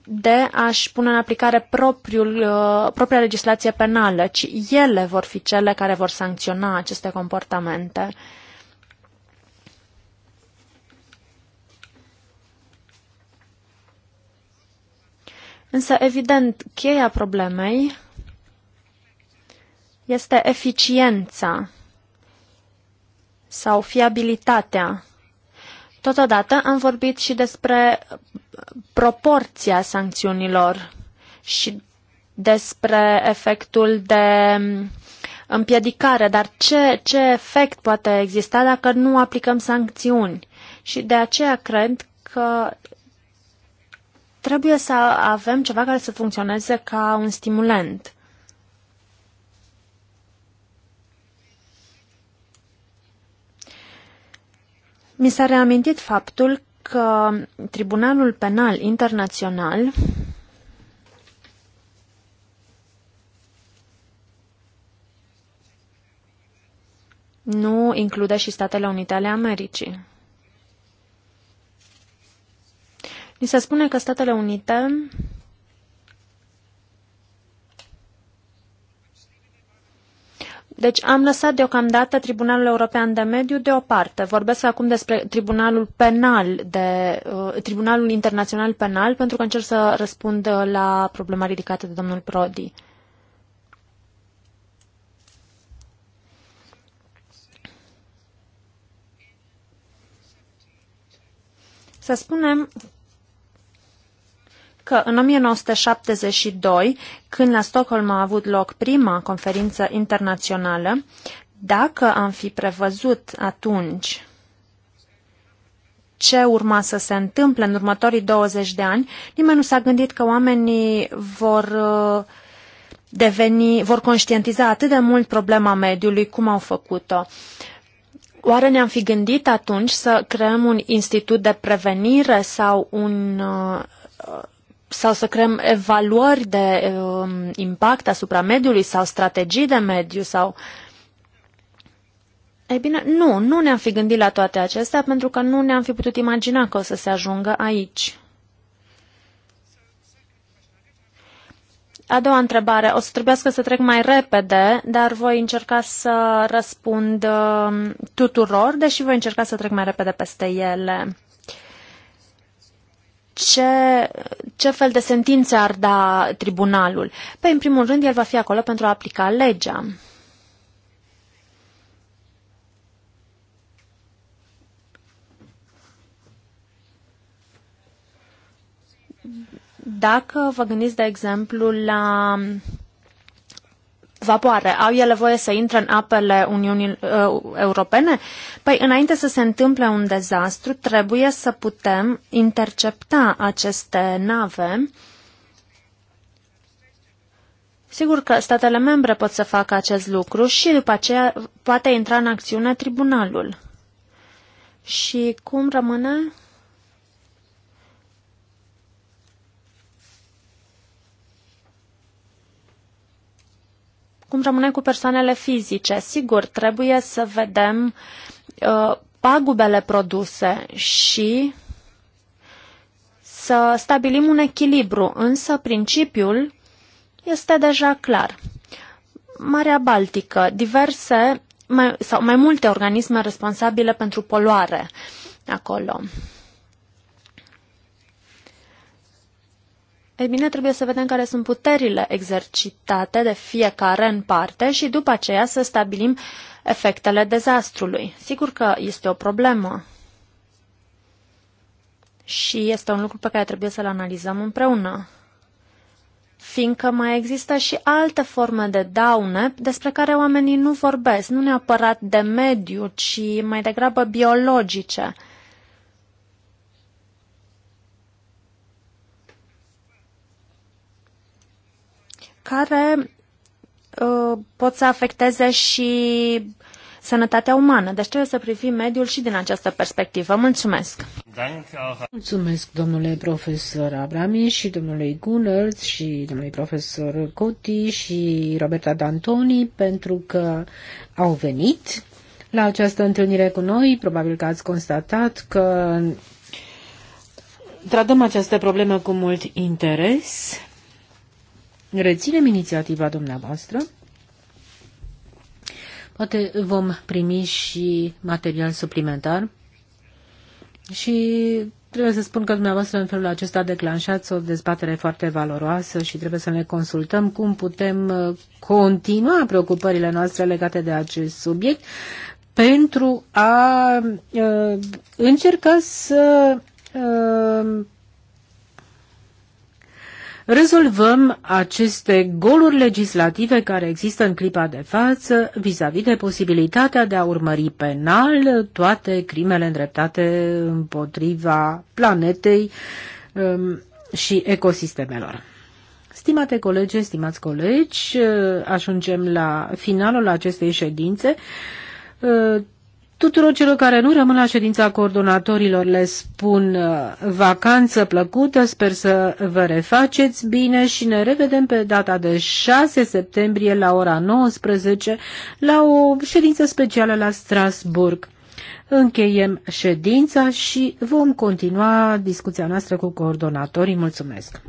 de a-și pune în aplicare propriul, uh, propria legislație penală, ci ele vor fi cele care vor sancționa aceste comportamente. Însă, evident, cheia problemei este eficiența sau fiabilitatea. Totodată am vorbit și despre proporția sancțiunilor și despre efectul de mm, împiedicare, dar ce, ce efect poate exista dacă nu aplicăm sancțiuni? Și de aceea cred că trebuie să avem ceva care să funcționeze ca un stimulant. Mi s-a reamintit faptul că Tribunalul Penal Internațional nu include și Statele Unite ale Americii. Ni se spune că Statele Unite Deci am lăsat deocamdată Tribunalul European de Mediu deoparte. Vorbesc acum despre Tribunalul Penal, de, uh, Tribunalul Internațional Penal, pentru că încerc să răspund uh, la problema ridicată de domnul Prodi. Să spunem că în 1972, când la Stockholm a avut loc prima conferință internațională, dacă am fi prevăzut atunci ce urma să se întâmple în următorii 20 de ani, nimeni nu s-a gândit că oamenii vor uh, deveni, vor conștientiza atât de mult problema mediului cum au făcut-o. Oare ne-am fi gândit atunci să creăm un institut de prevenire sau un uh, sau să creăm evaluări de um, impact asupra mediului sau strategii de mediu sau ei bine, nu, nu ne-am fi gândit la toate acestea pentru că nu ne-am fi putut imagina că o să se ajungă aici. A doua întrebare. O să trebuiască să trec mai repede, dar voi încerca să răspund um, tuturor, deși voi încerca să trec mai repede peste ele ce, ce fel de sentințe ar da tribunalul? Păi, în primul rând, el va fi acolo pentru a aplica legea. Dacă vă gândiți, de exemplu, la vapoare, au ele voie să intre în apele Uniunii uh, Europene? Păi, înainte să se întâmple un dezastru, trebuie să putem intercepta aceste nave. Sigur că statele membre pot să facă acest lucru și după aceea poate intra în acțiune tribunalul. Și cum rămâne? Acum rămâne cu persoanele fizice. Sigur, trebuie să vedem uh, pagubele produse și să stabilim un echilibru, însă principiul este deja clar. Marea Baltică, diverse mai, sau mai multe organisme responsabile pentru poluare acolo. Ei bine, trebuie să vedem care sunt puterile exercitate de fiecare în parte și după aceea să stabilim efectele dezastrului. Sigur că este o problemă și este un lucru pe care trebuie să-l analizăm împreună, fiindcă mai există și alte forme de daune despre care oamenii nu vorbesc, nu neapărat de mediu, ci mai degrabă biologice – care uh, pot să afecteze și sănătatea umană. Deci trebuie să privim mediul și din această perspectivă. Mulțumesc! Mulțumesc domnule profesor Abrami și domnului Gunnert și domnului profesor Coti și Roberta D'Antoni pentru că au venit la această întâlnire cu noi. Probabil că ați constatat că tratăm această problemă cu mult interes reținem inițiativa dumneavoastră. Poate vom primi și material suplimentar. Și trebuie să spun că dumneavoastră în felul acesta declanșați o dezbatere foarte valoroasă și trebuie să ne consultăm cum putem uh, continua preocupările noastre legate de acest subiect pentru a uh, încerca să uh, rezolvăm aceste goluri legislative care există în clipa de față vis-a-vis -vis de posibilitatea de a urmări penal toate crimele îndreptate împotriva planetei um, și ecosistemelor. Stimate colegi, stimați colegi, uh, ajungem la finalul acestei ședințe. Uh, Tuturor celor care nu rămân la ședința coordonatorilor le spun uh, vacanță plăcută, sper să vă refaceți bine și ne revedem pe data de 6 septembrie la ora 19 la o ședință specială la Strasburg. Încheiem ședința și vom continua discuția noastră cu coordonatorii. Mulțumesc!